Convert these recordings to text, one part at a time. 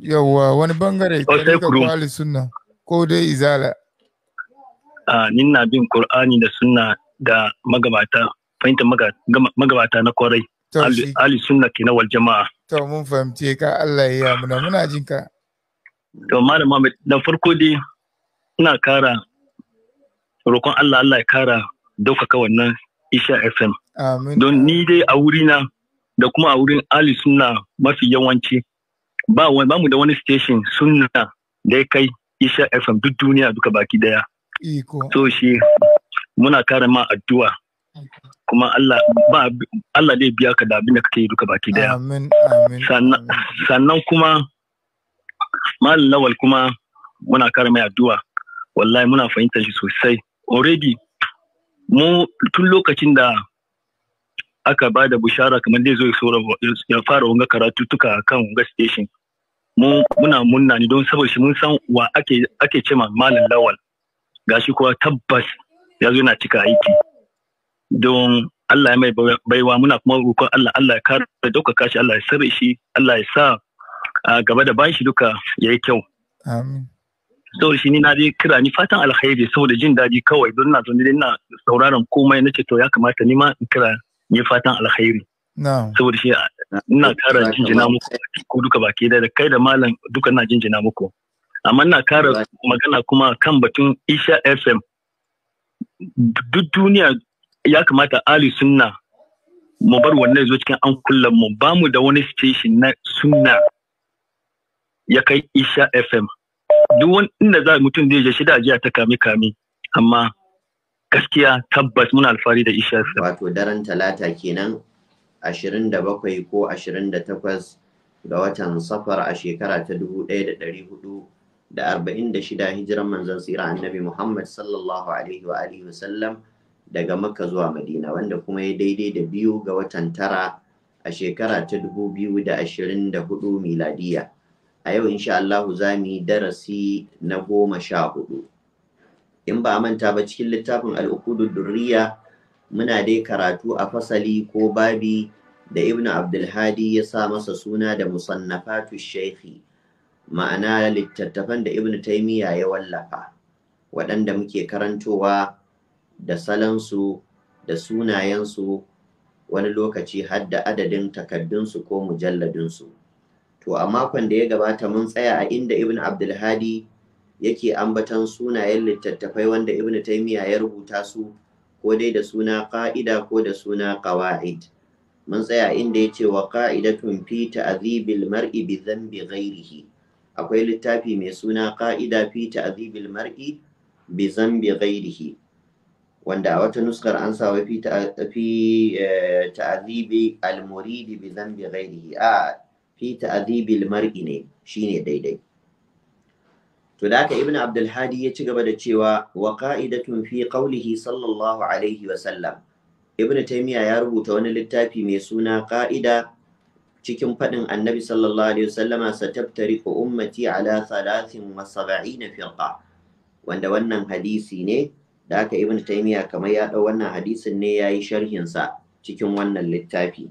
yawwa wani bangare ka rika Ali sunna ko dai izala a nin na bin qur'ani da sunna da magabata fahimtar magabata na kwarai ali sunna ke na wal jama'a to mun fahimci ka Allah ya muna muna jin ka to malam Muhammad da farko dai ina kara roƙon Allah Allah ya kara daukaka wannan Isha FM don ni dai a wurina da kuma a wurin Ali sunna mafi yawanci ba ba mu da wani station suna da ya kai Isha FM duk duniya duka baki daya. So shi muna kare ma addu'a kuma Allah ba Allah zai biya ka da abin da kake yi duka baki daya. Sannan kuma malam lawal kuma muna kare mai addu'a wallahi muna fahimtar shi sosai. Already mu tun lokacin da aka ba da bushara kamar zai zo ya fara wanga karatu tuka kan wanga station. muna munna ne don saboda shi mun san wa ake ake ce ma malam lawal gashi kuwa tabbas ya zo yana cika aiki don Allah ya mai baiwa muna kuma roƙon Allah Allah ya kare daukaka shi Allah ya sare shi Allah ya sa gaba da bashi duka yayi kyau amin saboda shi ni na dai kira ni fatan alkhairi saboda jin daɗi kawai don na zo ni na sauraron komai na ce to ya kamata ni ma in kira ni fatan alkhairi saboda shi ina kara jinjina muku ku duka baki da kai da malam duka na jinjina muku amma ina kara magana kuma kan batun Isha FM duk duniya ya kamata Ali Sunna mu bar wannan zuwa cikin an kullum mu ba mu da wani station na sunna ya kai Isha FM duk wani inda za mutum zai je shi ajiya ta kame kame amma gaskiya tabbas muna alfahari da Isha FM wato daren talata kenan Ashirin da bakwai ko ashirin da 28 ga watan safar a shekara ta dubu ɗaya da ɗari 1446 hijiran manzon tsira annabi Muhammad sallallahu alaihi wa alihi wasallam daga Makka zuwa Madina wanda kuma ya daidai da biyu ga watan tara a shekara ta dubu biyu da da ashirin 2024 miladiya. A yau insha Allahu za mu yi darasi na goma sha hudu. In ba a manta ba cikin littafin al'ukudu durriya muna dai karatu a fasali ko babi da ibn abdulhadi ya sa masa suna da musannafatu shaikhi ma'ana littattafan da ibn taimiyya ya wallafa waɗanda muke karantowa da salansu da sunayensu wani lokaci har da adadin takardunsu ko mujalladunsu. to a makon da ya gabata mun tsaya a inda ibn abdulhadi yake ambatan sunayen littattafai wanda ibn taimiyya ya rubuta su ko dai da suna ƙa'ida ko da suna ƙawa'id mun tsaya inda ya ce wa ƙa'idatun fi ta'azibil mar'i bi zambi ghairihi akwai littafi mai suna ƙa'ida fi ta'azibil mar'i bi zambi ghairihi wanda a wata nuskar an sa fi eh, ta'azibi al-muridi bi zambi ghairihi a fi ta'azibil mar'i ne shine daidai to da haka ibn ya ci gaba da cewa wa qa'idatun fi qawlihi sallallahu alaihi wa sallam ibn taymiya ya rubuta wani littafi mai suna qa'ida cikin faɗin annabi sallallahu alaihi wasallama ku ummati ala 73 firqa wanda wannan hadisi ne da haka ibn taymiya kamar ya dau wannan hadisin ne yayi sharhin sa cikin wannan littafi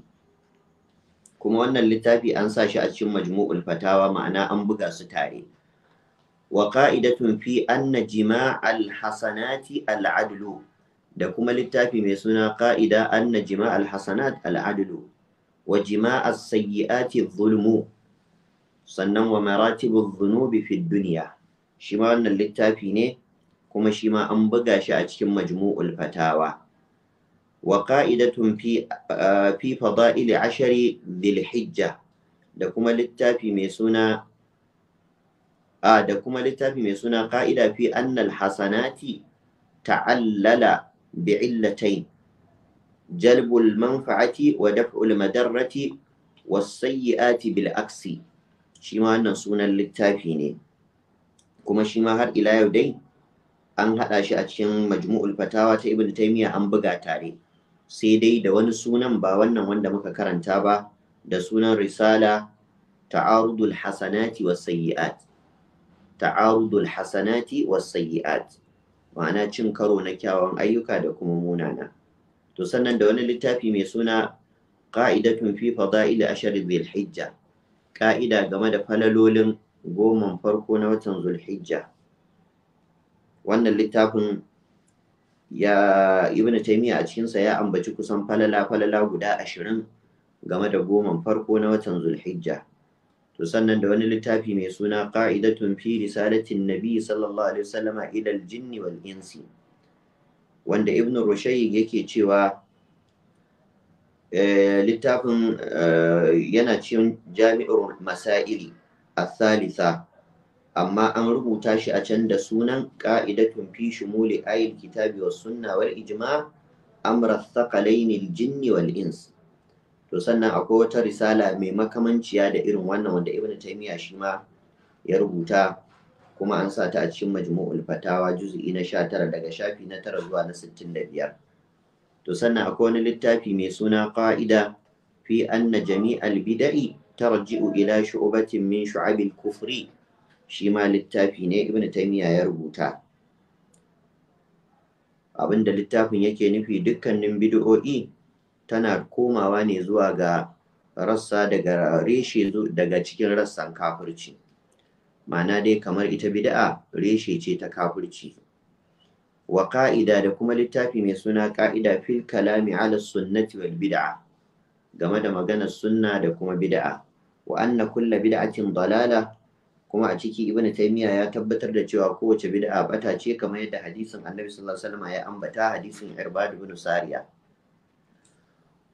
kuma wannan littafi an sa shi a cikin majmu'ul fatawa ma'ana an buga su tare وقائدة في أن جماع الحسنات العدل da kuma littafi mai suna ƙa'ida Anna na jima alhassanat al'adulu wa jima as-sayyi'ati zulmu sannan wa maratibu zunubi fi duniya shi ma wannan littafi ne kuma shi ma an buga shi a cikin majmu'ul fatawa wa ƙa'idatun ah, fi fada'ili ashari dhil hijja da kuma littafi mai suna da kuma littafi mai suna ka'ida fi annal hasanati ta'allala illatain jalbul manfa'ati wa daf'ul madarrati was-sayyi'ati bil aksi shi ma wannan sunan littafi ne kuma shi ma har ila yau dai an haɗa shi a cikin majmu'ul fatawa ta ibn taymiya an buga tare sai dai da wani sunan ba wannan wanda muka karanta ba da sunan risala ta'arudul hasanati was sayyi'at ta'arudul Hassanati was sayi'at, ma'ana cin karo na kyawawan ayyuka da kuma munana to sannan da wani littafi mai suna qa'idatun fi fada'il ashari dhil hijja ka'ida game da falalolin goman farko na watan zulhijja wannan littafin ya ibn taymiya a cikinsa ya ambaci kusan falala falala guda ashirin game da goman farko na watan zulhijja to sannan da wani littafi mai suna qa'idatun fi risalatin nabi sallallahu alaihi wasallam ila al-jinni wal insi wanda ibn rushayi yake cewa eh, littafin eh, yana cikin jami'ar masaili Salisa, amma an rubuta shi a can da sunan ƙa'idatun fi shumuli ayil kitabi was sunna wal ijma amra thaqalaini al jinni wal insi to sannan akwai wata risala mai makamanciya da irin wannan wanda Ibn taymiya shi ma ya rubuta kuma an sa ta a cikin majmu'ul fatawa juz'i na 19 daga shafi na 9 zuwa na 65 to sannan akwai wani littafi mai suna qa'ida fi anna jami'al bida'i tarji'u ila shu'batin min shu'abil kufri shi ma littafi ne Ibn taymiya ya rubuta abinda littafin yake nufi dukkanin bid'o'i tana komawa ne zuwa ga rassa daga reshe daga cikin rassan kafurci, ma'ana dai kamar ita bid'a reshe ce ta kafurci. wa ka'ida da kuma littafi mai suna ka'ida fil kalami ala sunnati wal bid'a game da maganar sunna da kuma bid'a wa anna kulla bid'atin dalala kuma a ciki ibn taymiya ya tabbatar da cewa kowace bid'a bata ce kamar yadda hadisin annabi sallallahu alaihi wasallam ya ambata hadisin irbad ibn sariya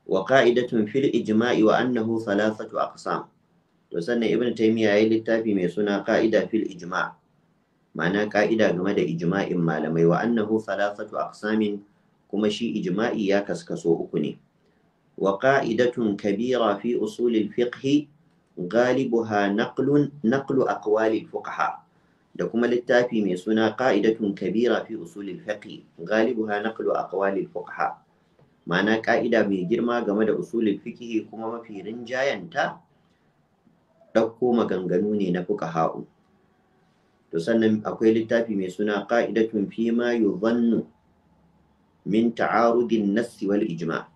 wa qa'idatun fil ijma'i wa annahu thalathatu aqsam to sannan ibnu taymiya yayi littafi mai suna qa'ida fil ijma' ma'ana qa'ida game da ijma'in malamai wa annahu thalathatu aqsamin kuma shi ijma'i ya kaskaso uku ne wa qa'idatun kabira fi usulil fiqhi غالبها نقل نقل أقوال الفقهاء da kuma littafi mai suna ƙa'idatun kabira fi usulil fiqh galibuha naqlu aqwalil fuqaha ma'ana ƙa'ida mai girma game da usulun fikihi kuma mafi rinjayanta ɗauko maganganu ne na hau. to sannan akwai littafi mai suna qa'idatun fi ma yuzannu min ta'arudin nassi wal ijma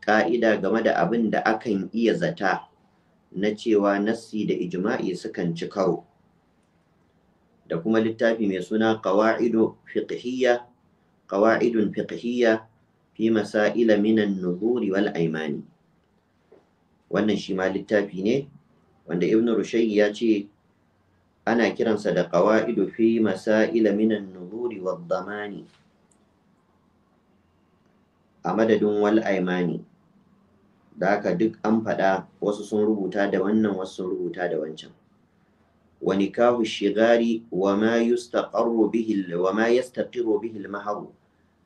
ka'ida game da abin da akan iya zata na cewa nassi da ijma'i sukan ci karo da kuma littafi mai suna ƙawa'idun fiqhiyya fi masa'ila minan nuhuri wal aimani wannan shi ma littafi ne wanda ibn rushayyi ya ce ana kiransa da qawa'idu fi masa'ila minan nuhuri wal damani a madadin wal aimani da haka duk an faɗa wasu sun rubuta da wannan wasu sun rubuta da wancan Wani nikahu shigari wa ma yastaqarru bihil yastaqirru bihi al-mahru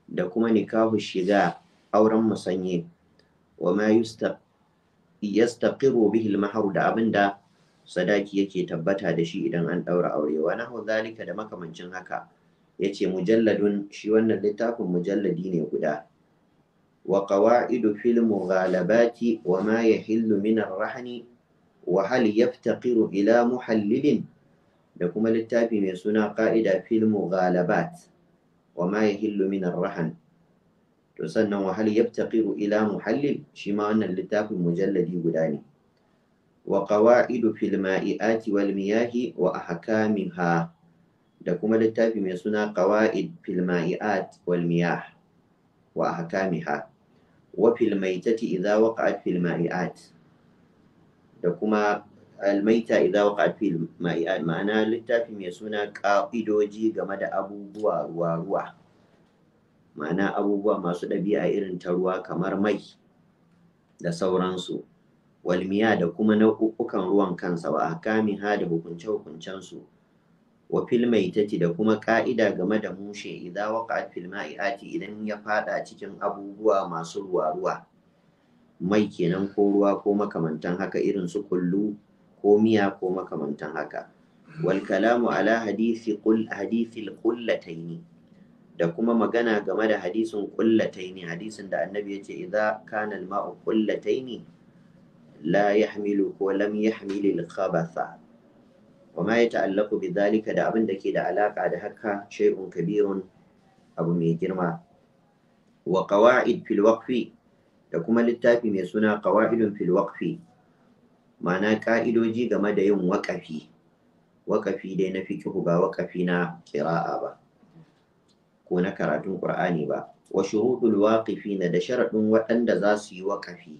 da kuma nikahu shiga auren musanye wa ma yastaqiru bihi al-mahar da abinda sadaki yake tabbata da shi idan an daura aure wa nahu zalika da makamancin haka yace mujalladun shi wannan littafin mujalladi ne guda wa qawaidu fil mughalabati wa ma yahillu min ar-rahni wa hal yaftaqiru ila muhallilin da kuma littafi mai suna qa'ida fil mughalabat wa ma yahillu min rahan to sannan wahal hal yaftaqiru ila muhallil shi ma wannan littafin mujalladi guda ne wa qawaidu fil ma'iati wal miyahi wa ahkamiha da kuma littafi mai suna qawaid fil ma'iat wal miyah wa ahkamiha wa fil maitati idza waqa'at da kuma almaita idza waqa fi ma'ana littafi mai suna ka'idoji game da abubuwa ruwa ruwa ma'ana abubuwa masu ɗabi'a irin ta ruwa kamar mai da sauransu walmiya da kuma nau'ukan ruwan kansa wa akamiha da hukunce hukuncensu wa fil maitati da kuma ka'ida game da mushe idza waqa fil ma'iati idan ya fada cikin abubuwa masu ruwa ruwa mai kenan ko ruwa ko makamantan haka irin su kullu ko miya ko makamantan haka wal kalamu ala hadisi qul hadisil qullataini da kuma magana game da hadisin qullataini hadisin da annabi yace idza kana al ma'u qullataini la yahmilu ko lam yahmil al khabatha wa ma yata'allaqu bi zalika da abin da ke da alaka da haka shay'un kabirun abu mai girma wa qawa'id fil waqfi da kuma littafi mai suna qawa'idun fil waqfi ma'ana ƙa'idoji game da yin waƙafi waƙafi dai na fikihu ba waƙafi na ƙira'a ba ko na karatun ƙur'ani ba wa shuruɗul na da sharaɗin waɗanda za su yi waƙafi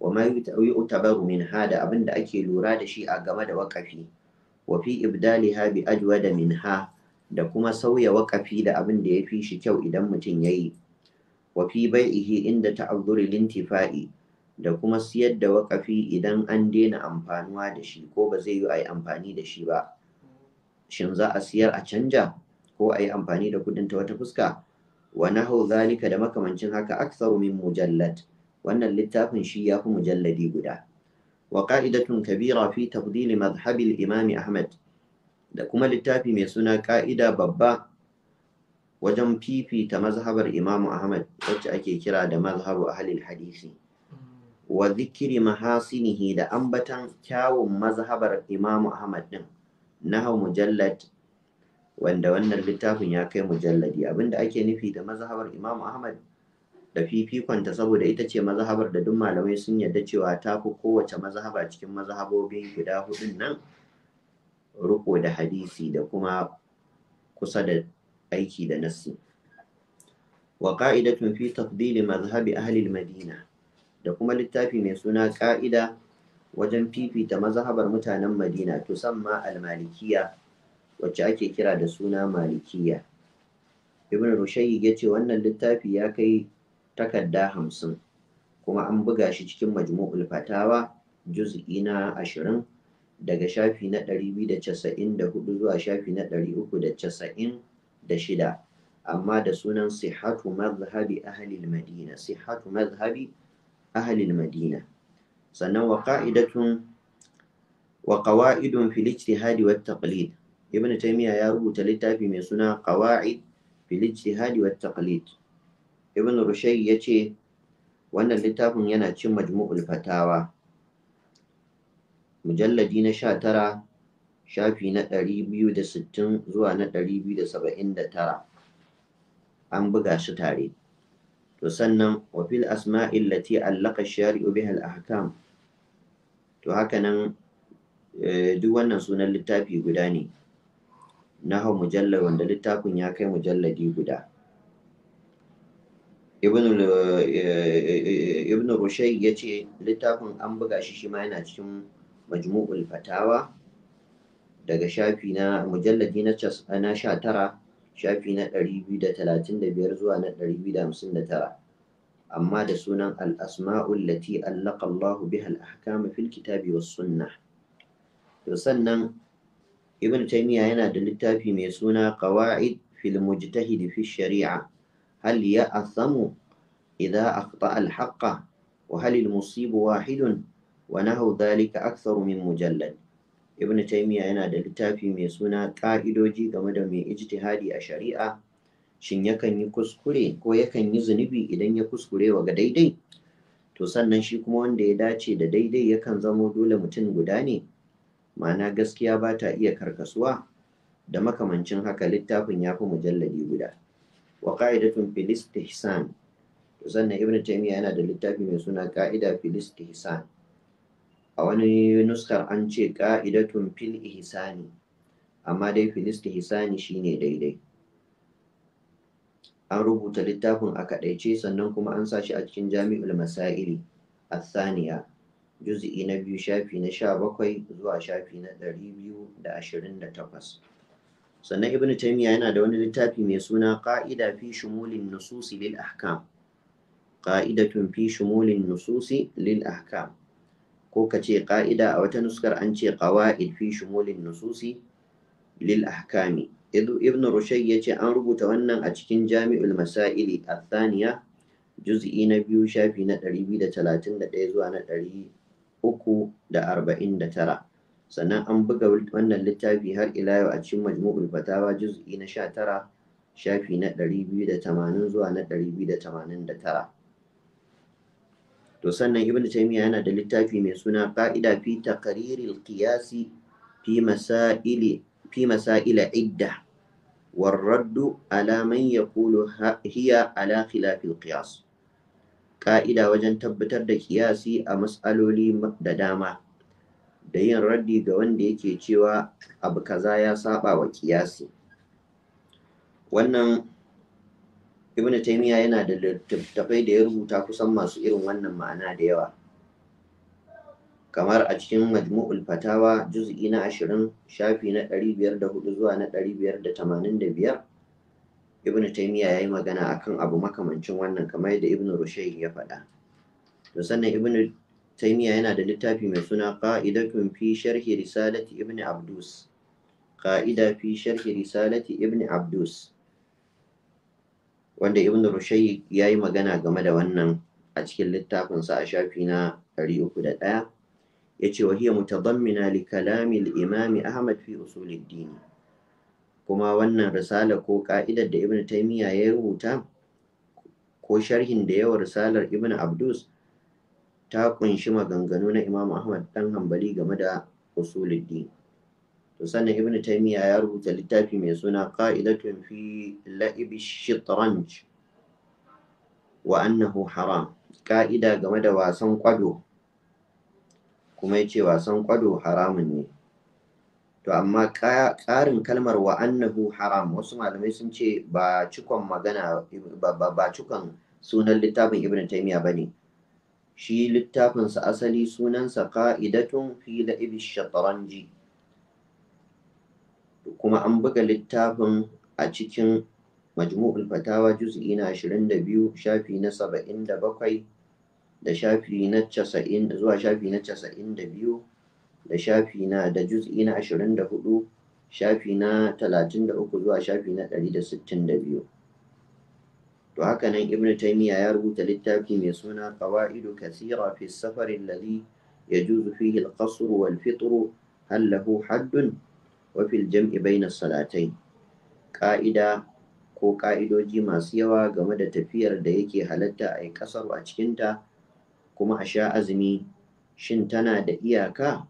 wa ma yu'tabaru min abin da ake lura da shi a game da waƙafi wa fi ha bi min ha da kuma sauya waƙafi da abin da ya fi shi kyau idan mutum ya yi wa fi bai'ihi inda ta'azzuri lintifa'i da kuma siyar da wakafi idan an daina amfanuwa da shi ko ba zai yi a yi amfani da shi ba shin za a siyar a canja ko a yi amfani da kudin ta wata fuska wa hau zalika da makamancin haka aksaru min mujallad wannan littafin shi ya fi mujalladi guda wa ka'idatun kabira fi tafdili madhhabil imami ahmad da kuma littafi mai suna ka'ida babba wajen fifita mazhabar imamu ahmad wacce ake kira da mazhabu ahlil hadisi wa zikiri mahasinihi da ambatan kyawun mazhabar imamu ahmad din hau mujallad wanda wannan littafin ya kai mujalladi abinda ake nufi da mazhabar imamu ahmad da fifikonta saboda ita ce mazhabar da duk malamai sun yarda cewa ta fi kowace mazhaba cikin mazhabobin guda hudun nan ruko da hadisi da kuma kusa da aiki da nassi wa qa'idatun fi tafdili mazhabi ahli al-madina da kuma littafi mai suna ƙa'ida wajen fifita mazhabar mutanen Madina tusamma al almalikiya wacce ake kira da suna malikiya. Ibn Rushayi ya ce wannan littafi ya kai takarda hamsin kuma an buga shi cikin majmu'ul fatawa juz'i na ashirin daga shafi na ɗari biyu da casa'in da hudu zuwa shafi na ɗari uku da casa'in da shida amma da sunan sihatu mazhabi ahlil madina sihatu mazhabi Ahalin madina sannan wa ka'idatun wa qawa'idun fil ijtihadi wat taqlid ibn taymiya ya rubuta littafi mai suna qawa'id fil ijtihadi wat taqlid ibn rushay yace wannan littafin yana cin majmu'ul fatawa mujalladi na sha tara shafi na ɗari zuwa na ɗari an buga su tare to sannan wafil asma'i lati allaka shari'u biha al ahkam to haka nan eh, duk wannan sunan littafi guda ne na hau mujallar wanda littafin ya kai mujalladi guda ibn eh, eh, rushai ya ce littafin an buga shi shi ma yana cikin majmu'ul fatawa daga shafi na mujalladi na sha tara shafi na 235 zuwa na 259 amma da sunan al-asma'ul lati allaka Allah biha al-ahkam fil kitabi was sunnah to sannan ibn taymiya yana da littafi mai suna qawaid fil mujtahid fi shari'a hal ya asamu idza akhta al-haqqa wa hal al-musib wahidun wa nahu dhalika aktharu min mujallad ibn taimiya yana da littafi mai suna ƙa'idoji game da mai ijtihadi a shari'a shin yakan yi kuskure ko yakan yi zunubi idan ya kuskure wa ga daidai to sannan shi kuma wanda ya dace da daidai yakan zamo dole mutum guda ne ma'ana gaskiya ba ta iya karkasuwa da makamancin haka littafin ya fi mujalladi guda wa ka'idatun filistihsan to sannan ibn taymiya yana da littafi mai suna ka'ida filistihsan a wani nuskar an ce ka'idatun fil ihsani amma dai filis ihsani shine daidai an rubuta littafin a kaɗaice sannan kuma an sa shi a cikin jami'ul masaili a saniya juz'i na biyu shafi na sha bakwai zuwa shafi na ɗari biyu da ashirin da takwas sannan ibn taymiya yana da wani littafi mai suna ƙa'ida fi shumulin nususi lil ahkam ƙa'idatun fi nususi lil ahkam ko ka ce ƙa'ida a wata nuskar an ce ƙawa'id fi shumulin nususi lil ahkami ibn rushay ya ce an rubuta wannan a cikin jami'ul masaili a thaniya juz'i na biyu shafi na 231 zuwa na 349 sannan an buga wannan littafi har ila yau a cikin majmu'ul fatawa juz'i na 19 shafi na 280 zuwa na 289 to sannan ibnu taymiya yana da littafi mai suna qa'ida fi taqriril kiyasi fi masaili idda والرد على من يقول هي على خلاف ƙa'ida wajen tabbatar da kiyasi a matsaloli da dama da yin raddi ga wanda yake cewa abu kaza ya saba wa kiyasi wannan ibnu taymiya yana da littattafai da ya rubuta kusan masu irin wannan ma'ana da yawa kamar a cikin majmu'ul fatawa juz'i na ashirin shafi na ɗari biyar zuwa na ɗari biyar da tamanin taymiya ya magana akan abu makamancin wannan kamar yadda Ibn rushayk ya faɗa to sannan ibn taymiya yana da littafi mai suna qa'idatun fi sharhi risalati Ibn abdus qa'ida fi sharhi risalati ibn abdus wanda ibn rushayi ya yi magana game da wannan a cikin littafinsa a shafi na 301 ya ce hiya mutadammina li kalami imami ahmad fi usulid dini kuma wannan risala ko ka'idar da ibn taymiya ya rubuta ko sharhin da yawa risalar ibn abdus ta kunshi maganganu na imam ahmad dan hambali game da usulid dini to sannan Ibn taymiya ya rubuta littafi mai suna qa'idatun fi la'ibi shitranj wa annahu haram ka'ida game da wasan kwado kuma yace wasan kwado haramun ne to amma ƙarin kalmar wa annahu haram wasu malamai sun ce ba cikon magana ba cikon sunan littafin ibn taymiya bane shi littafinsa asali sunansa qa'idatun fi la'ibi shitranji kuma an buga littafin a cikin majmu'ul fatawa juz'i na 22 shafi na 77 da shafi na 90 zuwa shafi na 92 da shafi na da juz'i na 24 shafi na 33 zuwa shafi na 162 to haka nan ibn taymiya ya rubuta littafi mai suna qawaidu kasira fi safar alladhi yajuzu fihi al-qasr wal fitr hal lahu haddun wafil jam'i baina salatai ƙa'ida ko ƙa'idoji masu yawa game da tafiyar da yake halatta a yi ƙasar a cikinta kuma a sha azumi shin tana da iyaka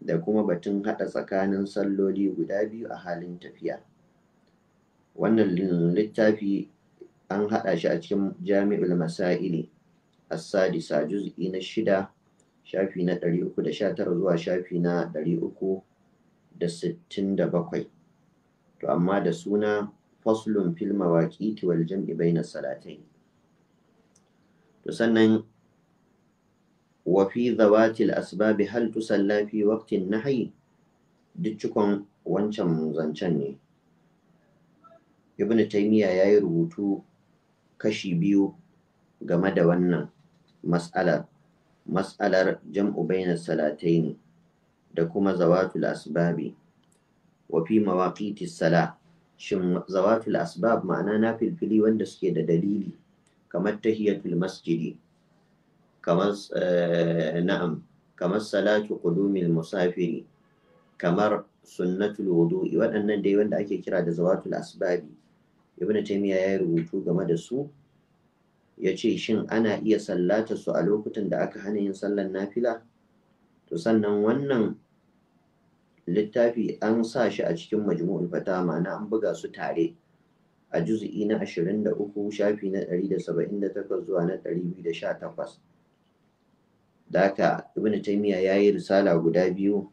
da kuma batun haɗa tsakanin salloli guda biyu a halin tafiya wannan littafi an haɗa shi a cikin jami'ul masa'ili as-sadisa juz'i na shida shafi na 319 zuwa shafi na 300 da sittin da bakwai to amma da suna faslun fil mawaƙiti wal jam'i baina salatai to sannan wa fi zawatil asbabi hal tusalla fi waqtin nahyi duk cikon wancan zancen ne ibnu ya yi rubutu kashi biyu game da wannan mas'alar mas'alar jam'u salatai ne da kuma zawatul asbabi wa fi mawaqitis sala shin zawatul asbab ma'ana na filfili wanda suke da dalili kamar tahiyatul masjidi kamar eh, na'am kamar salatu qudumil musafiri kamar sunnatul wudu'i waɗannan dai wanda ake kira da zawatul asbabi ibnu taymiya ya rubutu game da su ya ce shin ana iya sallata su a lokutan da aka hana yin sallar nafila to sannan wannan littafi an sa shi a cikin majmu'ul fatawa ma'ana an buga su tare a juz'i na 23 shafi na 178 zuwa na 218 da ibn taymiya ya yi risala guda biyu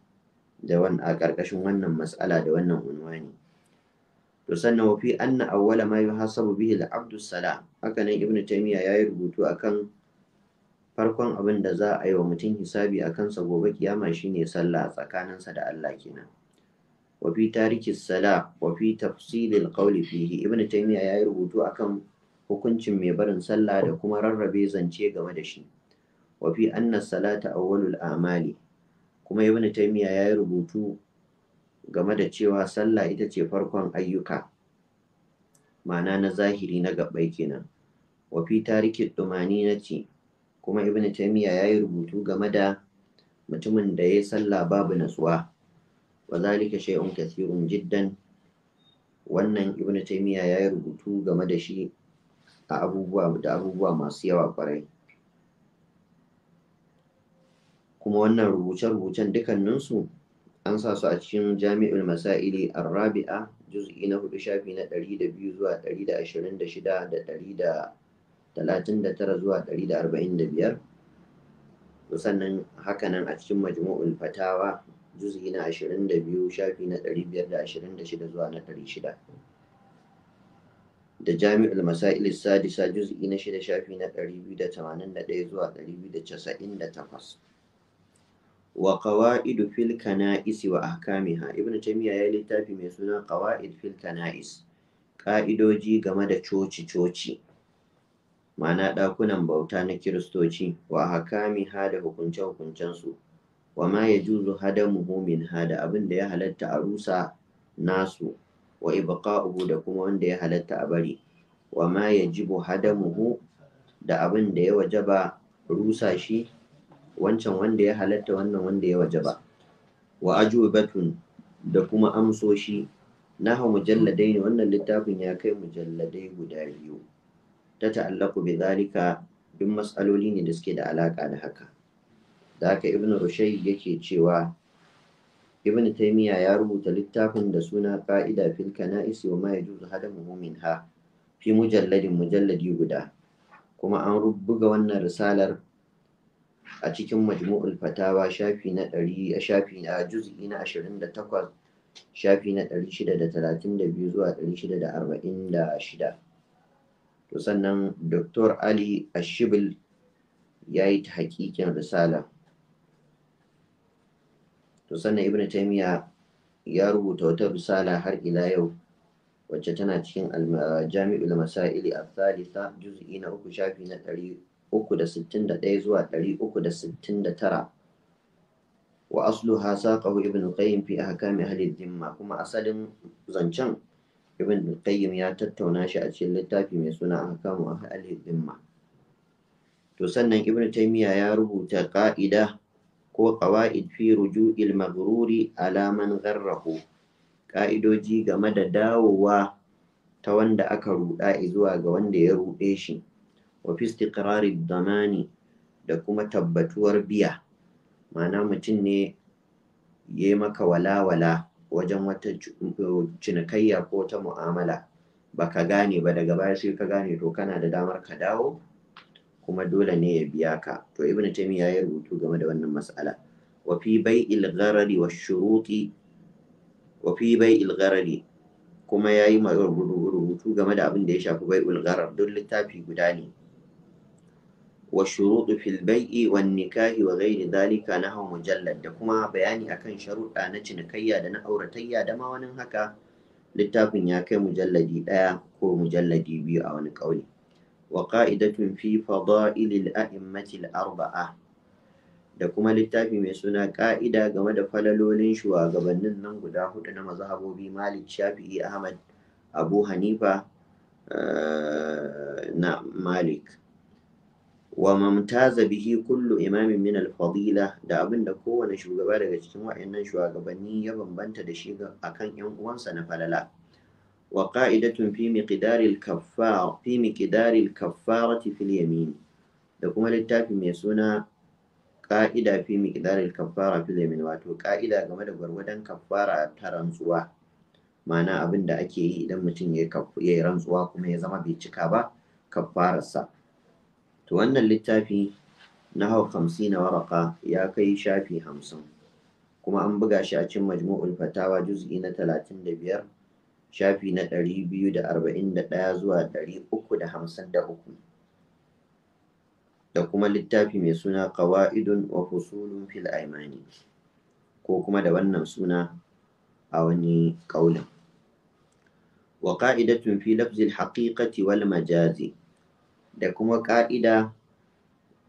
da wan a ƙarƙashin wannan matsala da wannan unwani to sannan wa fi anna awwala ma yuhasabu bihi al abdus salam haka nan ibn taymiya ya yi rubutu akan farkon abin da za a yi wa mutum hisabi a kansa gobe kiyama ne sallah tsakaninsa da Allah kenan wa fi tarikin sala wa fi tafsilil qawli fihi ibn ya yayi rubutu kan hukuncin mai barin sallah da kuma rarrabe zance game da shi wa fi anna salata awwalul a'mali kuma ibn ya yi rubutu game da cewa sallah ita ce farkon ayyuka ma'ana na zahiri na gabbai kenan wa fi dumani na ce kuma ibn taymiya ya yi rubutu game da mutumin da ya sallah babu natsuwa wa zalika shay'un kathirun jiddan wannan ibn taymiya ya yi rubutu game da shi a abubuwa da abubuwa masu yawa kwarai kuma wannan rubuce-rubucen dukkaninsu an sa su a cikin jami'ul masaili Rabi'a juz'i na hudu shafi na 200 zuwa 126 da 39 zuwa 145 sannan hakanan a cikin majmu'ul fatawa juz'i na 22 shafi na 526 zuwa na 600 da jami'ul masail sadisa juz'i na 6 shafi na 281 zuwa 298 wa qawaidu fil kana'is wa ahkamiha ibnu taymiya ya littafi mai suna qawa'id fil kana'is ka'idoji game da coci coci ma'ana ɗakunan bauta na Kiristoci, wa hakami da hukunce-hukuncensu, wa ma ya juzu hadamuhu min hada abin da ya halatta a rusa nasu, wa ibqa'uhu da kuma wanda ya halatta a bari, wa ma ya jibu hadamuhu da abin da ya wajaba rusa shi wancan wanda ya halatta wannan wanda ya wajaba. Wa ajubatun da kuma amsoshi, naha mujalladai ne wannan littafin ya kai mujalladai guda biyu. ta ta'allaku bi zalika duk matsaloli ne da suke da alaka da haka da haka ibn rushai yake cewa ibn taymiya ya rubuta littafin da suna qa'ida fil kana'is wa ma yajuzu hadamu minha fi mujalladin mujalladi guda kuma an buga wannan risalar a cikin majmu'ul fatawa shafi na 100 shafi na juz'i na 28 shafi na 632 zuwa 646 sannan Dr. Ali Ashibil ya yi ta hakikin risala. To sannan Ibn Taymiyyah ya rubuta wata risala har ila yau wacce tana cikin Jami'ul Masaili al-Thalitha juz'i na uku shafi na ɗari uku da sittin da ɗaya zuwa ɗari uku da sittin da tara. Wa ha saqahu Ibn Qayyim fi ahkami ahli kuma asalin zancen Ibn qayyim ya tattauna shi a cikin littafi mai suna Ahkamu Ahlil Dhimma. To sannan Ibn Taymiyyah ya rubuta ƙa'ida ko qawaid fi ruju'il maghruri ala man gharrahu. Ƙa'idoji game da dawowa ta wanda aka ruɗa zuwa ga wanda ya ruɗe shi. Wa fi istiqrari damani da kuma tabbatuwar biya. Ma'ana mutum ne ya maka walawala wajen wata eh, cinikayya ko ta mu'amala baka gane ba daga baya sai ka gane to kana da damar ka dawo kuma dole ne ya biya ka to ibnu taymiya ya rubutu game da wannan mas'ala wa fi bai'il gharari wa shuruti wa fi bai'il gharari kuma yayi rubutu game da abin da ya shafi bai'ul gharar duk littafi guda ne والشروط في البيع والنكاح وغير ذلك نحو مجلد da kuma bayani akan sharuɗa na cinikayya da na auratayya da ma wani haka littafin ya kai mujalladi ɗaya ko mujalladi biyu a wani ƙauye wa ka'idatun fi fada'il aimmati al-arba'a da kuma littafi mai suna ƙa'ida game da falalolin shugabannin nan guda hudu na mazhabobi Malik Shafi'i Ahmad Abu Hanifa na Malik wa mamtaza bihi kullu imamin min al da abin da kowane shugaba daga cikin wa'annan shugabanni ya bambanta da shi akan yan uwansa na falala wa qa'idatun fi miqdari al-kaffar fi miqdari al-kaffarati fil yamin da kuma littafi mai suna qa'ida fi miqdari al-kaffara fil yamin wato qa'ida game da gwargwadon kaffara ta rantsuwa ma'ana abin da ake yi idan mutum ya yi rantsuwa kuma ya zama bai cika ba kaffararsa to wannan littafi na hau na waraka ya kai shafi hamsin kuma an buga shi a cin majmu'ul fatawa juz'i na talatin da biyar shafi na ɗari biyu da arba'in da ɗaya zuwa ɗari uku da hamsin da uku da kuma littafi mai suna qawa'idun wa fusulun fil aimani ko kuma da wannan suna a wani ƙaulin wa qa'idatun fi lafzil haqiqati wal majazi da kuma ƙa'ida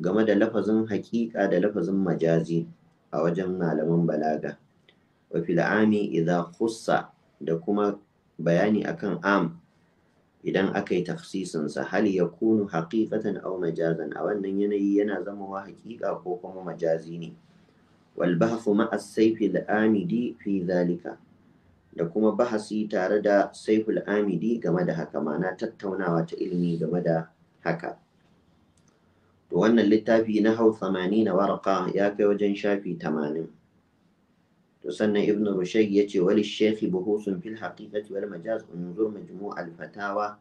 game da lafazin haƙiƙa da lafazin majazi a wajen malaman balaga wa fil ami idza khussa da kuma bayani akan am idan aka yi tafsisinsa hal ya kunu haƙiƙatan au majazan a wannan yanayi yana zamawa haƙiƙa ko kuma majazi ne wal bahasu ma'a saifil amidi fi zalika da kuma bahasi tare da saiful amidi game da haka ma'ana tattaunawa ta ilimi game da haka to wannan littafi na hau 80 warqa ya kai wajen shafi tamanin. to sannan ibn rushayk ya ce wali shaykh buhusun fil haqiqati wal majaz unzur majmu' al fatawa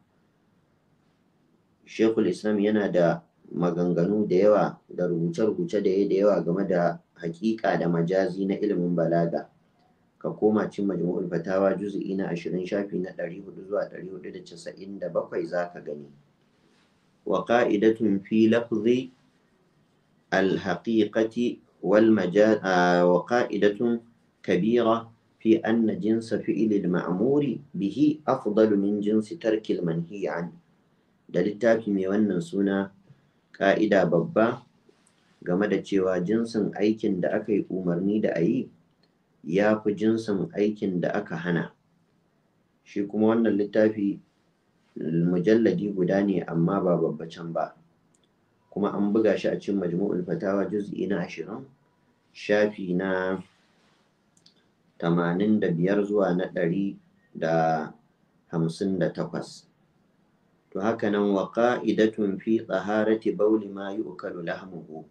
Shekul islam yana da maganganu da yawa da rubuce-rubuce da ya da yawa game da haƙiƙa da majazi na ilimin balaga ka koma cin majmu'ul fatawa juz'i na 20 shafi na 400 zuwa 497 zaka gani وقائدة في لفظ الحقيقة والمجاز وقائدة كبيرة في أن جنس فعل المأمور به أفضل من جنس ترك المنهي عنه da littafi mai wannan suna ƙa'ida babba game da cewa jinsin aikin da aka yi umarni da a yi ya fi jinsin aikin da aka hana shi kuma wannan littafi mujalladi guda ne amma ba babbacin ba kuma an buga shi a cikin majmu'ul fatawa juz'i na ashirin shafi na tamanin zuwa na ɗari da hamsin da takwas to haka nan wa qa'idatun fi tsaharati bauli ma yi lahmuhu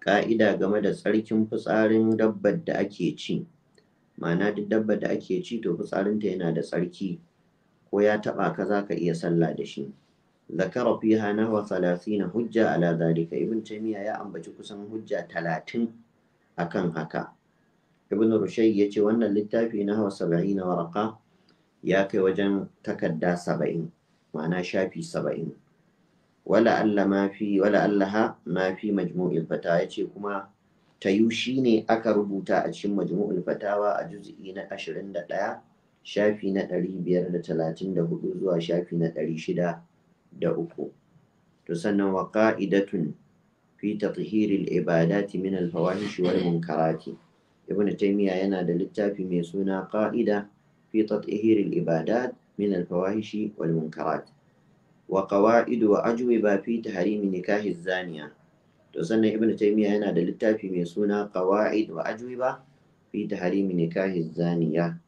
ƙa'ida game da tsarkin fitsarin dabbar da ake ci ma'ana duk dabbar da ake ci to fitsarinta yana da tsarki ko ya taɓa ka za ka iya sallah da shi zakara fiha nahwa 30 hujja ala zalika ibn taymiya ya ambaci kusan hujja a akan haka ibn rushay ya ce wannan littafi nahwa 70 waraka ya kai wajen takarda saba'in, ma'ana shafi saba'in. wala alla ma fi wala allaha ma fi majmu'il fatawa yace kuma tayu shine aka rubuta a cikin majmu'ul fatawa a juz'i na 21 shafi na ɗari biyar da talatin da hudu zuwa shafi na ɗari shida da uku to sannan wa ƙa'idatun fi tathhiril ibadati min al fawahish wal munkarati ibnu taymiya yana da littafi mai suna qa'ida fi tathhiril ibadat min al fawahish wal munkarat wa qawaid wa ajwiba fi tahrim nikah zaniya to sannan ibnu taymiya yana da littafi mai suna qawaid wa ajwiba fi tahrim nikah zaniya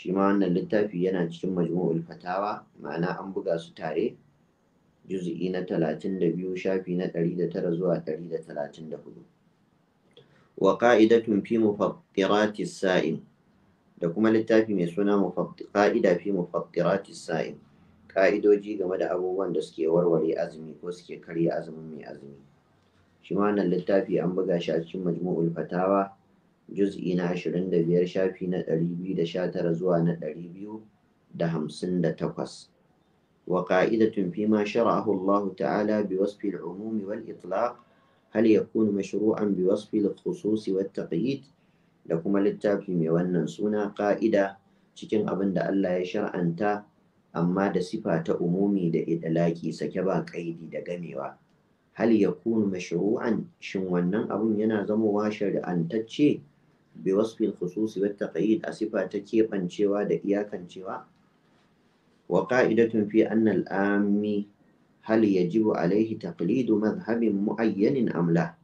shi ma wannan littafi yana cikin majmu'ul fatawa ma'ana an buga su tare juz'i na 32 shafi na 109 zuwa 134 wa qa'idatun fi mufattirati sa'im da kuma littafi mai suna qa'ida fi mufattirati sa'im ka'idoji game da abubuwan da suke warware azumi ko suke karya azumin mai azumi shi ma wannan littafi an buga shi a cikin majmu'ul fatawa juz'i na ashirin da biyar shafi na ɗari biyu da sha zuwa na ɗari biyu da hamsin da takwas وقاعدة فيما شرعه الله تعالى بوصف العموم والإطلاق هل يكون مشروعا بوصف da kuma littafi mai wannan suna ƙa'ida cikin abin da Allah ya shar'anta amma da sifa ta umumi da idalaki sake ba kaidi da gamewa hal yakunu mashru'an shin wannan abun yana zamowa shari'antacce bi wasfil khususi wat taqyid a sifa ta keɓancewa da iyakancewa wa qa'idatun fi anna al-ammi hal yajibu alaihi taqlidu madhhabin mu'ayyanin amla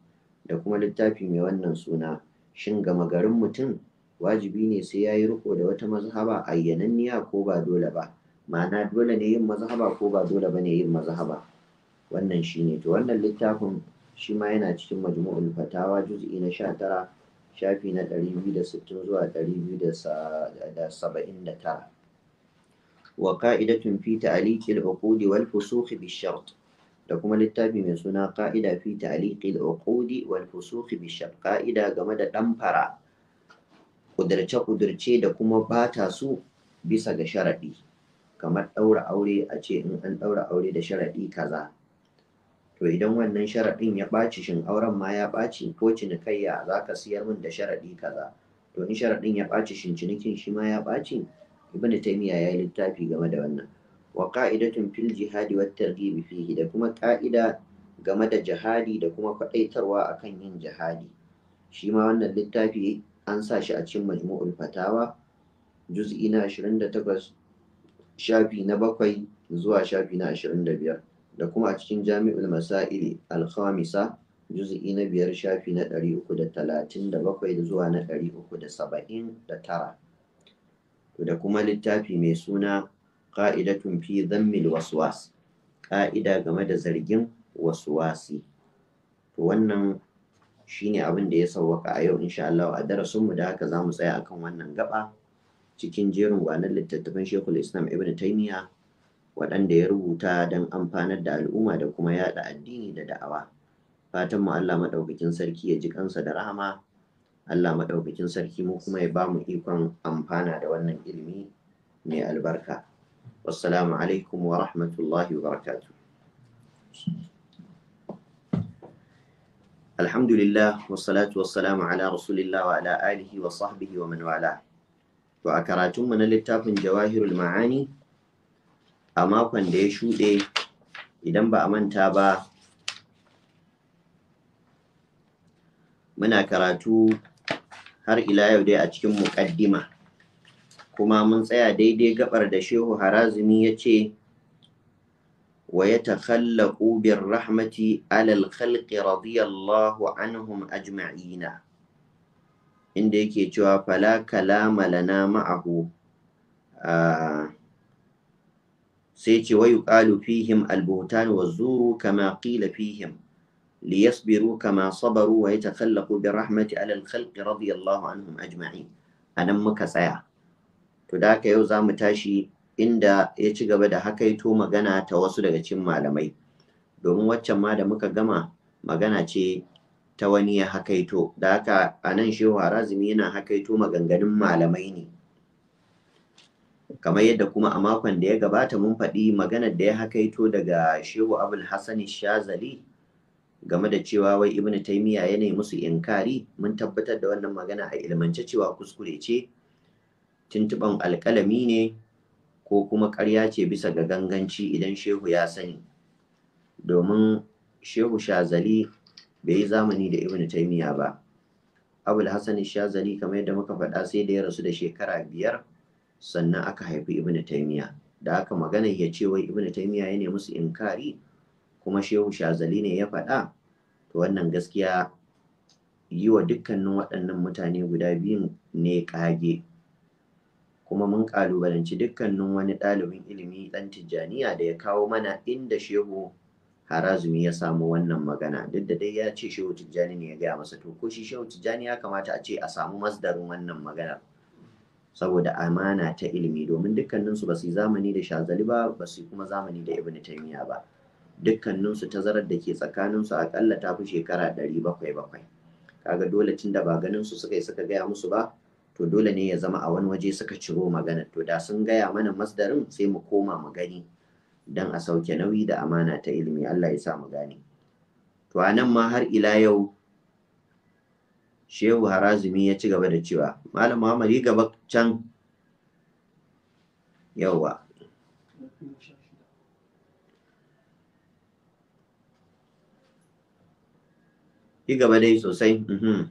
da kuma littafi mai wannan suna shin gama garin mutum wajibi ne sai yayi riko da wata mazhaba ayyananniya ko ba dole ba ma'ana dole ne yin mazhaba ko ba dole bane yin mazhaba wannan shine to wannan littafin shi ma yana cikin majmu'ul fatawa juz'i na 19 shafi na 260 zuwa 279 wa ka'idatun fi ta'liqil uqudi wal fusukh bi shart da kuma littafi mai suna ka'ida fi ta'liqil uqudi wal fusukh bi shart ka'ida game da damfara kudurce kudurce da kuma bata su bisa ga sharaɗi, kamar ɗaura aure a ce in an ɗaura aure da sharaɗi kaza to idan wannan sharaɗin ya ɓaci shin auren ma ya ɓaci ko cinikayya za ka siyar min da sharaɗi kaza to in sharaɗin ya ɓaci shin cinikin shi ma ya ɓaci ibn taymiya ya yi littafi game da wannan wa qa'idatun fil jihadi wat fihi da kuma ƙa'ida game da jihadi da kuma a akan yin jihadi shi ma wannan littafi an sa shi a cikin majmu'ul fatawa juz'i na 28 shafi na bakwai zuwa shafi na biyar. da kuma a cikin jami'ul masaili al-khamisa juz'i na biyar shafi na da da bakwai da zuwa na 379 da kuma littafi mai suna ƙa'idatun fi zammil waswas ƙa'ida game da zargin waswasi to wannan shine abin da ya sauwaka a yau insha Allah a darasin mu da haka zamu tsaya akan wannan gaba cikin jerin gwanan littattafan Sheikhul Islam Ibn Taymiyyah waɗanda ya rubuta don amfanar da al'umma da kuma yaɗa addini da da'awa fatan mu Allah maɗaukakin sarki ya ji kansa da rahama Allah maɗaukakin sarki mu kuma ya bamu ikon amfana da wannan ilimi mai albarka wassalamu alaikum wa rahmatullahi wa barakatu alhamdulillah wassalatu wassalamu ala rasulillah wa ala alihi wa sahbihi wa man wala to a karatunmu na littafin jawahirul ma'ani a makon da ya shuɗe idan ba a manta ba muna karatu har ila yau dai a cikin muƙaddima kuma mun tsaya daidai gaɓar da shehu harazumi ya ce wa ya takhallaku ƙubin rahmati alal khalqi radiyallahu anhum ajma'ina inda yake cewa fala kalama lana ma'ahu ah, sai ce wayu ƙalu fihim albutani wa zuru kama ƙila fihim liyasbiru kama sabaru wa yatakhallaqu bi rahmati alal al-khalqi radiyallahu anhum a nan muka tsaya to da haka yau za mu tashi inda ya ci gaba da hakaito magana ta wasu daga cikin malamai domin waccan ma da muka gama magana ce ta wani ya hakaito da haka a nan shehu harazimi yana hakaito maganganun malamai ne kamar yadda kuma a makon da ya gabata mun faɗi maganar da ya hakaito daga shehu abul hassani shazali game da cewa wai Ibn Taimiyya ya ne musu inkari mun tabbatar da wannan magana a ilmance cewa kuskure ce tuntuban alƙalami ne ko kuma ƙarya ce bisa ga ganganci idan shehu ya sani domin shehu shazali bai yi zamani da Ibn Taimiyya ba abul hassani shazali kamar yadda muka faɗa sai da ya rasu da shekara biyar sannan aka haifi ibnu taymiya da aka magana ya ce wai ibnu taymiya ya ne musu inkari kuma shehu shazali ne ya faɗa to wannan gaskiya yi wa dukkanin waɗannan mutane guda biyun ne ƙage kuma mun ƙalubalanci dukkanin wani ɗalibin ilimi ɗan tijjaniya da ya kawo mana inda shehu harazumi ya samu wannan magana duk da dai ya ce shehu tijjani ne ya gaya masa to ko shi shehu tijjani ya kamata a ce a samu masdarin wannan maganar saboda amana ta ilimi domin dukkaninsu ba su yi zamani da shazali ba ba su kuma zamani da ibn taymiya ba dukkaninsu tazarar da ke tsakaninsu akalla ta fi shekara ɗari bakwai bakwai kaga dole tun da ba ganin su suka yi suka gaya musu ba to dole ne ya zama a wani waje suka ciro magana to da sun gaya mana masdarin sai mu koma mu gani dan a sauke nauyi da amana ta ilimi Allah ya sa mu gani to anan ma har ila yau shehu harazumi ya ci gaba da cewa malam muhammad yi gaba can yauwa yi gaba dai sosai mhm.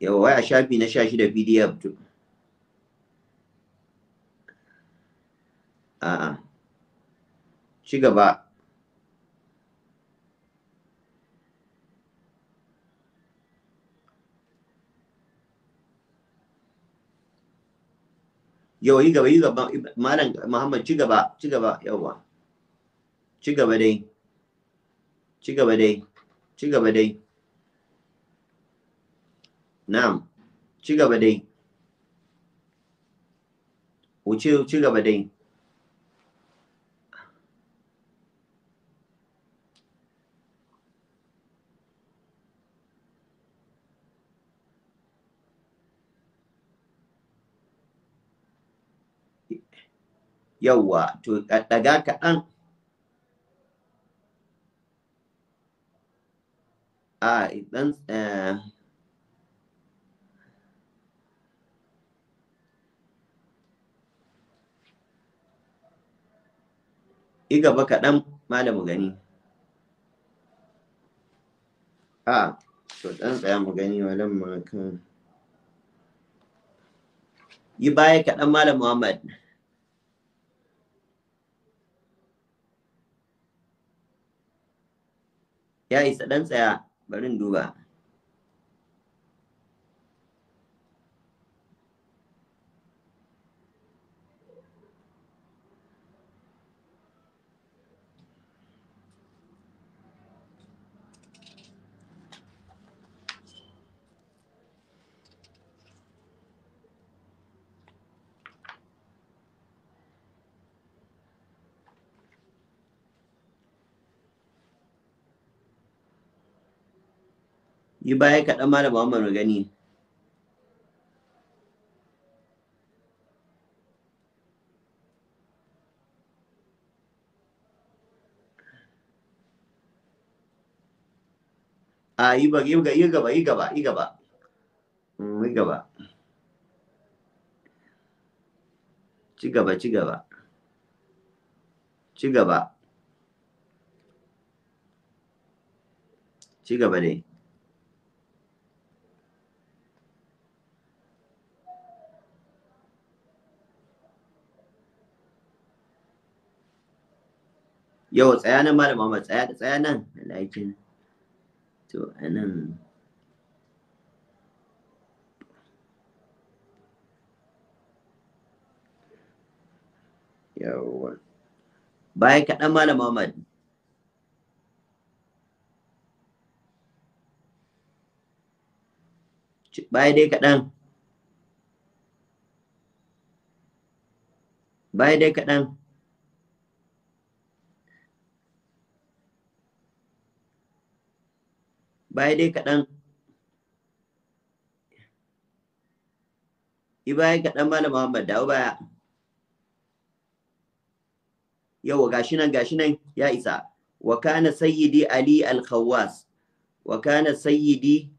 yawa wai a shafi na sha shida pdf a'a ci gaba yau yi gaba yi gaba malam muhammad ci gaba ci gaba yawa ci gaba dai ci gaba dai ci gaba dai na'am ci gaba dai wuce ci gaba dai yawwa to daga kaɗan a dan eh, i gaba kaɗan malamu gani a to ɗan tsaya mu gani walan ma kan yi baya kaɗan malam muhammad ya isa dan tsaya barin duba yi baya kaɗan malam da mu gani a yi ba yi gaba yi gaba yi gaba mm, yi gaba ci gaba ci gaba ci gaba ci gaba dai yau tsaya nan ba da ma tsaya da tsaya nan lakin to a nan yawwa bayan kaɗan ma da ma bayan dai kaɗan bayan dai kaɗan baya dai kaɗan yi baya kaɗan ba Muhammad dawo baya yau gashi nan gashi nan ya isa wa kana sayyidi ali al-khawwas wa kana sayyidi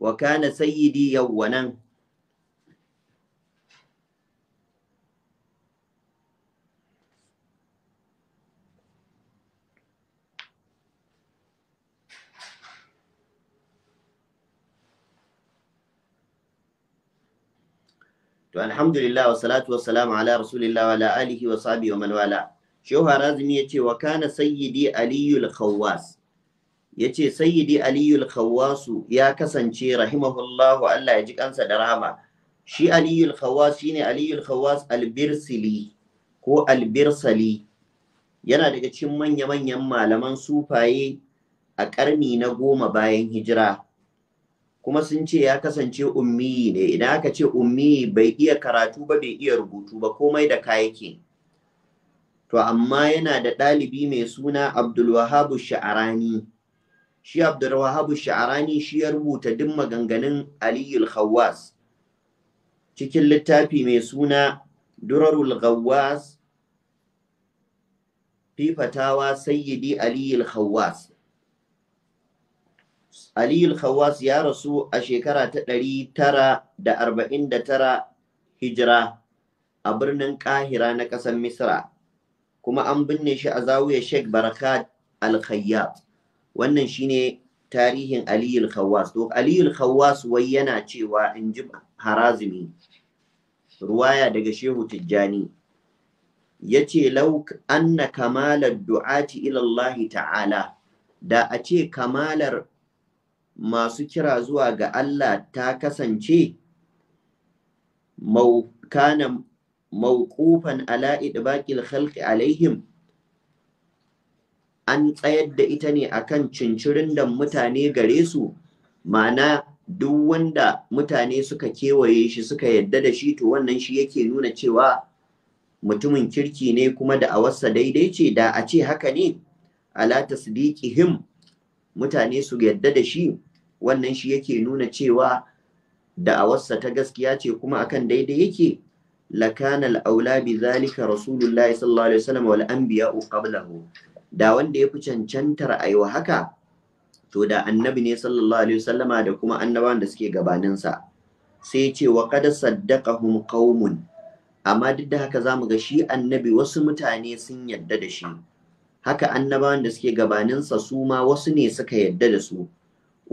wa kana sayyidi nan to alhamdulillah wa salatu wa salamu ala rasulillah wa ala alihi wa sahbihi wa man wala shehu harazmi ce wa kana sayyidi aliyul khawwas ce sayyidi aliyul khawwas ya kasance rahimahullahu Allah ya ji kansa da rahama shi aliyul khawwas shine aliyul khawwas albirsili ko albirsali yana daga cikin manya-manyan malaman sufaye a ƙarni na goma bayan hijira kuma sun ce ya kasance ummi ne idan aka ce ummi bai iya karatu ba bai iya rubutu ba komai da kayake to amma yana da ɗalibi mai suna abdulwahabu sha'arani shi abdulwahabu sha'arani shi ya rubuta duk maganganun aliyul khawwas cikin littafi mai suna durarul ghawwas fi fatawa sayyidi aliyul khawwas Aliyu Khawas ya rasu a shekara ta ɗari tara da arba'in da tara hijira a birnin Ƙahira na ƙasar Misra, kuma an binne shi a zawiyar Sheikh Barakat Al-Khayyat. Wannan shi ne tarihin Aliyu Khawas. To Aliyu Khawas wai yana cewa in ji Harazimi ruwaya daga Shehu Tijjani. Ya yace lau anna kamalar du'ati ila ta'ala da a ce kamalar masu kira zuwa ga Allah ta kasance kana mawqufan ala idbaqil khalqi alaihim an tsayar da ita ne a kan cincirin da mutane gare su ma'ana duk wanda mutane suka kewaye shi suka yadda da shi to wannan shi yake nuna cewa mutumin kirki ne kuma da awarsa daidai ce da a ce haka ne ala him mutane su yadda da shi wannan shi yake nuna cewa da da'awarsa ta gaskiya ce kuma akan daidai yake lakana al-aula bi zalika rasulullahi sallallahu alaihi wasallam wal anbiya qablahu da wanda yafi cancantar aiwa haka to da annabi ne sallallahu alaihi wasallama da kuma annabawan da suke gabanin sa sai ce wa qad saddaqahum qaumun amma duk da haka zamu ga shi annabi wasu mutane sun yadda da shi haka annabawan da suke gabanin sa su ma wasu ne suka yadda da su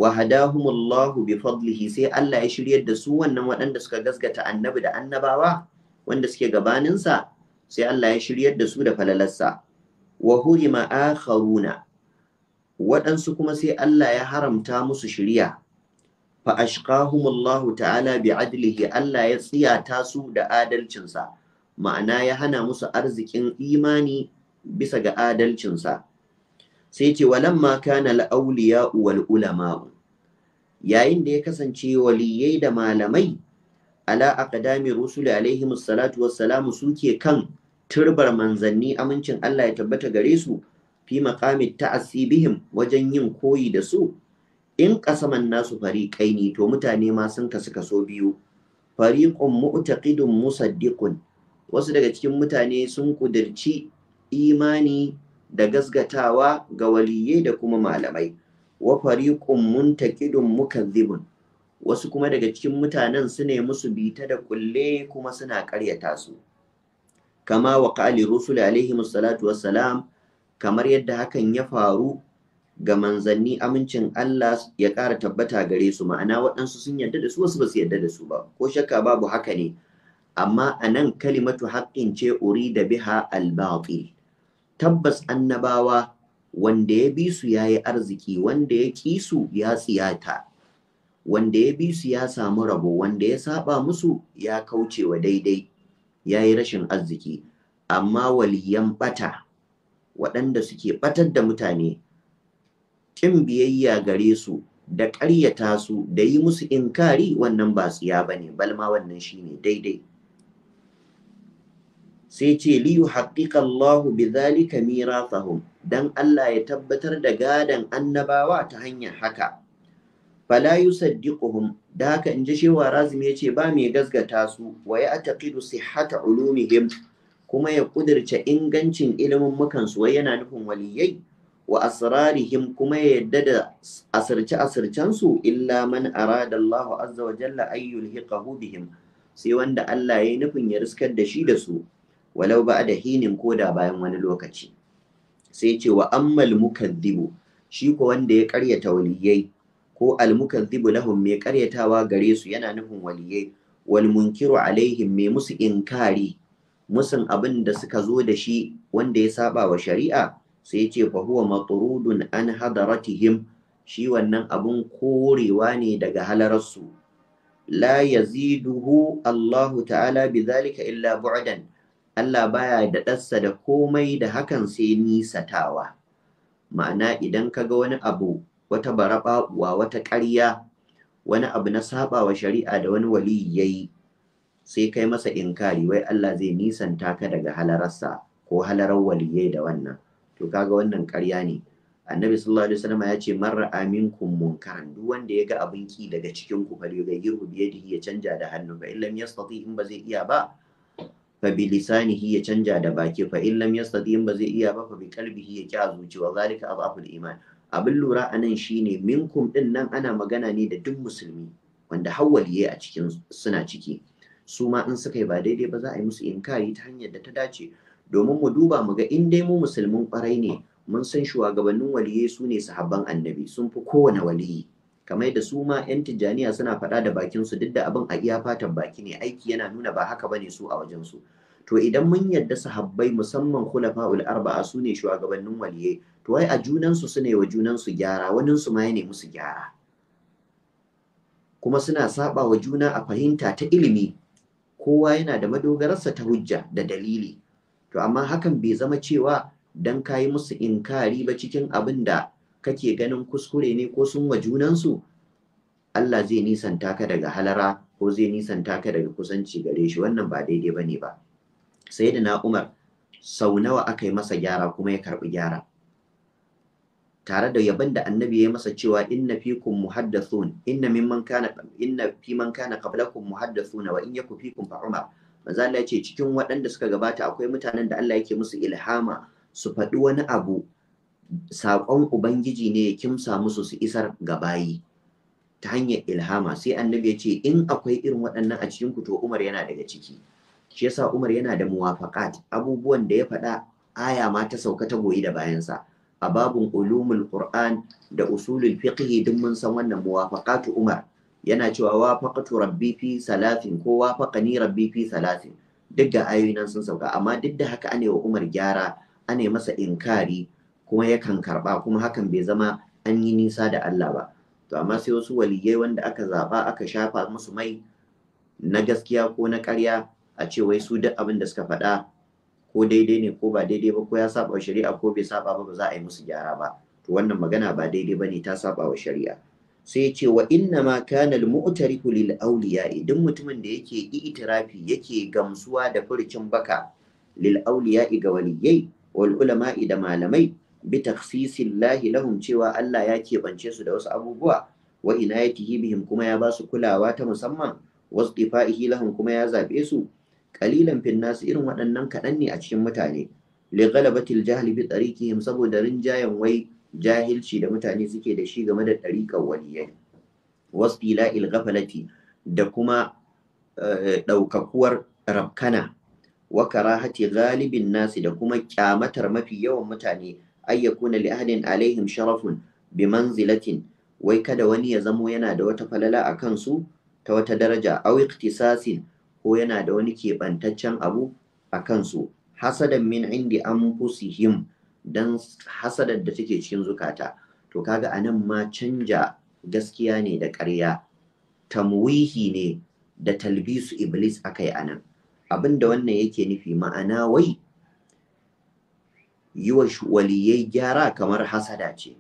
wa hadahumullahu bi fadlihi sai Allah ya shiryar da su wannan wadanda suka gaskata annabi da annabawa wanda suke gabanin sa, sai Allah ya shiryar da su da falalarsa wa hurima akharuna Wadansu kuma sai Allah ya haramta musu shiriya fa ashqahumullahu ta'ala bi adlihi Allah ya tsiyata su da adalcinsa ma'ana ya hana musu arzikin imani bisa ga adalcinsa sai ce walamma kana la'auliya wal ulama yayin da ya kasance waliyai da malamai ala aqdami rusuli alaihi salatu wassalamu suke kan turbar manzanni amincin Allah ya tabbata gare su fi ta ta'asibihim wajen yin koyi da su in qasaman nasu fariqaini to mutane ma sun kasu kaso biyu fariqun mu'taqidun musaddiqun wasu daga cikin mutane sun kudirci imani da gasgatawa ga Waliyyai da kuma malamai wa fariqun muntaqidun mukazzibun wasu kuma daga cikin mutanen su ne musu bita da kulle kuma suna karyata su kama wa qali rusul alaihi musallatu wassalam kamar yadda hakan ya faru ga manzanni amincin Allah ya ƙara tabbata gare su ma'ana waɗansu sun yarda da su wasu ba su yarda da su ba ko shakka babu haka ne amma anan kalimatu haƙƙin ce uri da biha al tabbas annabawa wanda ya bi su ya yi arziki wanda ya ki su ya tsiyata wanda ya bi su ya samu rabo wanda ya saba musu ya kauce wa daidai ya yi rashin arziki amma waliyan bata waɗanda suke batar da mutane ƙin biyayya gare su da ƙaryata su da yi musu inkari wannan ba tsiya ba ne balma wannan shine daidai sai ce liyu haƙiƙa Allahu bi zalika mirathahum dan Allah ya tabbatar da gadan annabawa ta hanyar haka fala yusaddiquhum da haka inji shewa razim ya ce ba mai gazgata su wa ya taqidu sihhata ulumihim kuma ya kudirce ingancin ilimin mukan su yana nufin waliyai wa asrarihim kuma ya yadda da asirce asircen su illa man arada Allahu azza wa jalla ayyul bihim sai wanda Allah ya nufin ya riskar da shi da su walau ba da hinin da bayan wani lokaci sai ce wa ammal mukadzibu shi ko wanda ya karyata waliyai ko al mukadzibu lahum mai karyatawa gare su yana nufin waliyai wal munkiru alaihim mai musu inkari musun abin da suka zo da shi wanda ya saba wa shari'a sai ce fa huwa matrudun an hadaratihim shi wannan abun korewa ne daga halararsu la yaziduhu Allahu ta'ala bi zalika illa bu'dan Allah baya da ɗarsa da komai da hakan sai nisatawa. Ma'ana idan ka ga wani abu, wata baraɓaɓuwa, wata ƙarya, wani abu na saɓawa wa shari'a da wani wali ya yi, sai kai masa inkari wai Allah zai nisanta ka daga halararsa ko halarar waliyai da wannan. To kaga wannan ƙarya ne. Annabi sallallahu alaihi wasallam ya ce marra aminkum munkaran duk wanda ya ga abin ki daga cikin ku fa yughayyiru bi yadihi ya canja da hannu fa illam yastati in ba zai iya ba fa bi lisanihi ya canja da baki fa in lam yastati ba zai iya ba fa bi qalbihi ya abu a zuciya zalika adhaful iman abin lura anan shine minkum din nan ana magana ne da duk musulmi wanda hawwaliye a cikin suna ciki su ma in suka yi ba daidai ba za a yi musu inkari ta hanyar da ta dace domin mu duba mu ga in dai mu musulmin kwarai ne mun san shugabannin waliye su ne sahabban annabi sun fi kowane waliyi kamar da su ma 'yan tijjaniya suna faɗa da bakinsu duk da abin a iya fatan baki ne aiki yana nuna ba haka bane su a wajensu to idan mun yadda sahabbai musamman khulafa'ul arba'a su ne shugabannin waliye to wai a junansu su ne wa junansu gyara wanin su ma ya nemi su gyara kuma suna saba wa juna a fahimta ta ilimi kowa yana da madogararsa ta hujja da dalili to amma hakan bai zama cewa dan kayi musu inkari ba cikin abin da kake ganin kuskure ne ko sun wa junansu Allah zai nisanta ka daga halara ko zai nisanta ka daga kusanci gare shi wannan ba daidai bane ba sayyidina Umar sau nawa aka yi masa gyara kuma ya karbi gyara tare da yabon da annabi ya masa cewa inna fikum muhaddathun inna mimman kana inna fi man kana qablakum muhaddathuna wa in yaku fikum fa umar manzo Allah ya ce cikin waɗanda suka gabata akwai mutanen da Allah yake musu ilhama su faɗi wani abu saƙon ubangiji ne ya kimsa musu su isar ga bayi ta hanyar ilhama sai annabi ya ce in akwai irin waɗannan a cikin ku to Umar yana daga ciki shi yasa Umar yana da muwafaqat abubuwan da ya faɗa aya ma ta sauka ta goyi da bayansa a babun ulumul qur'an da usulul fiqh duk mun san wannan muwafaqatu Umar yana cewa wafaqatu rabbi fi salatin ko wafaqani rabbi fi salatin duk da ayoyin sun sauka amma duk da haka anewa Umar gyara ane masa inkari kuma yakan karba kuma hakan bai zama an yi nisa da Allah ba to amma sai wasu waliyai wanda aka zaba aka shafa musu mai na gaskiya ko na ƙarya a ce wai su duk abin da suka faɗa ko daidai ne ko ba daidai ba ko ya saba wa shari'a ko bai saba ba ba za a yi musu gyara ba to wannan magana ba daidai ba ne ta saba wa shari'a sai ya ce wa inna ma kana al-mu'tariku lil awliya idan mutumin da yake itirafi yake gamsuwa da furcin baka lil awliya ga waliyai wal ulama da malamai bi takhsisillahi lahum cewa Allah ya keɓance su da wasu abubuwa wa inayatihi bihim kuma ya ba su kulawa ta musamman wasu wasqifa'ihi lahum kuma ya zabe su qalilan fin irin waɗannan kaɗan ne a cikin mutane li ghalabatil jahli bi tariqihim saboda rinjayen wai jahilci da mutane suke da shi game da ɗariƙar waliyai wasfila ilgafalati da kuma eh, ɗaukakuwar rabkana wa karahati galibin nasi da kuma kyamatar mafi yawan mutane ayyakuna li ahadin alaihim sharafun bi manzilatin wai kada wani ya zamo yana da wata falala a kansu ta wata daraja aw ikhtisasin ko yana da wani keɓantaccen abu a kansu hasadan min indi him don hasadar da take cikin zukata to kaga a nan ma canja gaskiya ne da ƙarya tamwihi ne da talbisu iblis a anan abinda wannan yake nufi ma'ana wai yi wa waliyai gyara kamar hasada ce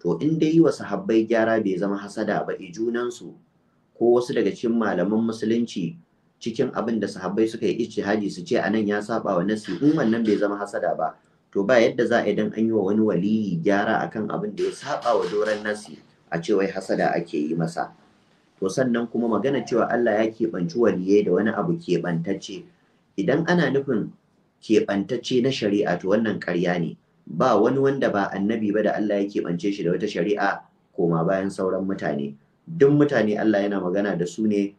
to in dai yi wa sahabbai gyara bai zama hasada ba junansu ko wasu daga cikin malaman musulunci cikin abin da sahabbai suka yi ijtihadi su ce anan ya saba wa nasi in wannan bai zama hasada ba to ba yadda za a idan an yi wa wani waliyi gyara akan abin da ya saba wa doran nasi a ce wai hasada ake yi masa to sannan kuma magana cewa Allah ya keɓanci waliyai da wani abu keɓantacce idan ana nufin keɓantacce na shari'a to wannan ƙarya ne ba wani wanda ba annabi ba da Allah ya keɓance shi da wata shari'a koma bayan sauran mutane duk mutane Allah yana magana da su ne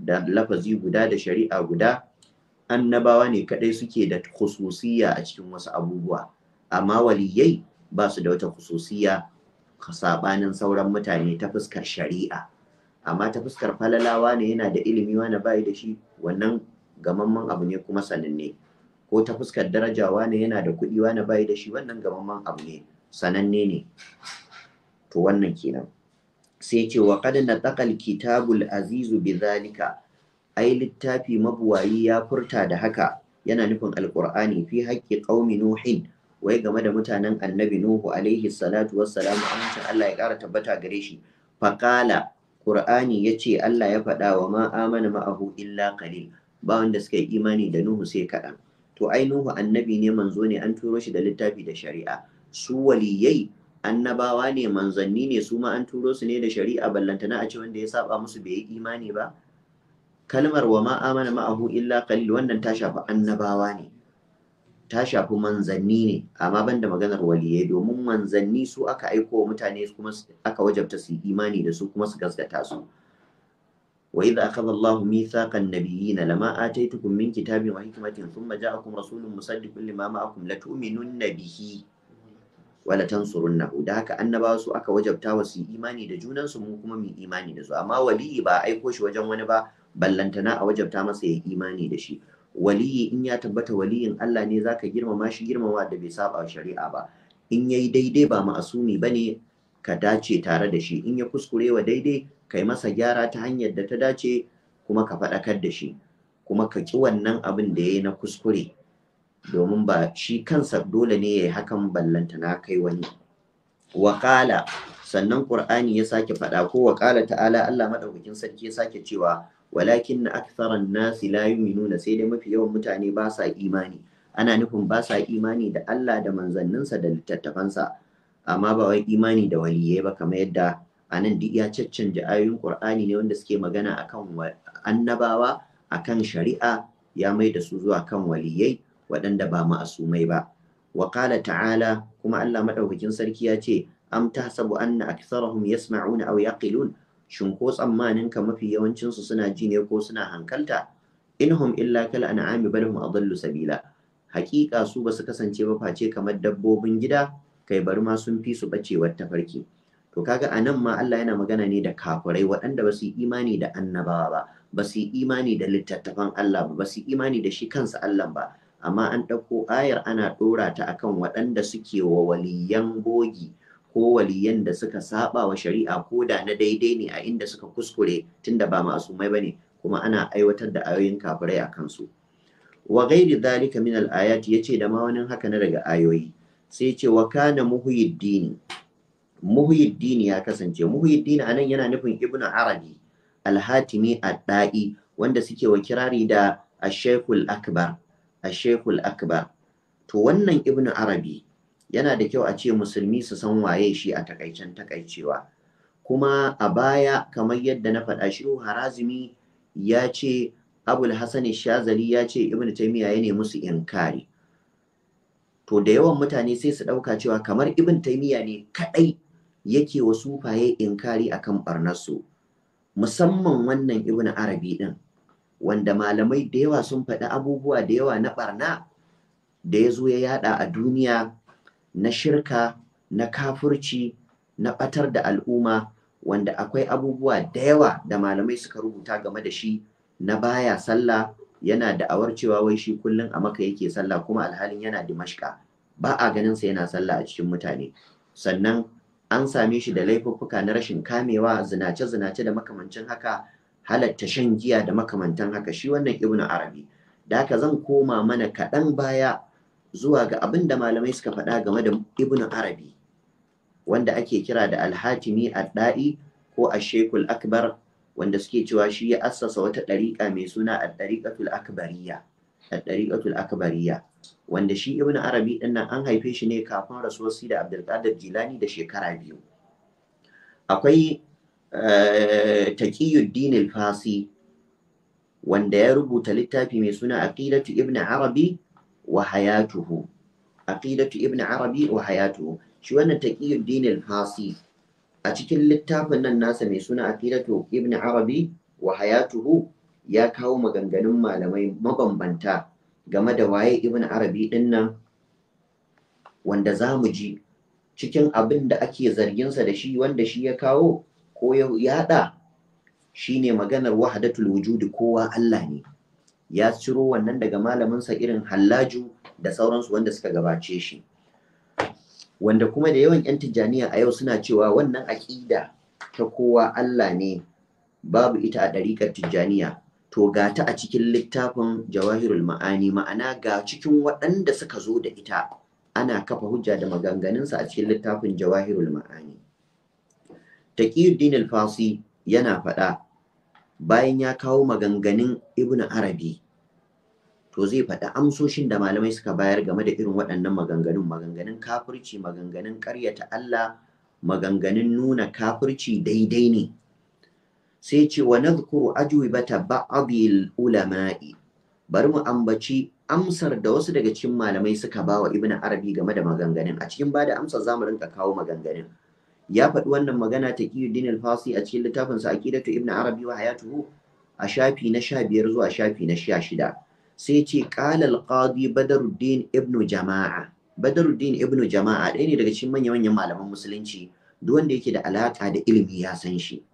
da lafazi guda da shari'a guda annabawa ne kadai suke da khususiyya a cikin wasu abubuwa amma waliyai ba su da wata khususiyya sabanin sauran mutane ta fuskar shari'a amma ta fuskar falalawa ne yana da ilimi wani bayi da shi wannan gamamman abu ne kuma sananne ko ta fuskar darajawa ne yana da kuɗi wani bayi da shi wannan gamamman abu ne sananne ne to wannan kenan sai ce wa na nataqal kitabul azizu zalika ai littafi mabuwayi ya furta da haka yana nufin alqur'ani fi haqqi qaumi nuhin wai game da mutanen annabi nuhu alaihi salatu wassalamu amincin Allah ya kara tabbata gare shi faqala qur'ani yace Allah ya faɗa wa ma amana ma'ahu illa qalil ba wanda suka yi imani da nuhu sai kaɗan to ai nuhu annabi ne manzo ne an turo shi da littafi da shari'a su waliyai annabawa ne manzanni ne su ma an turo su ne da shari'a ballantana a ce wanda ya saba musu bai yi imani ba kalmar wa ma amana ma'ahu illa qalil wannan ta shafi annabawa ne ta shafi manzanni ne amma banda maganar waliyai domin manzanni su aka aiko wa mutane kuma aka wajabta su imani da su kuma su gaskata su Wa وإذا أخذ nabiyina ميثاق النبيين لما kitabin wa كتاب وحكمة ثم جاءكم rasulun مصدق لما معكم لتؤمنن bihi. wala tansurunnahu da haka annabawa su aka wajabta wa su imani da junan su mu kuma mu imani da su amma waliyi ba aiko shi wajen wani ba ballantana a wajabta masa ya imani da shi waliyi in ya tabbata waliyin Allah ne zaka girmama shi girmama da bai saba shari'a ba in yayi daidai ba ma'asumi bane ka dace tare da shi in ya kuskure wa daidai kai masa gyara ta hanyar da ta dace kuma ka faɗakar da shi kuma ka ki wannan abin da yayi na kuskure domin ba shi kansa dole ne yayi hakan ballanta na kai wani Wakala sannan ƙur'ani ya sake faɗa ko Wakala ta'ala Allah madaukakin sarki ya sake cewa walakin na aktharan nasi la yu'minuna sai dai mafi yawan mutane ba sa imani ana nufin ba sa imani da Allah da manzanninsa da littattafansa amma ba wai imani da waliyai ba kamar yadda anan duk ya caccanja ayoyin Qur'ani ne wanda suke magana akan annabawa akan shari'a ya mai da su zuwa kan waliyai waɗanda ba ma'asumai ba wa ƙala ta'ala kuma Allah maɗaukakin sarki ya ce am tahsabu anna ya yasma'una aw yaqilun shin ko tsammanin ka mafi yawancinsu suna ji ne ko suna hankalta inhum illa kal an'ami bal hum adallu sabila haƙiƙa su ba su kasance ba face kamar dabbobin gida kai bari ma sun fi su bacewar tafarki to kaga a nan ma Allah yana magana ne da kafirai waɗanda ba su yi imani da annabawa ba ba su yi imani da littattafan Allah ba ba su yi imani da shi kansa Allah ba amma an ɗauko ayar ana ɗora ta akan waɗanda suke wa waliyan bogi ko waliyan da suka saba wa shari'a ko da na daidai ne a inda suka kuskure tunda ba ba ne, kuma ana aiwatar da ayoyin kafirai a kansu wa ghairi dhalika min al ayati yace da ma wani haka na daga ayoyi sai yace wa kana muhyiddin muhyiddin ya kasance muhyiddin anan yana nufin ibnu arabi al hatimi ad-da'i wanda suke wa kirari da ash akbar A shekul akba to wannan ibnu arabi yana da kyau a ce musulmi su san waye shi a takaicen takaicewa kuma a baya kamar yadda na faɗa shi harazimi ya ce abul hasani shazali ya ce ibnu taymiya ya ne musu inkari to da yawan mutane sai su ɗauka cewa kamar ibn taymiya ne kaɗai yake wa sufaye inkari akan barnarsu musamman wannan Ibnu arabi din. wanda malamai da yawa sun faɗi abubuwa da yawa na ɓarna da ya zo ya yada a duniya na shirka na kafurci na ɓatar da al'umma wanda akwai abubuwa da yawa da malamai suka rubuta game da shi na baya sallah yana da'awar cewa wai shi kullum a maka yake sallah kuma alhalin yana dimashka ba a ganin sa yana sallah a cikin mutane sannan an same shi da laifuffuka na rashin kamewa zinace-zinace da makamancin haka halatta shan giya da makamantan haka shi wannan ibn arabi da haka zan koma mana kaɗan baya zuwa ga abinda malamai suka faɗa game da ibn arabi wanda ake kira da alhatimi adda'i ko Shekul akbar wanda suke cewa shi ya assasa wata ɗariƙa mai suna addariƙatul akbariya addariƙatul akbariya wanda shi ibn arabi ɗin an haife shi ne kafin rasuwar da abdulkadir jilani da shekara biyu akwai Eh, taqiyuddin al-fasi wanda ya rubuta littafi mai suna aqidatu ibn arabi wa hayatuhu ibn arabi wa shi wannan taqiyuddin al-fasi a cikin littafin nan nasa mai suna aqidatu ibn arabi wa ya kawo maganganun malamai mabambanta game da waye ibn arabi din wanda za mu ji cikin abin da ake zarginsa da shi wanda shi ya kawo ko ya yada shine maganar wahadatul wujudi kowa Allah ne ya ciro wannan daga malaminsa irin hallaju da sauransu wanda suka gabace shi wanda kuma da yawan 'yan tijjaniya a yau suna cewa wannan aƙida ta kowa Allah ne babu ita a ɗariƙar tijjaniya to ga ta a cikin littafin jawahirul ma'ani ma'ana ga cikin waɗanda suka zo da ita ana kafa hujja da maganganunsa a cikin littafin jawahirul ma'ani Taqiyuddin al-Fasi yana faɗa bayan ya kawo maganganun Ibn Arabi to zai faɗi amsoshin da malamai suka bayar game da irin waɗannan maganganun maganganun kafirci maganganun ƙaryata Allah maganganun nuna kafirci daidai ne sai ce wa nadhkuru ajwibata ba'dil ulama'i bari mu ambaci amsar da wasu daga cikin malamai suka bawa Ibn Arabi game da maganganun a cikin bada amsar zamu rinka kawo maganganun ya faɗi wannan magana ta Qiyuddin al-Fasi a cikin littafin sa Aqidatu Ibn Arabi wa Hayatuhu a shafi na sha biyar zuwa shafi na sha shida, sai ce qala al badaruddin ibn Jama'a Badruddin ibn Jama'a ɗaya ne daga cikin manya manyan malaman musulunci duk wanda yake da alaƙa da ilimi ya san shi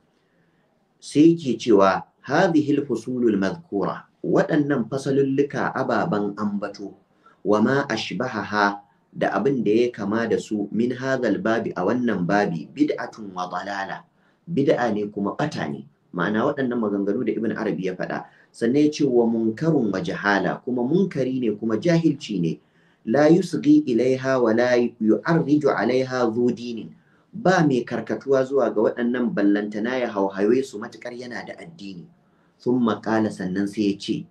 sai ke cewa hadhihi al-fusulul madhkura waɗannan fasalulluka ababan ambato wa ma ashbahaha da abin da ya kama da su min hazal babi a wannan babi bid'atun wa dalala bid'a ne kuma bata ne ma'ana waɗannan maganganu da ibn arabi ya faɗa sannan ya ce wa munkarun wa jahala kuma munkari ne kuma jahilci ne la yusghi ilaiha wa la yu'arriju alaiha zu dinin ba mai karkatuwa zuwa ga waɗannan ballantana ya hauhayoyi su matukar yana da addini sun maƙala sannan sai ya ce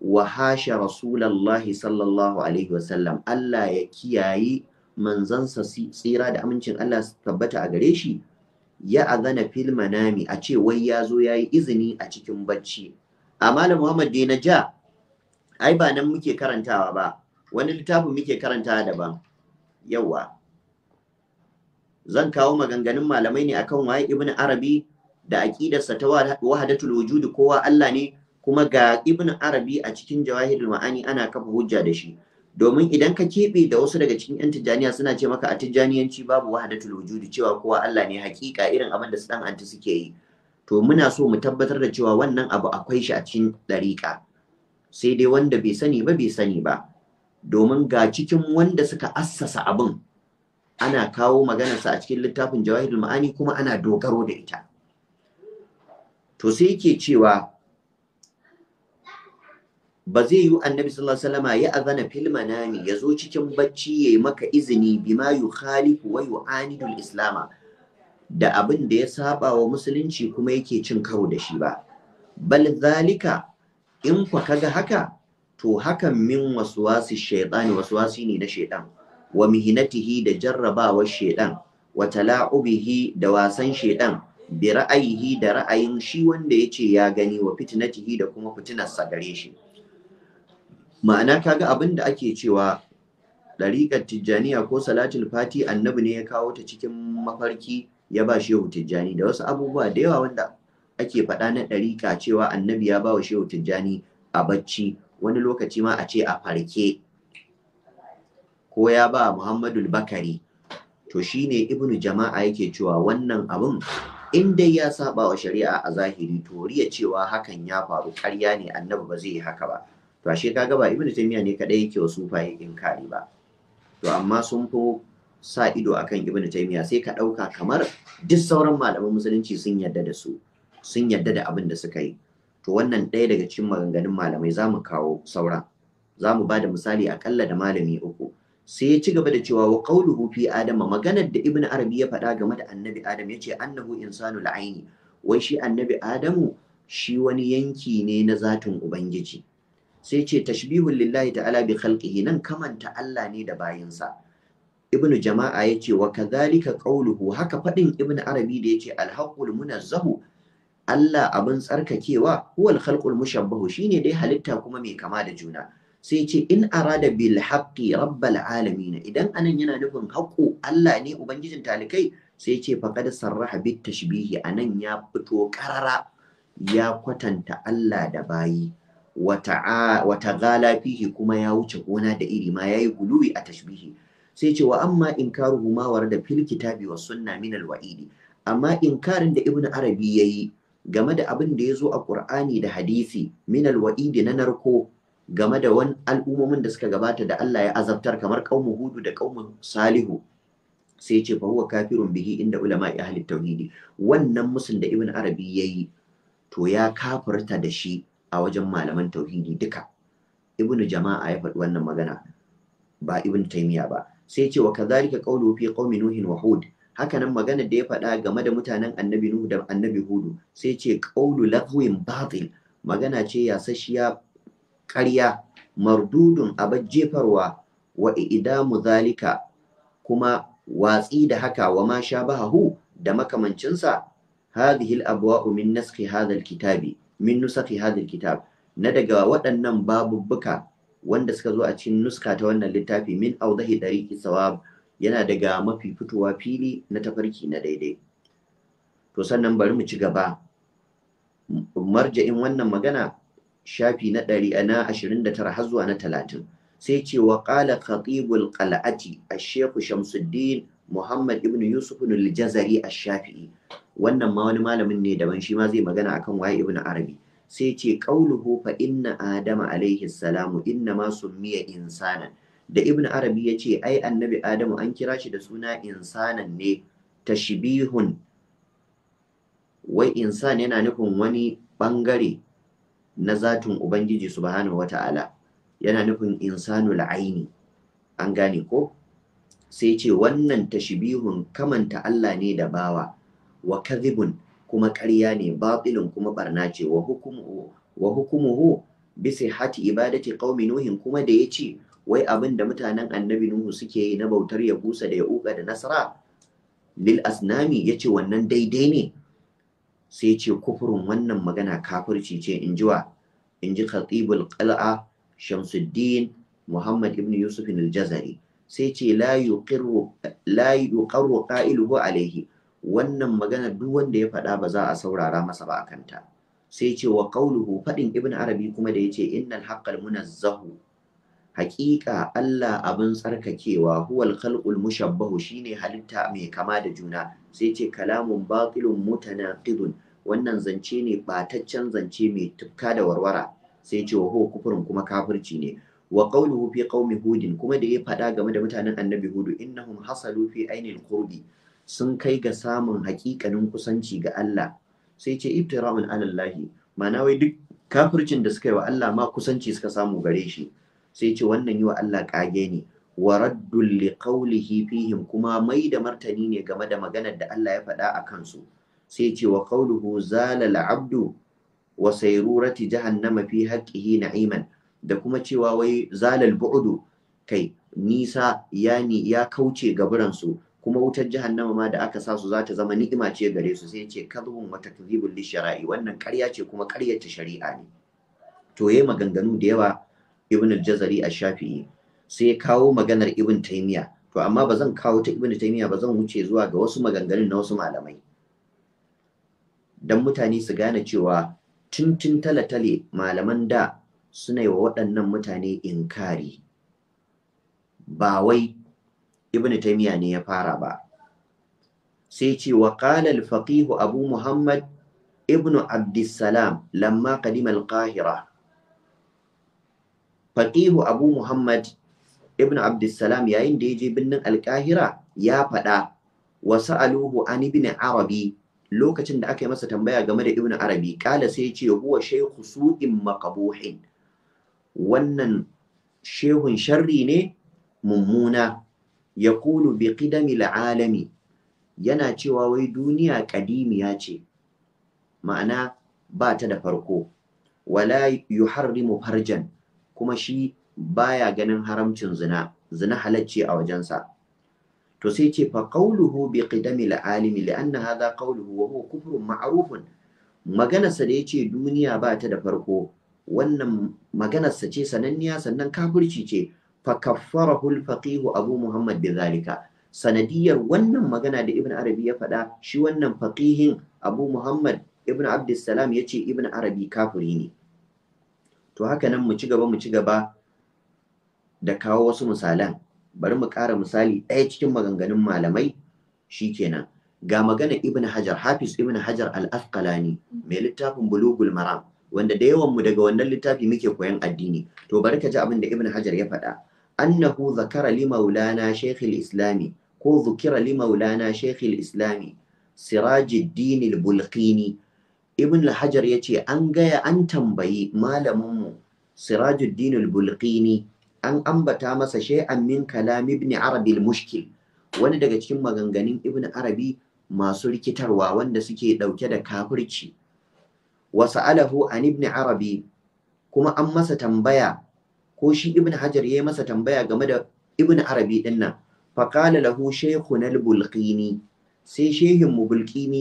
wa hasha rasulallahi sallallahu alaihi wasallam Allah ya kiyaye manzansa tsira da amincin Allah su tabbata a gare shi ya azana fil manami a ce wai ya zo ya yi izini a cikin bacci a malam Muhammad dai na ja ai ba nan muke karantawa ba wani littafin muke karantawa daban yawa zan kawo maganganun malamai ne akan waye ibnu arabi da aqidarsa ta wahadatul wujudi kowa Allah ne kuma ga ibn arabi a cikin jawahirul ma'ani ana kafa hujja da shi domin idan ka keɓe da wasu daga cikin 'yan Tijaniya suna ce maka a Tijaniyanci babu wahadatul wujudi cewa kowa Allah ne hakika irin abin da su dan anti suke yi to muna so mu tabbatar da cewa wannan abu akwai shi a cikin ɗariƙa sai dai wanda bai sani ba bai sani ba domin ga cikin wanda suka assasa abin ana kawo maganarsa a cikin littafin jawahirul ma'ani kuma ana dogaro da ita to sai yake cewa ba zai yi annabi sallallahu alaihi wasallama ya azana fil manami ya zo cikin bacci yayi maka izini bima yukhalifu wa yu'anidu islama da abin da ya saba wa musulunci kuma yake cin karo da shi ba bal zalika in kwa kaga haka to hakan min waswasi shaytani waswasi ne na shaytan wa mihinatihi da jarrabawar shaytan wa tala'ubihi da wasan shaytan bi ra'ayihi da ra'ayin shi wanda yace ya gani wa fitnatihi da kuma fitinar shi ma'ana ka ga abin da ake cewa ɗariƙar tijjaniya ko salatul fati annabi ne ya kawo ta cikin mafarki ya ba shehu tijjani da wasu abubuwa da yawa wanda ake faɗa na ɗariƙa cewa annabi ya ba wa shehu tijjani a bacci wani lokaci ma a ce a farke ko ya ba Muhammadu bakari to shine ibnu jama'a yake cewa wannan abin. in dai ya saba wa shari'a a zahiri to cewa hakan ya faru ƙarya ne annabi ba zai yi haka ba to ashe kaga ba ibnu taymiya ne kadai yake wasu in kari ba to amma sun fi sa ido akan ibnu taymiya sai ka dauka kamar duk sauran malaman musulunci sun yadda da su sun yadda da abin da suka yi to wannan ɗaya daga cikin maganganun malamai zamu kawo saura. zamu mu ba da misali akalla da malami uku sai ya ci gaba da cewa wa qawluhu fi adama maganar da ibnu arabi ya faɗa game da annabi adam yace annahu insanu al'aini wai shi annabi adamu shi wani yanki ne na zatin ubangiji sai ce tashbihun lillahi ta'ala bi khalqihi nan kamanta Allah ne da bayinsa ibnu jama'a yace wa kadhalika qawluhu haka fadin ibnu arabi da yace al-haqqul munazzahu Allah abin tsarkakewa huwal khalqul mushabbahu shine dai halitta kuma mai kama da juna sai ce in arada bil haqqi rabbal alamin idan anan yana nufin haqqo Allah ne ubangijin talikai sai ce faqad sarraha bit tashbihi anan ya fito karara ya kwatanta Allah da bayi wata gala fihi kuma ya wuce gona da iri ma yayi guluwi a tashbihi sai ce wa amma inkaruhu ma da fil kitabi wa sunna min al wa'idi amma karin da ibnu arabi yayi game da abin da ya zo a qur'ani da hadisi min al wa'idi na narko game da wani al'ummomin da suka gabata da Allah ya azabtar kamar qaumu hudu da qaumu salihu sai ce fa huwa kafirun bihi inda ulama ahli tauhidi wannan musul da ibn arabi yayi to ya kafirta da shi a wajen malaman tauhidi duka ibnu jama'a ya faɗi wannan magana ba ibnu taymiya ba sai ce wa kadhalika qawlu fi qaumi nuhin wa hud hakanan magana da ya faɗa game da mutanen annabi nuhu da annabi hudu sai ce qawlu lahwin batil magana ce yasashiya ƙarya mardudun abar jefarwa wa idamu zalika kuma watsi da haka wa ma sha da makamancinsa hadhihi al-abwa'u min naskhi hadha al-kitabi min nusafi hadir kitab na daga waɗannan babubbuka wanda suka zo a cikin nuska ta wannan littafi min audahi ɗari sawab yana daga mafi fitowa fili na tafarki na daidai to sannan bari mu ci gaba marja'in wannan magana shafi na ɗari na ashirin da tara har zuwa na talatin sai ce wa ƙala khatibul qal'ati ash-shaykh Shamsuddin Muhammad ibn Yusuf al-Jazari ash-Shafi'i wannan ma wani malamin ne daban shi ma zai magana akan waye ibn arabi sai ce qauluhu fa inna adama alaihi salamu inna ma summiya insanan da ibn arabi ya ce ai annabi adamu an kira shi da suna insanan ne tashbihun wai insan yana nufin wani bangare na zatun ubangiji subhanahu wata'ala yana nufin insanul aini an gane ko sai ce wannan tashbihun kamanta Allah ne da bawa wa kadhibun kuma ƙarya ne babilun kuma barna ce wa hukumuhu wa hukumuhu bi sihhati ibadati qaumi nuhin kuma da yace wai abin da mutanen annabi nuhu suke yi na bautar ya busa da ya uka da nasara lil asnami yace wannan daidai ne sai ce kufurin wannan magana kafirci ce in jiwa in ji khatibul qal'a shamsuddin muhammad ibn yusuf al-jazari sai ce la yuqirru la yuqarru qailuhu alayhi wannan magana duk wanda ya faɗa ba za a saurara masa ba a kanta. sai ce wa qauluhu faɗin ibn arabi kuma da yace innal haqqal munazzahu haqiqa Allah abin tsarkakewa huwal khalqul mushabbahu shine halitta mai kama da juna sai ce kalamun batilun mutanaqidun wannan zance ne bataccen zance mai tufka da warwara sai ce wa kufurin kuma kafirci ne wa qawluhu fi qaumi hudin kuma da ya faɗa game da mutanen annabi hudu innahum hasalu fi ainil qurbi sun kai ga samun haƙiƙanin kusanci ga Allah sai ce iftira'un alallahi ma'ana wai duk kafircin da suka yi wa Allah ma kusanci suka samu gare shi sai ce wannan yi wa Allah kage ne wa raddul qawlihi fihim kuma mai da martani ne game da maganar da Allah ya faɗa a kansu sai ce wa qawluhu zala al'abdu wa sayrurati jahannama fi haqqihi na'iman da kuma cewa wai zalal bu'du kai nisa yani ya kauce gaburansu kuma wutar jahannama ma da aka sa su za ta zama ni'ima ce gare su sai ce kadhubun wa takdhibul lishara'i wannan ƙarya ce kuma ƙaryata shari'a ne to yayi maganganu da yawa ibn al-jazari ash-shafi'i sai ya kawo maganar ibn taymiya to amma ba zan kawo ta ibn taymiya ba zan wuce zuwa ga wasu maganganun na wasu malamai dan mutane su gane cewa tuntun talatale malaman da suna yi wa waɗannan mutane inkari ba wai ibn taymiya ne ya fara ba sai ce wa qala al-faqih abu muhammad ibn abdussalam lamma qadima al-qahira faqih abu muhammad ibn abdussalam yayin da yaje birnin al-qahira ya faɗa wa sa'aluhu an ibn arabi lokacin da aka yi masa tambaya game da ibn arabi kala sai ce huwa shaykhu su'in maqbuhin wannan shehun sharri ne mummuna yakulu bi qidamil alami yana cewa wai duniya kadimiya ce ma'ana ba ta da farko wala yuharrimu farjan kuma shi baya ganin haramcin zina zina halacce a wajensa to sai ce fa qawluhu bi qidamil alimi li'anna hadha qawluhu wa huwa kufrun ma'rufun maganarsa da yace duniya ba ta da farko wannan maganarsa ce sananniya sannan kafirci ce فكفره الفقيه faqih Abu Muhammad sanadiyar wannan magana da Ibn Arabi ya faɗa shi wannan faqihin Abu Muhammad Ibn Abdussalam ce Ibn Arabi kafiri ne to haka nan mu ci gaba mu ci gaba da kawo wasu misalan bari mu kara misali ɗaya cikin maganganun malamai shikenan ga magana Ibn Hajar Hafiz Ibn Hajar Al-Asqalani mai littafin Bulugul Maram wanda da yawan mu daga wannan littafi muke koyan addini to bari ka ji abin da Ibn Hajar ya faɗa annahu zakara li maulana shaykh islami ko zukira li maulana shaykh islami sirajiddin al-bulqini ibn hajar yace an gaya an tambayi malaminmu sirajuddin al-bulqini an ambata masa shay'an min kalam ibn arabi mushkil wani daga cikin maganganun ibn arabi masu rikitarwa wanda suke dauke da kafirci wa alahu an ibn arabi kuma an masa tambaya ko shi ibn hajar ya yi masa tambaya game da ibn arabi din nan faqala lahu shaykhuna al-bulqini sai shehin mu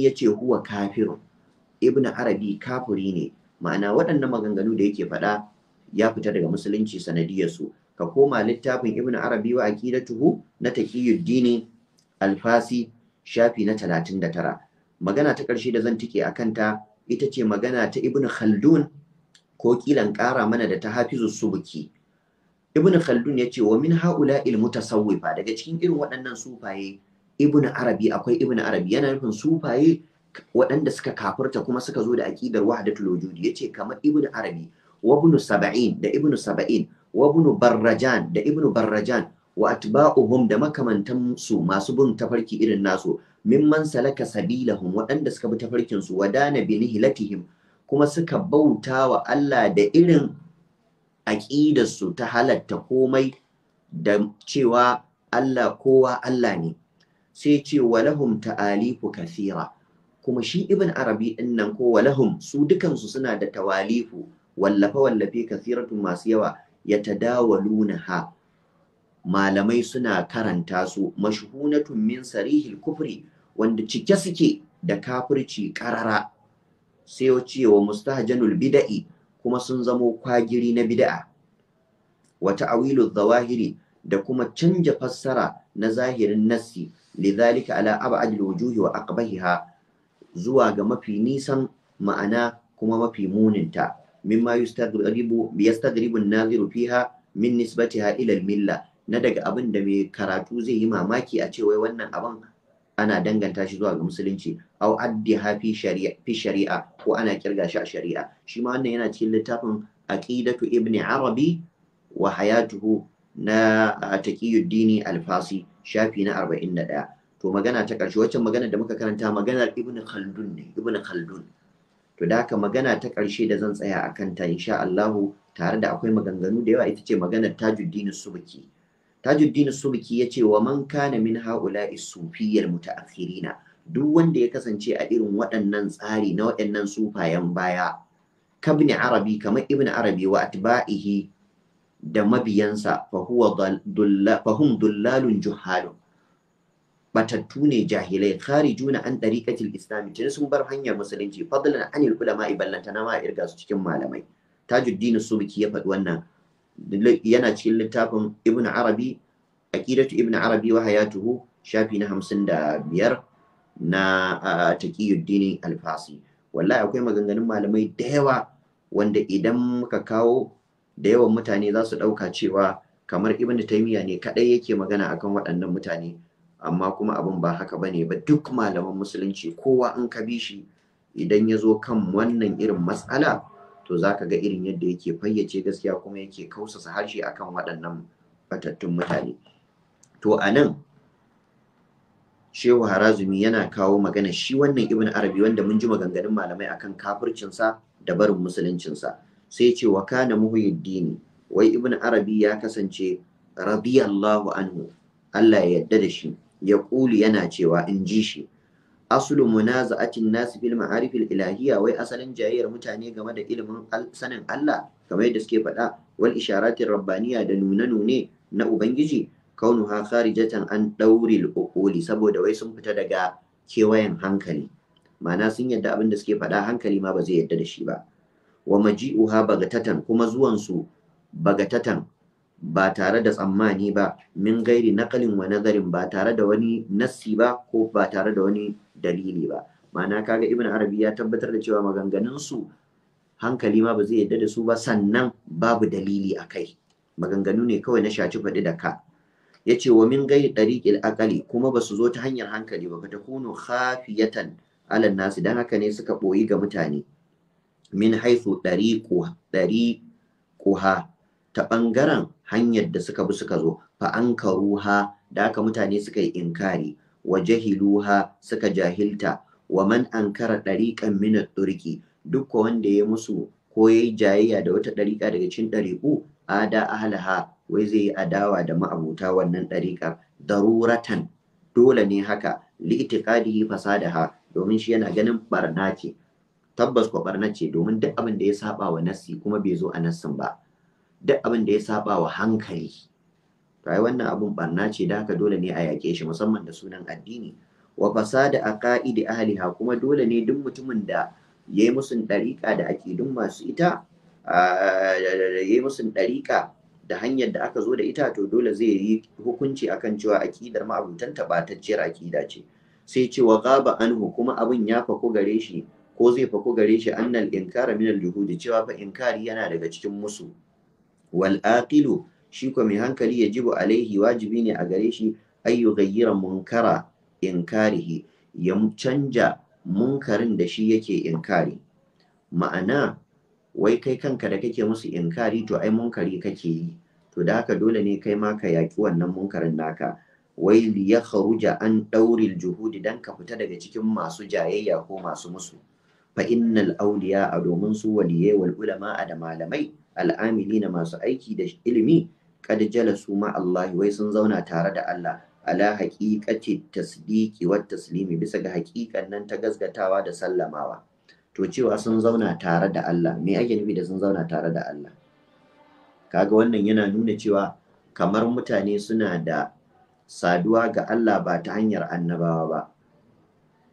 ya ce huwa kafirun ibn arabi kafuri ne ma'ana waɗannan maganganu da yake faɗa ya fita daga musulunci sanadiyar ka koma littafin ibn arabi wa aqidatuhu na taqiyuddini alfasi shafi na talatin da tara. magana ta ƙarshe da zan tike a kanta ita ce magana ta ibn khaldun ko kilan ƙara mana da ta hafizu subuki ibn khaldun ya ce wa min haula il mutasawwifa daga cikin irin waɗannan sufaye ibn arabi akwai ibn arabi yana nufin sufaye waɗanda suka kafirta kuma suka zo da aqidar wahdatul wujud yace kamar ibn arabi wa ibn saba'in da ibn sab'in wa ibn barrajan da ibn barrajan wa atba'uhum da makamantan su masu bin tafarki irin nasu mimman salaka sabilahum waɗanda suka bi tafarkin su wadana bi nihilatihim kuma suka bauta wa Allah da irin aƙidarsu ta halatta komai da cewa Allah kowa Allah ne sai ce walahum ta'alifu kathira kuma shi ibn arabi din nan ko walahum su dukansu suna da tawalifu wallafe wallafe kathiratu masu yawa ya tadawaluna ha malamai suna karanta su mashhunatun min sarihil kufri wanda cike suke da kafirci karara sai ya ce wa mustahjanul bida'i kuma sun zamo kwagiri na bida'a wa ta'awilu zawahiri da kuma canja fassara na zahirin nassi lidhalika ala ab'adil wujuhi wa aqbahiha zuwa ga mafi nisan ma'ana kuma mafi muninta mimma yustadribu yastadribu an-naziru fiha min nisbatiha ila al-milla na daga abin da mai karatu zai yi mamaki a cewa wannan abin ana danganta shi zuwa ga musulunci au addiha fi shari'a fi shari'a ko ana kirga shi a shari'a shi ma wannan yana cikin littafin aqidatu ibn arabi wa hayatuhu na taqiyuddin al-fasi shafi na 41 to magana ta ƙarshe wacce magana da muka karanta maganar ibn khaldun ne ibn khaldun to da haka magana ta ƙarshe da zan tsaya akan ta insha Allah tare da akwai maganganu da yawa ita ce maganar tajuddin subki tajuddin subki ya ce wa man kana min ha'ula'i sufiyyar muta'akhirina duk wanda ya kasance a irin waɗannan tsari na waɗannan sufayen baya kabni arabi kamar ibn arabi wa atba'ihi da mabiyansa fahum dullalun juhalun batattu ne jahilai kharijuna an dariqatil islami tun sun bar hanyar musulunci fadlan anil ulama ballantana ma irga su cikin malamai tajuddin subki ya faɗi wannan yana cikin littafin ibn arabi aqidatu ibn arabi wa hayatuhu shafi na hamsin da biyar na taqiyuddin alfasi wallahi akwai maganganun malamai da yawa wanda idan muka kawo da yawan mutane za su ɗauka cewa kamar ibn Taimiyya ne kadai yake magana akan waɗannan mutane amma kuma abin ba haka bane ba duk malaman musulunci kowa in ka bi shi idan ya zo kan wannan irin matsala to za ka ga irin yadda yake fayyace gaskiya kuma yake kausasa harshe akan waɗannan batattun mutane to a nan shehu harazumi yana kawo magana shi wannan Ibin arabi wanda mun ji maganganun malamai akan kafircinsa da barin musuluncinsa sai ce wa kana muhyiddini wai Ibin arabi ya kasance radiyallahu anhu Allah ya yadda da shi ya ƙuli yana cewa in ji shi aslu munaza'atin nasi fil ma'arif al ilahiyya wai asalin jayayyar mutane game da ilimin sanin Allah kamar yadda suke faɗa wal isharatin rabbaniya da nune-nune na ubangiji kaunu ha kharijatan an dauri al saboda wai sun fita daga kewayen hankali ma'ana sun yadda abin da suke faɗa hankali ma ba zai yadda da shi ba wa maji'uha bagatatan kuma zuwan su bagatatan ba tare da tsammani ba min gairi nakalin wa nazarin ba tare da wani nassi ba ko ba tare da wani dalili ba ma'ana kaga ibn arabi ya tabbatar da cewa maganganunsu hankali ma ba zai yadda da su ba sannan babu dalili a kai maganganu ne kawai na shaci faɗi da ka ya ce wa min gai ɗariƙil akali kuma ba su zo ta hanyar hankali ba ta kunu khafiyatan alan nasu Dan haka ne suka ɓoyi ga mutane min haifu ɗariƙuha ta ɓangaren hanyar da suka bi suka zo fa an karuha da haka mutane suka yi inkari wa jahiluha suka jahilta wa man ankara dariqan min turki duk wanda ya musu ko yayi jayayya da wata dariƙa daga cikin dariƙu ada ahlaha wai zai yi adawa da ma'abuta wannan dariƙar daruratan dole ne haka li'tiqadihi fasadaha domin shi yana ganin barna ce tabbas ko barna ce domin duk abin da ya saba wa nassi kuma bai zo a nassin ba duk abin da ya saba wa hankali to ai wannan abun barna ce da haka dole ne a yake shi musamman da sunan addini wa fasada aqaidi ahliha kuma dole ne duk mutumin da yayi musu dariƙa da aqidun masu ita yayi musu dariƙa da hanyar da aka zo da ita to dole zai yi hukunci akan cewa aqidar ma'abutan tabatacciyar aqida ce sai ce wa gaba anhu kuma abun ya faku gare shi ko zai faku gare shi annal inkara min al-juhudi cewa fa inkari yana daga cikin musu wal aqilu shi ko mai hankali ya jibu alaihi wajibi ne a gare shi ayyu gayyira munkara inkarihi ya canja munkarin da shi yake inkari ma'ana wai kai kanka da kake musu inkari to ai munkari kake yi to da haka dole ne kai ma ka yaƙi wannan munkarin naka wai ya kharuja an ɗauri juhudi dan ka fita daga cikin masu jayayya ko masu musu fa innal awliya a domin su waliyai wal ulama da malamai al'amili na masu aiki da ilimi kad jalasu ma Allah wai sun zauna tare da Allah ala haqiqati tasdiqi wa taslimi bisa ga haqiqan nan ta gazgatawa da sallamawa to cewa sun zauna tare da Allah me ake nufi da sun zauna tare da Allah kaga wannan yana nuna cewa kamar mutane suna da saduwa ga Allah ba ta hanyar annabawa ba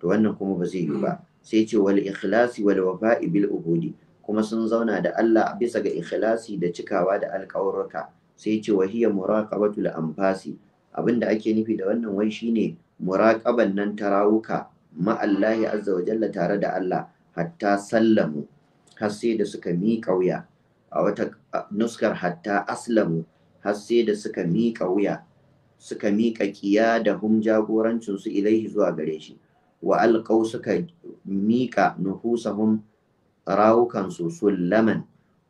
to wannan kuma ba zai yi ba sai ce wal ikhlasi wal wafa'i bil ubudi kuma sun zauna da Allah bisa ga ikhlasi da cikawa da alƙawarruka sai ce wa hiya muraqabatul amfasi! abinda ake nufi da wannan wai shine muraqaban nan tarawuka ma Allah azza wa jalla tare da Allah hatta sallamu har sai da suka miƙa wuya a wata nuskar hatta aslamu har sai da suka miƙa wuya suka miƙa kiya da hum jagorancinsu ilaihi zuwa gare shi wa alƙau suka miƙa nuhusahum rawukansu sullaman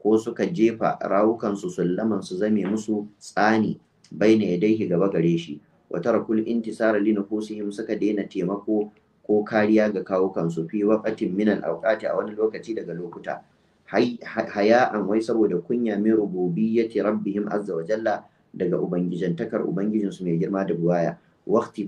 ko suka jefa rawukansu sullaman su zame musu tsani baina yadaihi gaba gare shi wa tarakul intisara li nufusihim suka daina taimako ko kariya ga kawukansu fi waqatin min al a wani lokaci daga lokuta Haya an wai saboda kunya min rububiyyati rabbihim azza wa jalla daga ubangijantakar ubangijinsu mai girma da buwaya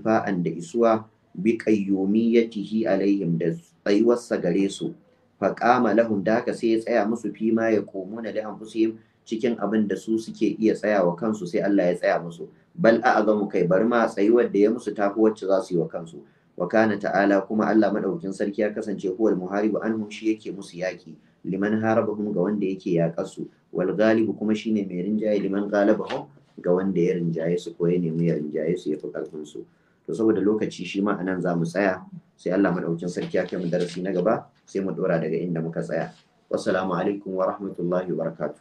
fa'an da isuwa bi qayyumiyatihi alaihim da tsayuwarsa gare su faqama lahum da haka sai ya tsaya musu fima ma ya komuna li anfusihim cikin abin da su suke iya tsayawa kansu sai Allah ya tsaya musu bal mu kai bar ma tsayuwar da ya musu tafi wacce za su yi wa kansu wa kana ta'ala kuma Allah madaukakin sarki ya kasance huwal muharibu anhum shi yake musu yaki liman harabahum ga wanda yake yaƙarsu wal ghalibu kuma shine mai rinjaye liman galabahum ga wanda ya rinjaye su ko ya nemi ya rinjaye su ya fi karfin su to saboda lokaci shi ma anan za mu tsaya sai Allah madaukakin sarki ya kai mu darasi na gaba sai mu dora daga inda muka tsaya wassalamu alaikum wa rahmatullahi wa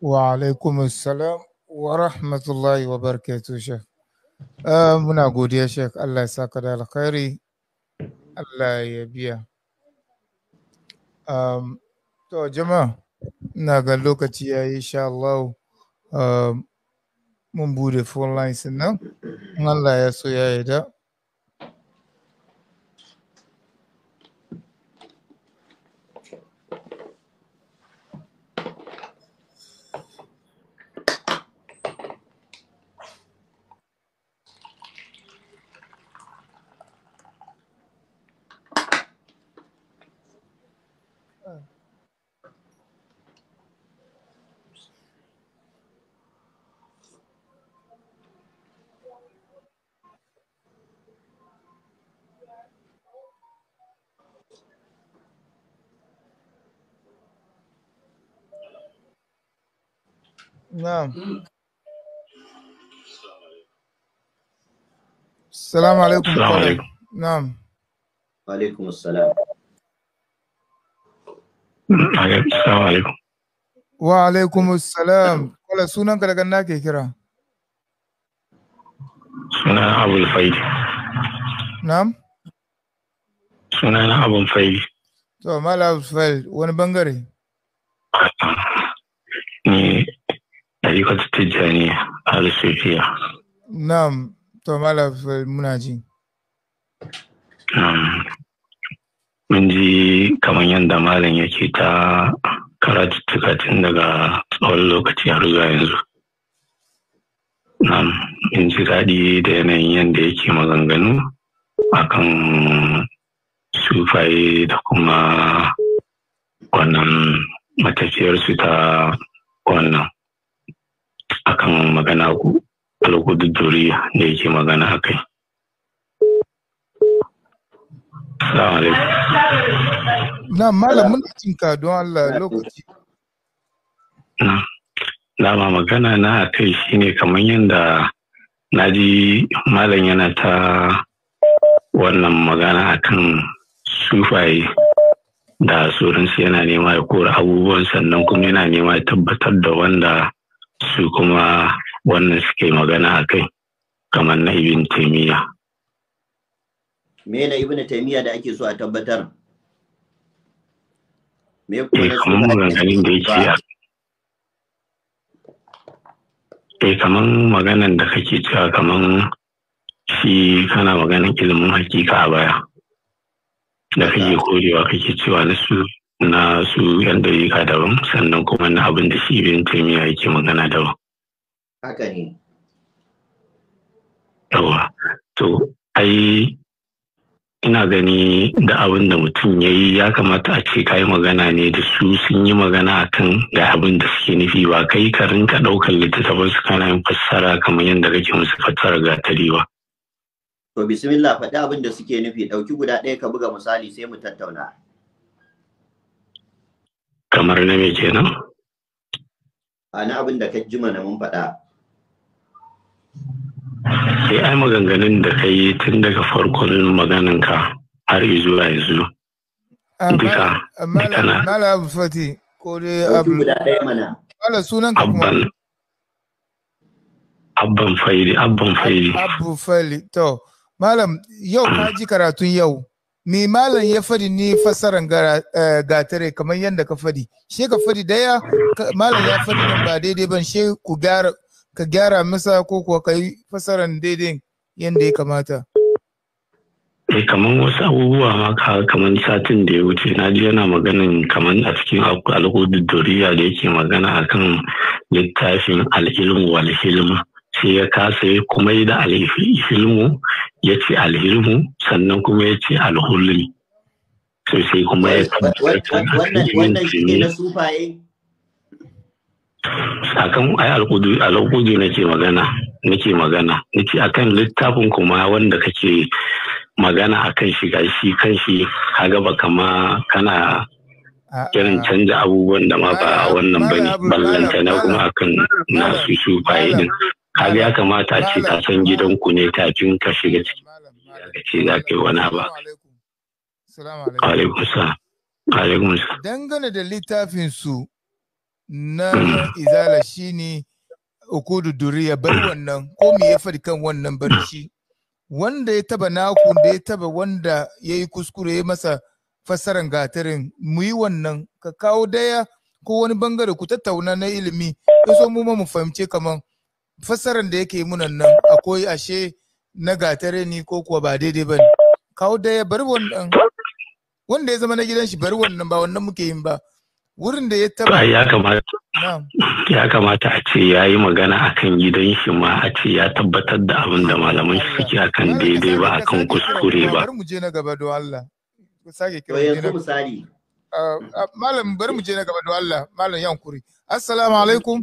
wa alaikum assalam wa rahmatullahi wa barakatuh shek eh, muna godiya shek Allah ya saka da alkhairi Allah ya biya um, to jama'a ina ga lokaci ya yi sha Allah um, mun bude phone lines in Allah ya so ya yarda Na'am. Assalamu alaikum. Assalamu alaikum. Wa alaikum assalam. Wa alaikum assalam. Kala sunan ka daga ke kira? Sunan Abul Faidi. Na'am. Sunan Abul Faidi wani bangare? ɗariƙar tijjani a Sufiya. Na'am, to muna ji. Mun ji kamar yadda Malam yake ta karatu tun daga tsawon lokaci har zuwa yanzu. Na'am, mun ji daɗi da yanayin yadda yake maganganu akan sufaye da kuma wannan matafiyarsu ta wannan akan magana ku alhudu da yake magana a kai. Na malam muna cin don Allah lokaci. Na, dama magana na a kai shine kamar yadda na ji malam yana ta wannan magana akan sufaye da sauransu yana nema ya kora abubuwan sannan kuma yana nema ya tabbatar da wanda su kuma wannan suke magana a kai kamar na ibn taimiyya me na ibn taimiyya da ake so a tabbatar me kuma eh, na da eh, kamar maganan da kake cewa kamar shi kana maganin ilimin hakika a baya da kake korewa kake cewa na su na su yan dariƙa daban sannan kuma na abin da shi ibn taimiya yake magana daban haka ne yawa to ai ina gani da abin da mutum ya yi ya kamata a ce ka yi magana ne da su sun yi magana a kan ga abin da suke nufi ba kai ka rinka ɗaukar littattafan su kana yin fassara kamar yadda kake musu fassara ga tare ba. To bismillah faɗi abin da suke nufi ɗauki guda ɗaya ka buga misali sai mu tattauna. kamar na me kenan a na abin da ka ji mana mun faɗa sai eh, ai maganganun da ka yi tun daga farkon magananka har zuwa yanzu ah, duka duka na mala abu fati ko dai abu mala sunan ka kuma abban faili abban faili abu faili to malam yau ka ah. ji karatun yau me malam ya fadi ni fasaran gatare kamar yadda ka fadi she ka fadi daya malam ya fadi ba daidai ban she ku gyara ka gyara masa ko kuwa ka yi fasaran daidai yadda ya kamata eh kamar wasu abubuwa ma ka kamar satin da ya wuce na ji yana maganin kamar a cikin alhudu doriya da yake magana akan littafin al'ilm wal hilma sai ya kasa ya kuma yi da alhilmu ya ce alhilmu sannan kuma ya ce alhulmi to sai kuma ya wannan ai alƙudu nake magana nake magana nake akan littafin kuma wanda kake magana akan shi shi kan shi kaga ba kama kana kiran canza abubuwan da ma ba wannan bane ballanta na kuma akan nasu su din kaga ya kamata a ce ka san gidanku ne kafin ka shiga ciki ka ce za ka yi wani ba alaikum dangane da littafin su na hmm. izala shine ukudu duriya bar wannan ko me ya faɗi kan wannan barci wanda ya taba naku da ya taba wanda ya yi kuskure ya masa fassaran gatarin mu yi wannan ka kawo daya ko wani bangare ku tattauna na ilimi ya so mu ma mu fahimce kaman fassarar da yake munan nan akwai ashe na gatare ni ko kuwa ba daidai ba ne kawo da ya bari wannan wanda ya zama na gidan shi bari wannan ba wannan muke yin ba wurin da ya taba ya kamata ya kamata a ce ya yi magana akan gidan shi ma a ce ya tabbatar da abin da malaman shi suke akan daidai ba akan kuskure ba bari mu je na gaba don Allah ku sake kira yanzu misali ah, ah, malam bari mu je na gaba don Allah malam yankuri assalamu alaikum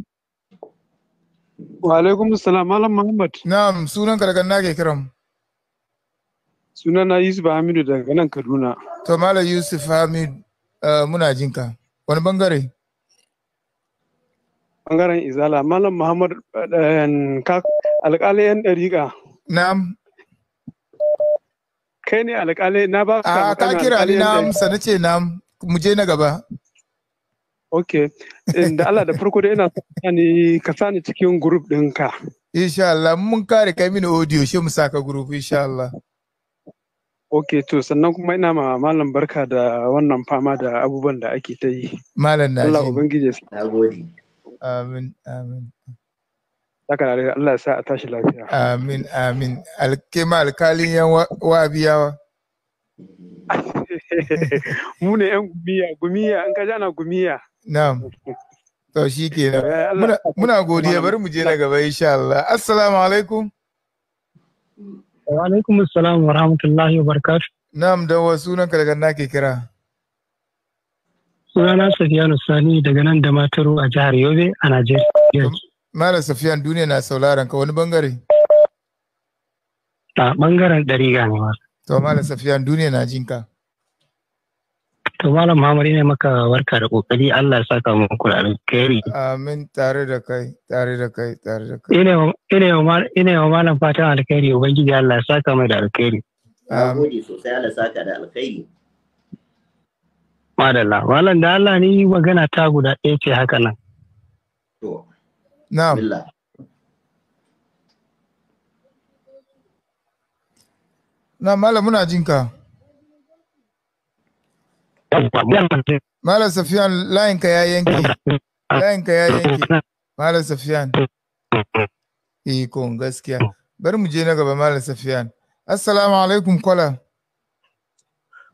Wa salam Malam Muhammad. Na'am, sunan ka daga nake kiran. Sunana Yusuf Hamidu daga nan Kaduna. To Malam Yusuf Hamid eh, muna jinka. Wani bangare? Bangaren Izala, Malam Muhammad eh, alƙalai 'yan ɗariƙa. Na'am. Kai ne alƙalai na ba ka. ka kira ni na'am, sanace na'am, mu je na gaba. ok eh, da Allah da farko da ina sani ka sani cikin group ɗinka insha Allah mun kare kai mini audio shi mu saka group insha Allah ok to sannan kuma ina ma malam barka da wannan fama da abubuwan da ake ta yi malam na Allah ubangiji ya gode amin amin Saka da Allah sa a tashi lafiya amin amin alkema alkalin yan wabiyawa mu ne yan gumiya gumiya an ka jana gumiya na'am to shi ke eh, muna, muna godiya bari mu je na gaba insha Allah assalamu alaikum wa alaikum assalam wa rahmatullahi wa barakatuh na'am da wa sunan kargan nake kira sunana Safiyanu Sani daga nan da Mataro a jihar Yobe a Najeriya Mala Safiyan duniya na sauraron ka wani bangare a bangaren ɗari ma. to Mala Safiyan duniya na jinka To Malam Muhammadu ne maka warka da kokari Allah ya saka mu kula alkhairi. Amin tare da kai, tare da kai, tare da kai. Ina ine wa malam fatan alkhairi ubangiji Allah ya saka mai da alkhairi. Amin sosai Allah saka da alkhairi. Madalla, malam da Allah ni magana ta guda ɗaya ce haka nan. To. Na'am. Na malam muna jinka. Malam Safiyan layin ka ya yanki Layin ka ya yanki Malam Safiyan. Ikon eh, gaskiya. Bari mu je na gaba Malam Safiyan. Assalamu alaikum kwala.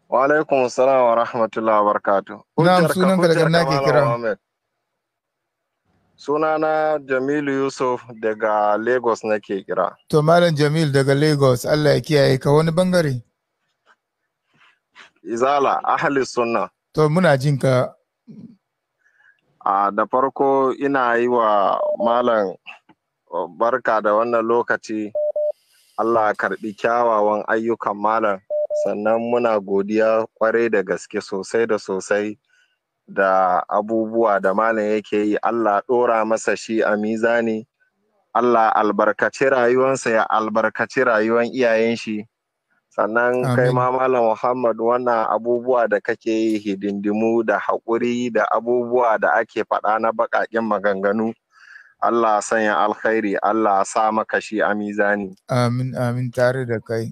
Wa alaikum salam wa rahmatullahi wa barakatu. Na'am sunan ka daga na ke kira. Sunana Jamilu Yusuf daga Lagos nake kira. To Malam Jamil daga Lagos Allah ya kiyaye ka wani bangare. izala ahli sunna to muna jin a da farko ina yi wa malam barka da wannan lokaci Allah karbi kyawawan ayyukan malam sannan muna godiya kwarai da gaske sosai da sosai da abubuwa da malam yake yi Allah ɗora masa shi a mizani Allah albarkaci rayuwansa ya albarkaci rayuwan iyayen shi sannan kai ma malam muhammad wannan abubuwa da kake yi hidindimu da haƙuri da abubuwa da ake faɗa na baƙaƙen maganganu Allah sanya alkhairi Allah sa maka shi a mizani amin amin tare da kai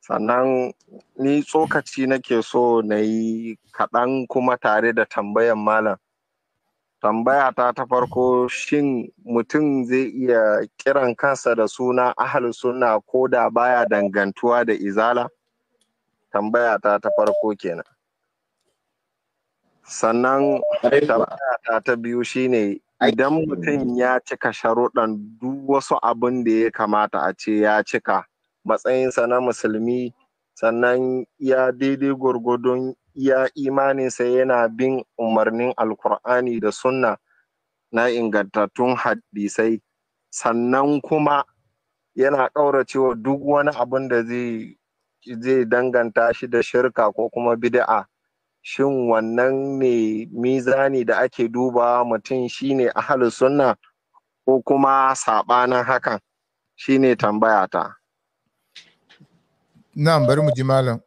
sannan ni tsokaci nake so na yi kaɗan kuma tare da tambayan malam tambaya ta ta farko shin mutum zai iya kiran kansa da suna ahal suna ko da baya dangantuwa da izala tambaya ta ta farko kenan sannan tambaya ta ta biyu shine idan mutum ya cika sharuɗan duk wasu abin da ya kamata a ce ya cika matsayinsa na musulmi sannan ya daidai gwargwadon iya imaninsa yana bin umarnin alkur'ani da sunna na ingantattun hadisai sannan kuma yana cewa duk wani abin da zai danganta shi da shirka ko kuma bid'a shin wannan ne mizani da ake duba mutum shine ahalin sunna ko kuma saɓanin hakan shine ne tambayata na bari mu ji malam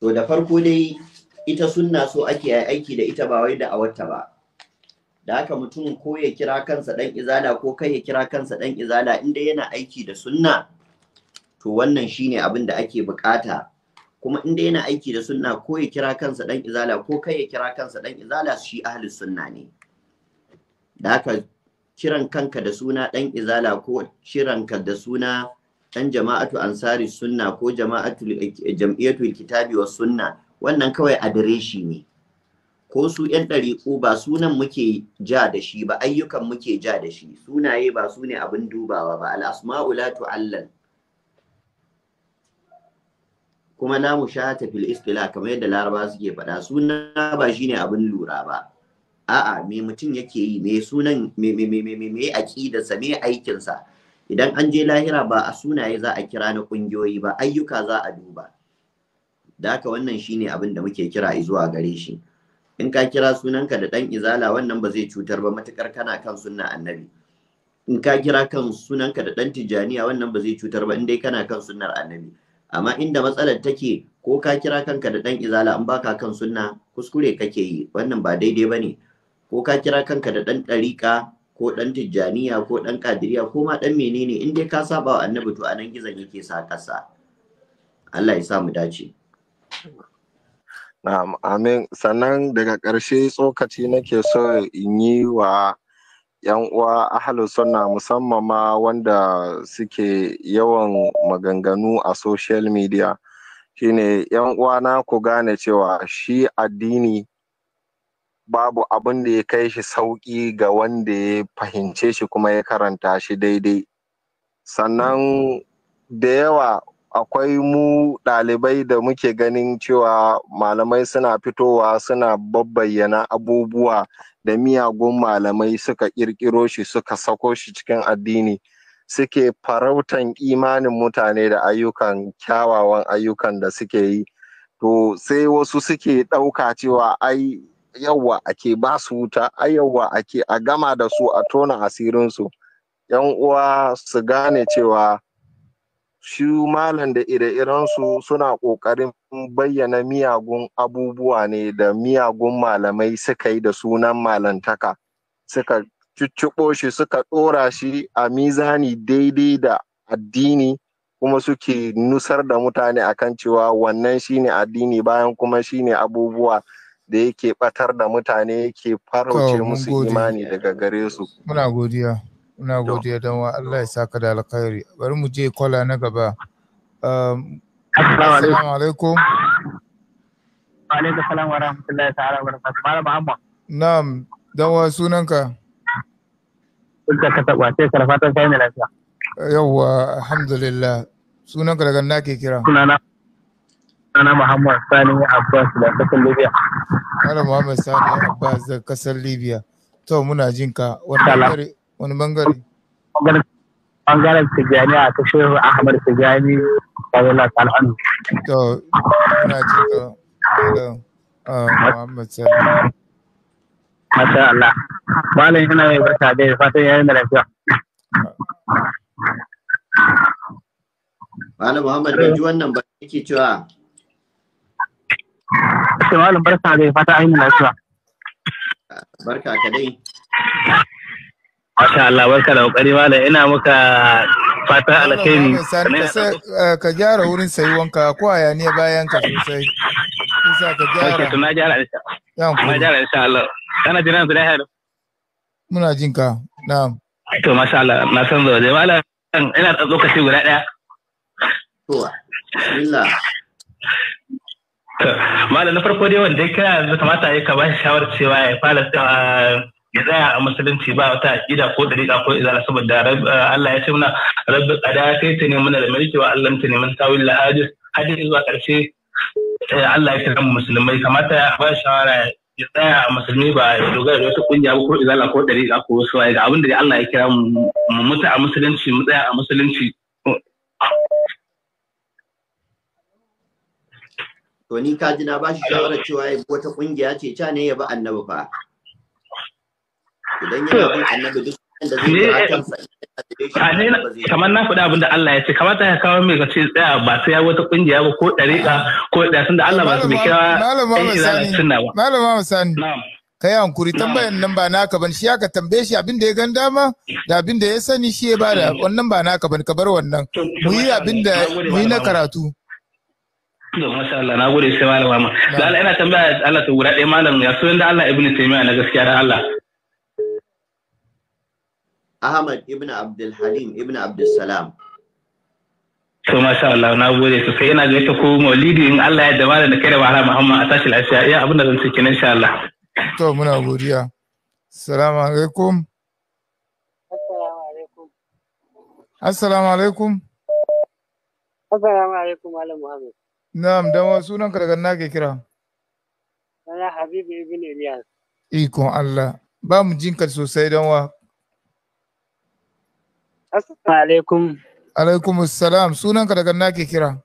to da farko dai ita sunna so ake aiki da ita ba wai da awarta ba da haka mutum ko ya kira kansa dan izala ko kai ya kira kansa dan izala inda yana aiki da sunna to wannan shine abin da ake bukata kuma inda yana aiki da sunna ko ya kira kansa dan izala ko kai ya kira kansa dan izala shi ahli sunna ne da haka kiran kanka da suna ɗan izala ko kiranka da suna ɗan jama'atu ansari sunna ko jama'atu eh, jam'iyyatu kitabi wa sunna wannan kawai adireshi ne ko su ƴan ɗariƙo ba sunan muke ja da shi ba ayyukan muke ja da shi sunaye ba su ne abin dubawa ba al'asma'u la tu'allal kuma la mushahata fil istila kamar yadda laraba suke faɗa suna ba shine abin lura ba a'a me mutum yake yi me sunan me me me me me aqidarsa me aikinsa idan an je lahira ba a sunaye za a kira na ƙungiyoyi ba ayyuka za a duba da haka wannan shine abin da muke kira zuwa gare shi in ka kira sunanka da dan izala wannan ba zai cutar ba matukar kana kan sunna annabi in ka kira kan sunanka da dan tijaniya wannan ba zai cutar ba in dai kana kan sunnar annabi amma inda matsalar take ko ka kira kanka da dan izala in baka kan sunna kuskure kake yi wannan ba daidai bane ko ka kira kanka da dan dariƙa ko ɗan tijjaniya ko ɗan kadiriya ko ma dan menene in dai ka saba wa annabi to anan gizon yake sa kasa Allah ya sa mu dace na'am amin sannan daga ƙarshe tsokaci nake so in yi wa yan uwa ahalus sunna musamman ma wanda suke yawan maganganu a social media shine yan na ku gane cewa shi addini babu abin da ya kai shi sauƙi ga wanda ya fahimce shi kuma ya karanta shi daidai sannan da yawa akwai mu ɗalibai da muke ganin cewa malamai suna fitowa suna babbayyana abubuwa da miyagun malamai suka ƙirƙiro shi suka sako shi cikin addini suke farautan imanin mutane da ayyukan kyawawan ayyukan da suke yi to sai wasu suke ɗauka cewa ai yawwa ake ba su wuta a yawwa ake a gama da su a tona asirinsu yan uwa su gane cewa shi malam da ire-irensu suna ƙoƙarin bayyana miyagun abubuwa ne da miyagun malamai suka yi da sunan malamtaka, suka cuccuɓo shi suka ɗora shi a mizani daidai da addini kuma suke nusar da mutane akan cewa wannan shine addini bayan kuma shine abubuwa da yake batar da mutane yake farauce musu imani daga gare su muna godiya muna godiya don wa Allah ya saka da alkhairi bari mu je kwala na gaba um, assalamu alaikum wa alaikum salam wa rahmatullahi ta'ala wa barakatuh malam Ahmad. na'am dan wa sunanka Kulta ka taba sai karfatan sai mai lafiya yawwa alhamdulillah sunanka daga na ke kira sunana Sana Muhammad Sani Abbas da kasar Libya. Sana Muhammad Sani Abbas da kasar Libya. To muna jin ka wani bangare. Bangaren Tijjani a ta Shehu Ahmad Tijjani Fadula Talhan. To muna jin ka ah, Muhammad Sani. Masha Allah. Malam ina mai barka da fatan yayin da lafiya. Malam Muhammad bai ji wannan ba yake cewa ce barka fata ainihin lafiya barka ka dai Masha Allah barka da kokari malam ina muka fata alkhairi eh, ka gyara wurin sayi wanka ko a yaniya bayan ka sosai isa ka gyara na gyara insha Allah na gyara insha Allah kana da muna jin ka na'am to masha Allah na san zo dai malam ina da lokaci guda daya to malam na farko dai wanda ya kira yanzu kamata ya ka bashi shawar cewa ya fara cewa ya tsaya a musulunci ba wata aƙida ko dariƙa ko izala saboda eh, Allah ya ce muna rabbi qada kai ta ne da mai wa Allah ta neman mun tawil la hadis hadis zuwa ƙarshe eh, Allah ya kira musulmai kamata ya bashi shawara ya tsaya a musulmi ba ya dogara da wata kungiya ko izala ko dariƙa ko wasu ga abin da Allah ya kira mu mutu a musulunci mu tsaya a musulunci to ni ka ji na ba shi shawara cewa ya wata kungiya ce ca ne ya bi annabi fa idan ya bi annabi duk da zai eh, kansa kamar na faɗi abin da Allah ya ce kamar ta kawo mai kace tsaya ba sai ya wata kungiya ba ko ɗariƙa ko ɗaya sun da Allah ba su mai kira ɗan izanin suna ba malama musani kai hankuri tambayan nan ba naka bane shi aka tambaye shi abin da ya gan dama da abin da ya sani shi ya bada mm. wannan ba naka bane ka bar wannan mu yi abin da mu yi na karatu to masha Allah na gode sai malama ma Allah ta so da Allah ibnu taymiya na gaskiya da Allah Ahmad ibn Abdul Halim ibn Abdul Salam to masha Allah na gode ina ta ko maulidi in Allah ya dama da kai da Muhammad a tashi lafiya iya abin da zan cikin insha Allah to muna godiya assalamu alaikum assalamu alaikum assalamu alaikum assalamu alaikum Muhammad Na'am, dan wa sunan daga na ke kira. Sana Habibu Ibn Iliyas. Ikon Allah. Ba mu ka sosai dan wa. Assalamu alaikum. Alaikum assalam. Sunan daga na ke kira.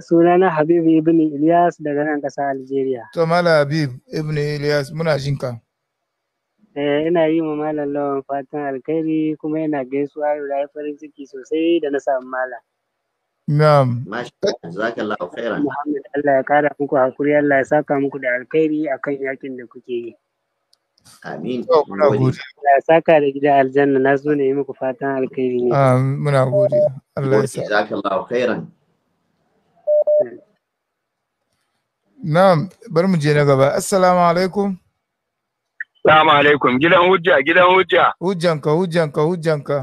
Sunana Habibu Ibn Iliyas daga nan ƙasa Algeria. To Mala Habib Ibn Iliyas, muna Eh, ina yi ma malam lawan fatan alkhairi kuma yana gaisuwa da farin ciki sosai da na samu malam. Na'am. Jazakallahu khairan. Muhammad Allah ya kara muku hakuri Allah ya saka muku da alkhairi akan yakin da kuke yi. Amin. Muna gode. Allah ya saka da gida aljanna na so ne yi muku fatan alkhairi ne. Muna gode. Allah ya saka. Jazakallahu khairan. Na'am, bar mu je na gaba. Assalamu alaikum. Assalamu alaikum. Gidan hujja, gidan hujja. Hujjanka, hujjanka, hujjanka.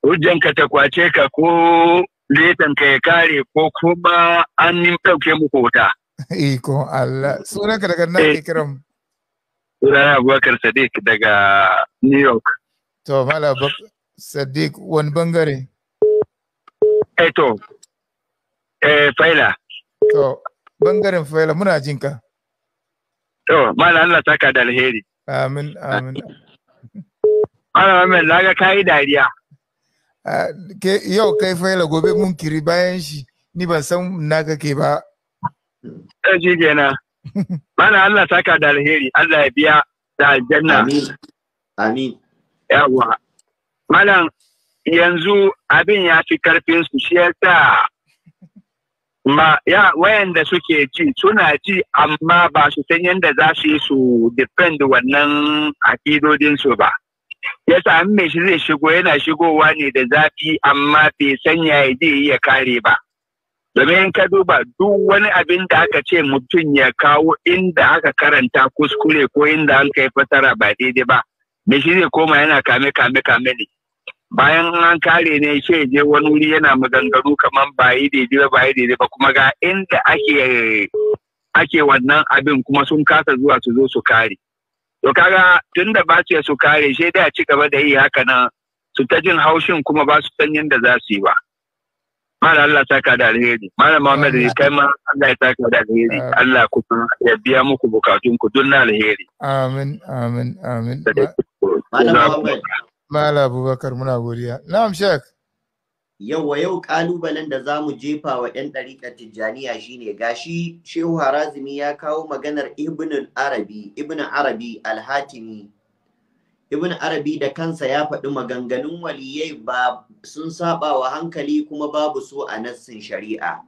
Hujjanka ta kwace ka ko leɗan ka ya kare ko kuma an ɗauke muku wuta. Iko Allah. Sunanka daga nan eh. ke kiran? Sunana Abubakar Sadiq daga New York. To, Mala Sadiq, wani bangare? Eto, eh, eh, faila. To, bangaren faila muna jinka. To, Mala Allah ka da alheri. Amin, amin. Mala Mamman, laga kayi dariya. yau kai faila gobe mun kiri bayan shi ni ban san na kake ba ji eh, gena mana Allah saka da alheri Allah ya biya da aljanna amin amin yawa malam yanzu abin ya fi karfin su shi yasa ma ya wayanda suke ji suna ji amma ba su san yadda za su yi su defend wannan akidodin su ba ya sami shi zai shigo yana shigowa ne da zafi amma bai sanya ya je ya kare ba domin ka duba duk wani abin da aka ce mutum ya kawo inda aka karanta kuskure ko inda an kai fasara ba daidai ba me shi zai koma yana kame kame kame ne bayan an kare ne shi ya je wani wuri yana maganganu kamar ba yi daidai ba yi daidai ba kuma ga inda ake wannan abin kuma sun kasa zuwa su zo su kare To kaga tun da ba su su kare sai da ci gaba da yi haka nan su ta jin haushin kuma ba su san yadda za su yi ba. Mala Allah saka da alheri, Mala Muhammad ya kai ma Allah ya saka da alheri, Allah kuma ya biya muku bukatun ku don na alheri. Amin, amin, amin. Mala Abubakar muna godiya. Na'am Sheikh. yau wa yau kalubalen da za mu jefa wa 'yan ɗariƙar tijjaniya shine gashi shehu harazimi ya kawo maganar ibn arabi ibn arabi alhatimi ibn arabi da kansa ya faɗi maganganun waliyai ba sun saba wa hankali kuma babu so a nassin shari'a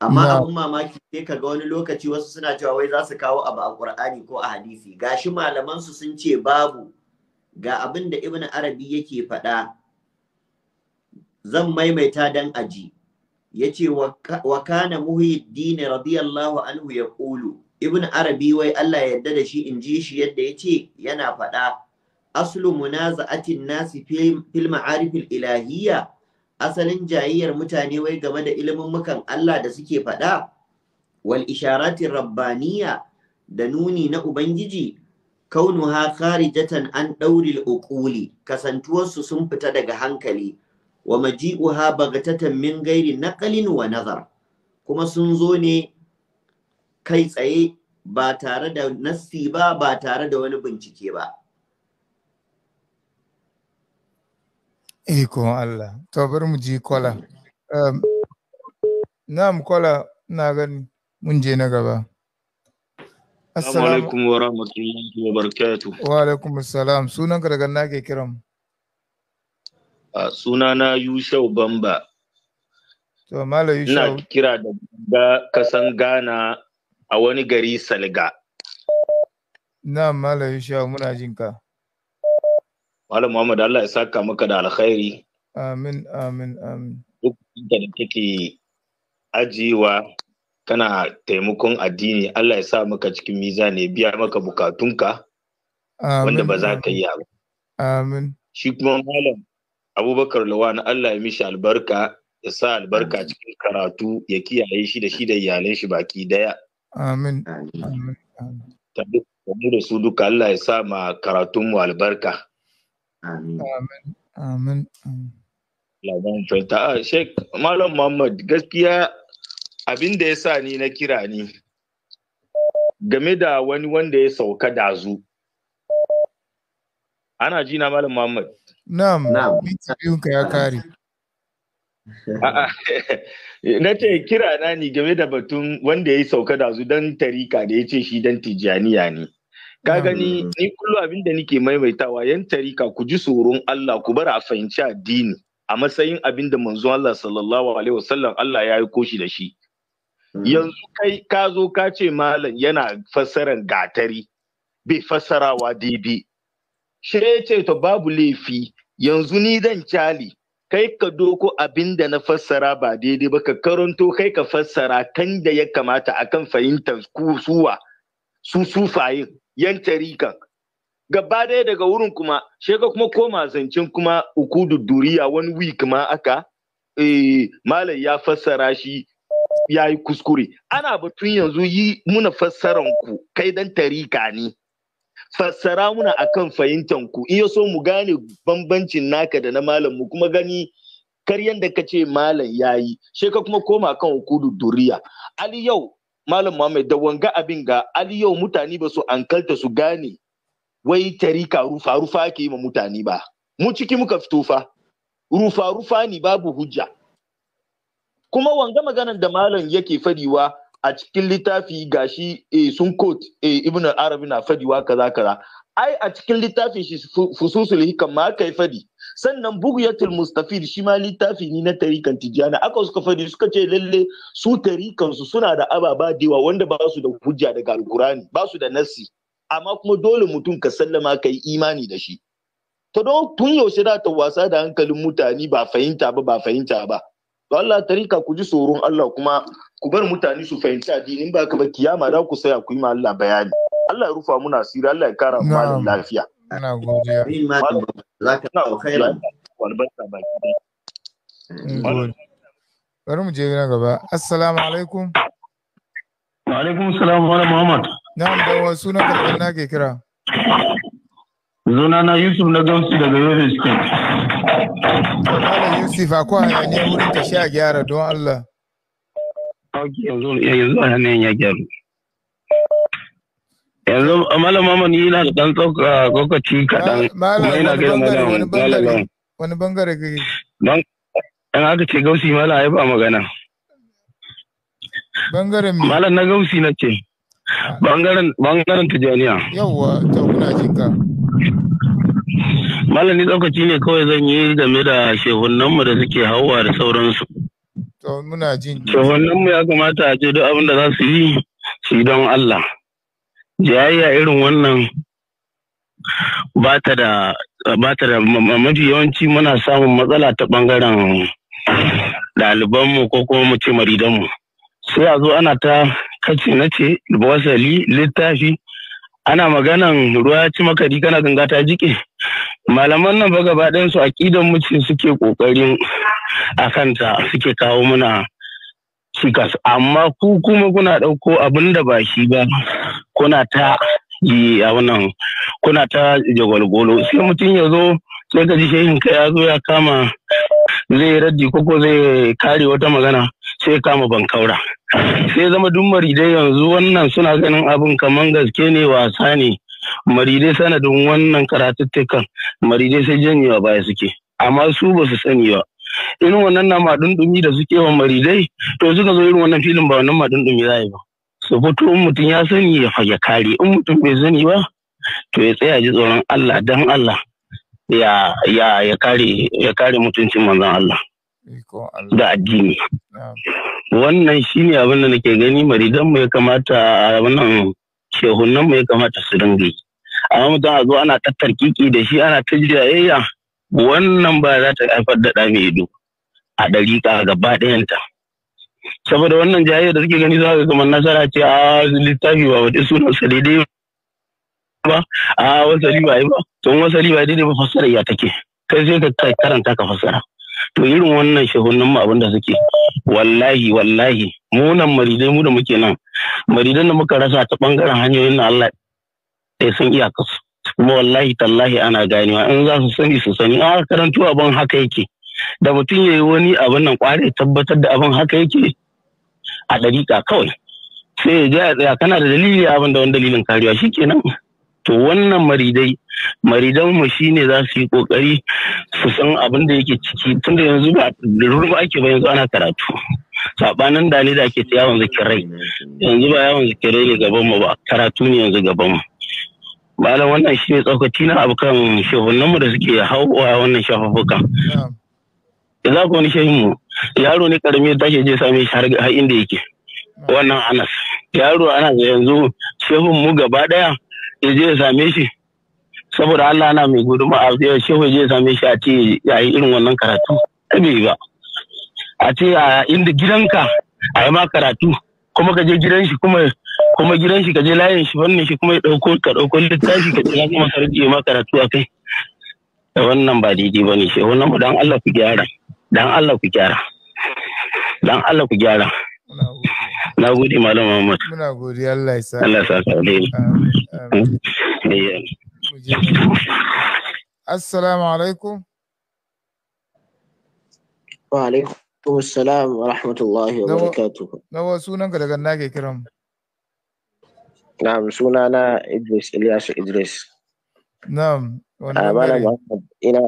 amma abin mamaki sai ga wani lokaci wasu suna cewa wai za su kawo abu a ƙur'ani ko a hadisi gashi malaman su sun ce babu ga abin da ibn arabi yake faɗa zan maimaita dan aji yace wa kana muhyiddin radiyallahu anhu ya ƙulu ibn arabi wai Allah yadda da shi in ji shi yadda yace yana faɗa aslu munaza'atin nasi fil ma'arifil ilahiyya asalin jayayyar mutane wai game da ilimin mukan Allah da suke faɗa wal isharatin rabbaniya da nuni na ubangiji kaunuha kharijatan an ɗauril uquli kasantuwarsu sun fita daga hankali wa maji'uha bagatatan min gairi naqalin wa nazar kuma sun zo ne kai tsaye ba tare da nassi ba ba tare da wani bincike ba Ikon Allah, to bari mu ji kola. na mu kola na gani mun je na gaba. Assalamu alaikum wa rahmatullahi wa barakatuh. Wa alaikum assalam. Sunan ka daga na ke Suna na Yushau Bamba. To Malam Yushau. Ina kira da kasan Ghana a wani gari Salga. Na Malam Yushau muna jin ka. Malam Muhammad Allah ya saka maka da alkhairi. Amin amin amin. Duk da kake ajiwa. kana taimakon addini Allah ya sa maka cikin miza ne biya maka bukatunka wanda ba za ka yi ba. Amin. Shi kuma malam Abubakar Lawan Allah ya mishi albarka ya sa albarka cikin karatu ya kiyaye shi da shi da iyalan shi baki daya. Amin. Amin. da su duka Allah ya sa ma karatun mu albarka. Amin. Amin. Amin. Labarin ah, Malam Muhammad gaskiya abin da ya sa ni na kira ni game da wani wanda ya sauka dazu ana ji na malam muhammad na'am na'am ka ya kare na ce kira na ni game da batun wanda ya sauka dazu don tarika da ya ce shi don tijjaniya ne ka gani ni kullum abin da nike maimaitawa yan tarika ku ji tsoron Allah ku bar a fahimci addini a matsayin abin da manzo Allah sallallahu alaihi wasallam Allah ya yi koshi da shi Mm-hmm. yanzu kai ka zo ka ce malam yana fassaran gatari bai fassarawa daidai shi ya ce to babu laifi yanzu ni zan cali kai ka doko abin da na fassara ba daidai ba ka karanto kai ka fassara kan da ya kamata a kan fahimtar suwa su sufayin yan tarikan gaba ɗaya daga wurin kuma ka kuma koma zancen kuma uku duriya wani week ma aka eh malam ya fassara shi ya yi kuskure ana batun yanzu yi muna fassaran ku kai dan tarika ne fassara muna akan fahimtan ku in so mu gane bambancin naka da na malam mu kuma gani karyan da kace malam yayi sai ka kuma koma kan hukudu duriya ali yau malam Muhammad da wanga abin ga ali yau mutane ba su ankalta su gane wai tarika rufa rufa ke yi ma mutane ba mu ciki muka fito fa rufa rufa ni babu hujja kuma wanga maganan da malam yake fadiwa a cikin littafi gashi eh, sun quote eh, ibn arabi na fadiwa kaza kaza ai a cikin littafin shi fususul hikam ma aka fadi sannan bughyatul mustafid shi ma littafi ni na tarikan tijjani aka suka fadi suka ce lalle su tarikan su suna da ababa dewa wanda ba su da hujja daga alkurani ba su da nassi amma kuma dole mutum ka sallama ka imani da shi to don tun yaushe da ta wasa da hankalin mutane ba fahimta ba ba fahimta ba to Allah tarika ku ji tsoron Allah kuma ku bar mutane su fahimci addinin ba ka ba kiyama za ku saya ku yi ma Allah bayani Allah ya rufa muna asiri Allah ya kara mu malam lafiya ina godiya zaka alkhairi bari mu je na gaba assalamu alaikum wa alaikum salam wa muhammad na'am da wa sunan ka na ke kira zuna na yusuf na gamsu daga yobe state Malam Yusuf akwai hayaniya wurin ta sha gyara don Allah. Ok, yanzu yanzu hayaniyan ya gyaru. Yanzu Malam Mamman yana da ɗan tsauka lokaci kaɗan. Malam wani bangare wani bangare kake. Don in aka ce gausi malam ya ba magana. Bangaren mi. Malam na gausi na ce. Bangaren bangaren Tijaniya. Yawwa, ta kuna jinka. malami lokaci ne kawai zan yi game da shehunanmu da suke hauwa da sauransu shehunanmu ya kamata a ce duk abin da za su yi su don Allah jayayya irin wannan ba ta da mafi yawanci muna samun matsala ta bangaren ɗalibanmu ko kuma mu ce maridanmu sai a zo ana ta kace na ce wasali littafi ana maganan ruwa ya ci makari kana ganga ta jike malaman nan ba gaba ɗayan su aƙidan mu suke ƙoƙarin a kanta suke kawo muna cikas amma ku kuma kuna ɗauko abin da ba shi ba kuna ta yi a wannan kuna ta jagwalgolo sai mutum ya zo sai ka ji shehin ka ya zo ya kama zai raddi ko zai kare wata magana sai kama bankaura sai zama duk maridai yanzu wannan suna ganin abin kaman gaske ne wasa ne maridai sanadin wannan karatuttukan maridai sai janyewa baya suke amma su ba su sani ba irin wannan na maɗundumi da suke wa maridai to suka zo irin wannan filin ba wannan maɗundumi za yi ba su fito in mutum ya sani ya fage kare in mutum bai sani ba to ya tsaya ji tsoron Allah dan Allah ya ya ya kare ya kare mutuncin manzon Allah da addini wannan shine abin da nake gani maridan mu ya kamata wannan shehunan mu ya kamata su dinga yi amma mutum a zo ana tattarkiki da shi ana ta jayayya wannan ba za ta haifar da ɗa mai ido a ɗariƙa gaba ɗayanta saboda wannan jayayya da suke gani za ka kamar nasara ce a littafi ba wata suna sa daidai ba a wasali ba yi ba tun wasali ba daidai ba fassara ya take kai sai ka karanta ka fassara to irin wannan shehunan mu abinda suke wallahi wallahi mu nan maridai mu da muke nan maridan da muka rasa ta bangaren hanyoyin na Allah sai sun iya kasu kuma wallahi tallahi ana ganewa in za su sani su sani a karantu abin haka yake da mutum ya yi wani abin nan kware tabbatar da abin haka yake a dariƙa kawai sai ya tsaya kana da dalili abin da wani dalilin kariya shikenan to wannan maridai maridan mu shine za su yi kokari su san abin da yake ciki tunda yanzu ba rurba ake ba yanzu ana karatu sabanin da ne da ake ta yawon zikirai yanzu ba yawon zikirai ne gaban mu ba karatu ne yanzu gaban mu malam wannan shine tsokaci na abu kan shehunan mu da suke hawa wannan shafafukan za ku wani shehin mu yaro ne karami ya tashi je same shi har inda yake wannan anas yaro ana yanzu shehun mu gaba daya ya je ya same shi saboda Allah na mai guduma a ya shehu je ya same shi a ce ya yi irin wannan karatu bai ba a ce a inda gidanka a yi ma karatu kuma ka je gidan shi kuma kuma gidan shi ka je layin shi wannan shi kuma ya dauko ka dauko littafi ka je kuma ka rike ma karatu a kai da wannan ba daidai ba ne shi wannan dan Allah ku gyara dan Allah ku gyara dan Allah ku gyara na gode malam Muhammad muna godiya Allah ya sa Allah ya sa assalamu alaikum wa alaikum assalam wa rahmatullahi wa barakatuh nawa sunan ka daga nake kiran na'am sunana Idris Ilyasu Idris na'am wannan ah, malam ina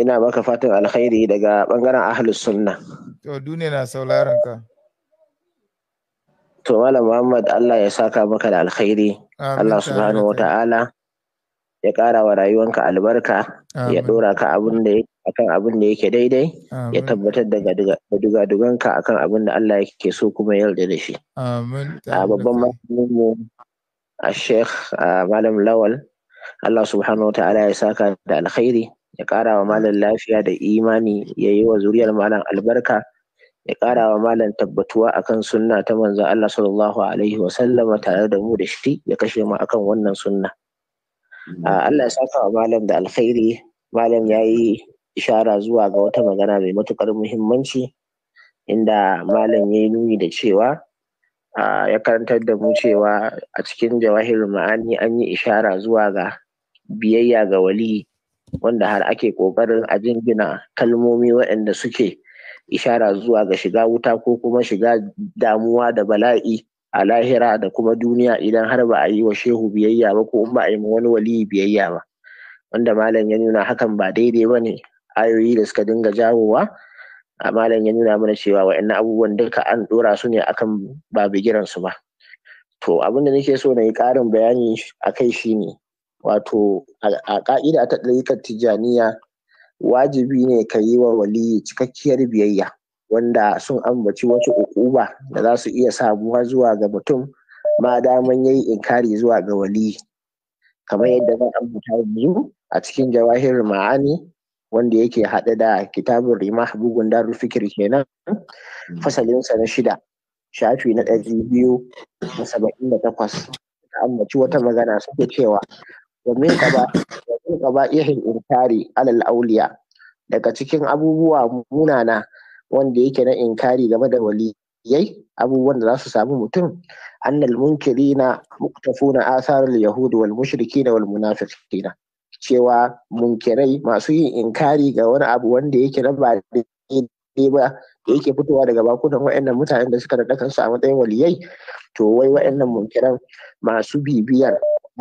ina baka fatan alkhairi daga bangaren ahlus sunna to duniya na sauraron ka to malam muhammad allah ya saka maka da alkhairi allah subhanahu wa ta'ala ya ƙara wa rayuwanka albarka ya ɗora ka abin da akan abin da yake daidai ya tabbatar da dugaduganka akan abin da Allah yake so kuma ya yarda da shi a babban mu a sheikh malam lawal Allah subhanahu wa ta'ala ya saka da alkhairi ya ƙara wa malam lafiya da imani ya yi wa zuriyar malam albarka ya ƙara wa malam tabbatuwa akan sunna ta manzon Allah sallallahu alaihi wa tare da mu da shi ya kashe mu akan wannan sunna mm. ah, Allah ya saka wa malam da alkhairi malam ya yi ishara zuwa ga wata magana mai matuƙar muhimmanci inda malam ya yi nuni da cewa ah, ya karantar da mu cewa a cikin jawahirin ma'ani an yi ishara zuwa ga biyayya ga wali wanda har ake ƙoƙarin a jingina kalmomi waɗanda suke ishara zuwa ga shiga wuta ko kuma shiga damuwa da bala'i a lahira da kuma duniya idan har ba a yi wa shehu biyayya ba ko in ba a yi ma wani waliyi biyayya ba wanda malam ya nuna hakan ba daidai ba ne ayoyi da suka dinga jawowa a malam ya nuna mana cewa wa'annan abubuwan duka an dora su ne akan ba bigiran su ba to abin da nake so na yi ƙarin bayani a kai shine wato a ka'ida ta ɗarikar tijjaniya wajibi ne ka yi wa waliyi cikakkiyar biyayya wanda sun ambaci wasu uƙuba da za su iya samuwa zuwa ga mutum ma daman yayi inkari zuwa ga waliyi kamar yadda zan ambata yanzu a cikin jawahir ma'ani wanda yake haɗe da kitabun Rima bugun darul fikir kenan fasalinsa na shida shafi na ɗari biyu da saba'in da takwas ambaci wata magana suke cewa wa inkari alal auliya daga cikin abubuwa munana wanda yake na inkari game da waliyai abubuwan da za su samu mutum annal munkirina na asarar yahudi wal mushrikina wal munafiqina cewa munkirai masu yin inkari ga wani abu wanda yake na ba daidai ba da yake fitowa daga bakunan waɗannan mutanen da suka da kansu a matsayin waliyai to wai waɗannan munkiran masu bibiyar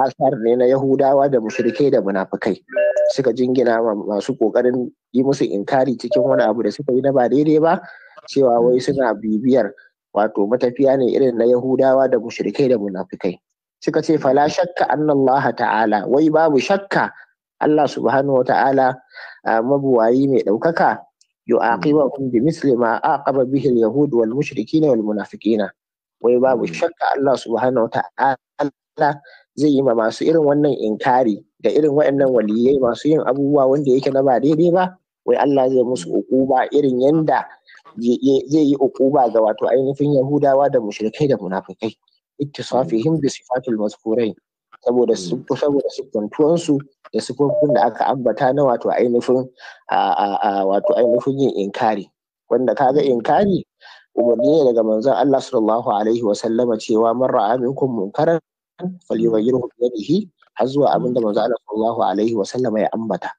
asar ne na yahudawa da mushrikai da munafukai suka jingina masu kokarin yi musu inkari cikin wani abu da suka yi na ba daidai ba cewa wai suna bibiyar wato matafiya ne irin na yahudawa da mushrikai da munafukai suka ce fala shakka annallaha ta'ala wai babu shakka Allah subhanahu wa ta'ala mabuwayi mai ɗaukaka yu'aqibahum bi misli ma aqaba bihi al-yahud wal mushrikina wal munafiqina wai babu shakka Allah subhanahu wa ta'ala zai yi ma masu irin wannan inkari da irin waɗannan waliyai masu yin abubuwa wanda yake na ba daidai ba wai Allah zai musu ukuba irin yanda zai yi ukuba ga wato ainihin Yahudawa da mushrikai da munafikai ittisafihim bi sifatil mazkurain saboda saboda sifantuwan su da sifofin da aka ambata na wato ainihin wato ainihin yin inkari wanda kaga inkari umarni ne daga manzon Allah sallallahu alaihi wa sallama cewa man ra'a minkum munkaran falyughayyiru bi yadihi har zuwa abin da manzo Allah sallallahu wa sallama ya ambata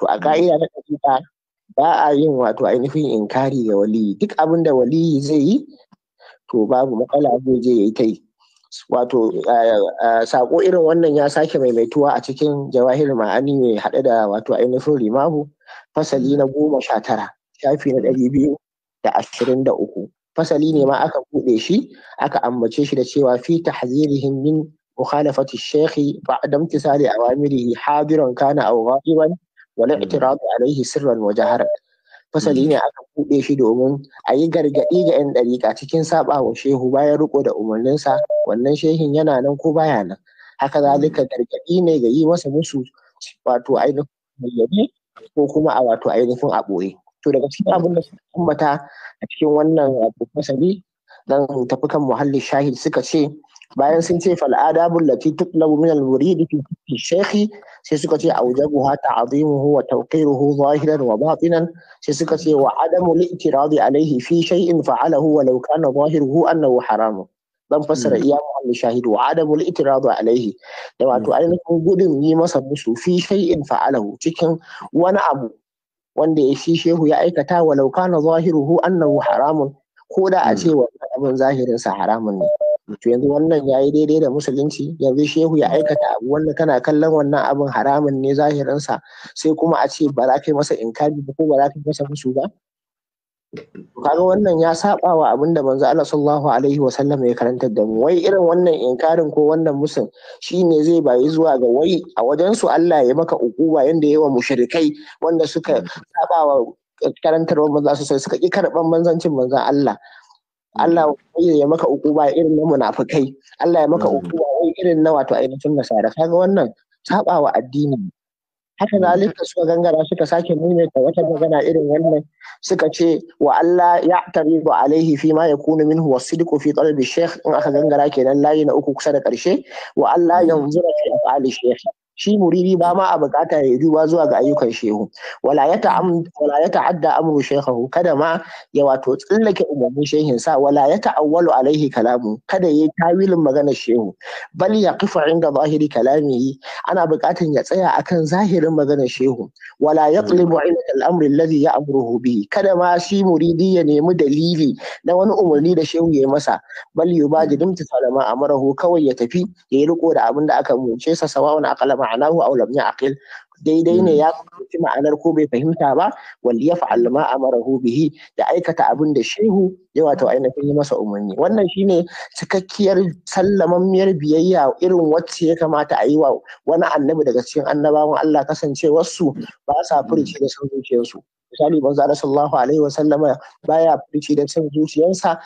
to a ka'ida na hakika ba a yin wato ainihin inkari ga wali duk abin da wali zai yi to babu matsala zai je yayi ta yi sako irin wannan ya sake maimaituwa a cikin jawahir ma'ani mai haɗe da wato ainihin Limahu. fasali na goma sha tara shafi na ɗari biyu da ashirin da uku fasali ne ma aka buɗe shi aka ambace shi da cewa fi tahzirihim min مخالفة الشيخ بعد امتثال أوامره حاضرا كان أو غائبا والاعتراض عليه سرا وجهرا fasali ne aka buɗe shi domin a yi gargaɗi ga 'yan ɗariƙa cikin saɓa shehu bayan riko da umarninsa wannan shehin yana nan ko baya nan haka zalika gargaɗi ne ga yi masa musu wato ainihin bayyane ko kuma a wato ainihin a to daga cikin abin da suka ambata a cikin wannan fasali zan tafi kan muhallin shahid suka ce bayan sun ce fal adabul lati tutlabu min al murid fi shaykhi sai suka ce awjabuha ta'zimuhu wa tawqiruhu zahiran wa batinan sai suka ce wa adamu li'tiradi alayhi fi shay'in fa'alahu wa law kana zahiruhu annahu haramun dan fassara hmm. iya muhalli shahidu wa adamul itiradu alaihi da hmm. wato ainihin gudun yi masa musu fi shay'in fa'alahu cikin wani abu wanda ya shi shehu ya aikata walau kana zahiruhu annahu haramun ko da a hmm. ce wannan abin zahirin sa haramun ne to yanzu wannan ya yi daidai da musulunci yanzu shehu ya aikata abu wanda kana kallon wannan abin haramun ne zahirinsa sai kuma a ce ba za ka yi masa inkari ba ko ba za ka yi masa musu ba kaga wannan ya saba wa abin da manzo Allah sallallahu alaihi wa sallam ya karantar da mu wai irin wannan inkarin ko wannan musun shine zai bayi zuwa ga wai a wajen su Allah ya maka ukuba yanda yawa mushrikai wanda suka saba wa karantarwar manzo su sai suka ki karban manzancin manzon Allah Allah mm. ya maka ba irin na munafukai? Allah ya maka mm. ba irin na wato ainihin nasara kaga wannan sabawa addini haka mm. zalika suka gangara suka sake maimaita wata magana irin wannan suka ce wa Allah ya taribu alaihi fi ma yakunu minhu wasidqu fi talabi shaykh in aka gangara kenan layi na uku kusa da karshe wa Allah yanzura fi af'ali shaykh shi muridi ba ma a bukata ya duba zuwa ga ayyukan shehu wala ya ta'adda amru shehu kada ma ya wato tsallake umarnin shehin sa wala ya ta'awwalu alaihi kalamu kada yayi tawilin maganar shehu bal ya qifa inda zahiri kalamihi ana bukatan ya tsaya akan zahirin maganar shehu wala yatlibu ila al-amr ya ya'muruhu bi kada ma shi muridi ya nemi dalili na wani umarni da shehu ya masa bal yubaji dimta salama amarahu kawai ya tafi ya yi riko da abin da aka umarce sa a aqlama ma'anahu aw lam ya'qil daidai ne hmm. ya fahimci ma'anar ko bai fahimta ba wal yaf'al ma amarahu bihi da aikata abin da shehu ya wato ainihin yi masa umarni wannan shine cikakkiyar sallamammiyar biyayya irin wacce ya kamata a yi wa wani annabi daga cikin annabawan Allah kasancewar su ba sa hmm. furuci da san zuciyarsu misali manzo Allah sallallahu alaihi wa sallama baya fice da san zuciyarsa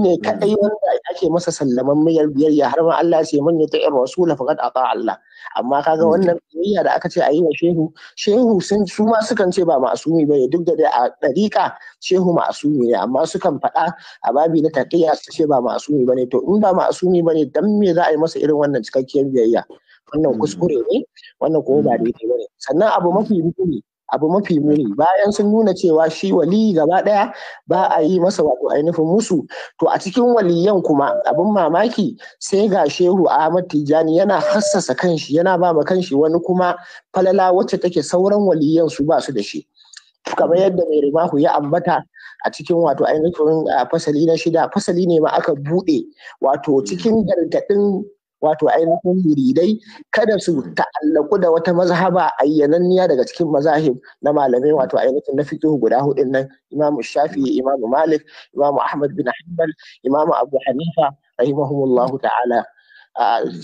ne kadai wanda ake masa sallaman miyar biyayya har ma Allah sai man ya ta'ir rasul faqad ata Allah amma kaga mm. wannan biyayya da aka ce a yi wa shehu shehu sun su ma sukan ce ba ma'asumi ba duk da dai a dariƙa shehu ma'asumi ne amma sukan faɗa a babi na taqiyya su ce ba ma'asumi bane to in ba ma'asumi bane dan me za a yi masa irin wannan cikakkiyar biyayya wannan mm. kuskure ne wannan ko ba mm. daidai bane sannan abu mafi muni abu mafi muni bayan sun nuna cewa shi wali gaba daya ba a yi masa wato ainihin musu to a cikin waliyan kuma abin mamaki sai ga shehu Ahmad Tijani yana hassasa kanshi yana ba ma kanshi wani kuma falala wacce take sauran waliyan su ba su da shi kamar yadda mai rimahu ya ambata a cikin wato ainihin fasali na shida fasali ne ma aka buɗe wato cikin gargaɗin wato ainihin muridai kada su ta'allaku da wata mazhaba ayyananniya daga cikin mazahib na malamai wato ainihin na fiqh guda hudun nan imamu shafi imamu Malik imamu Ahmad bin Hanbal imamu Abu Hanifa rahimahumullah ta'ala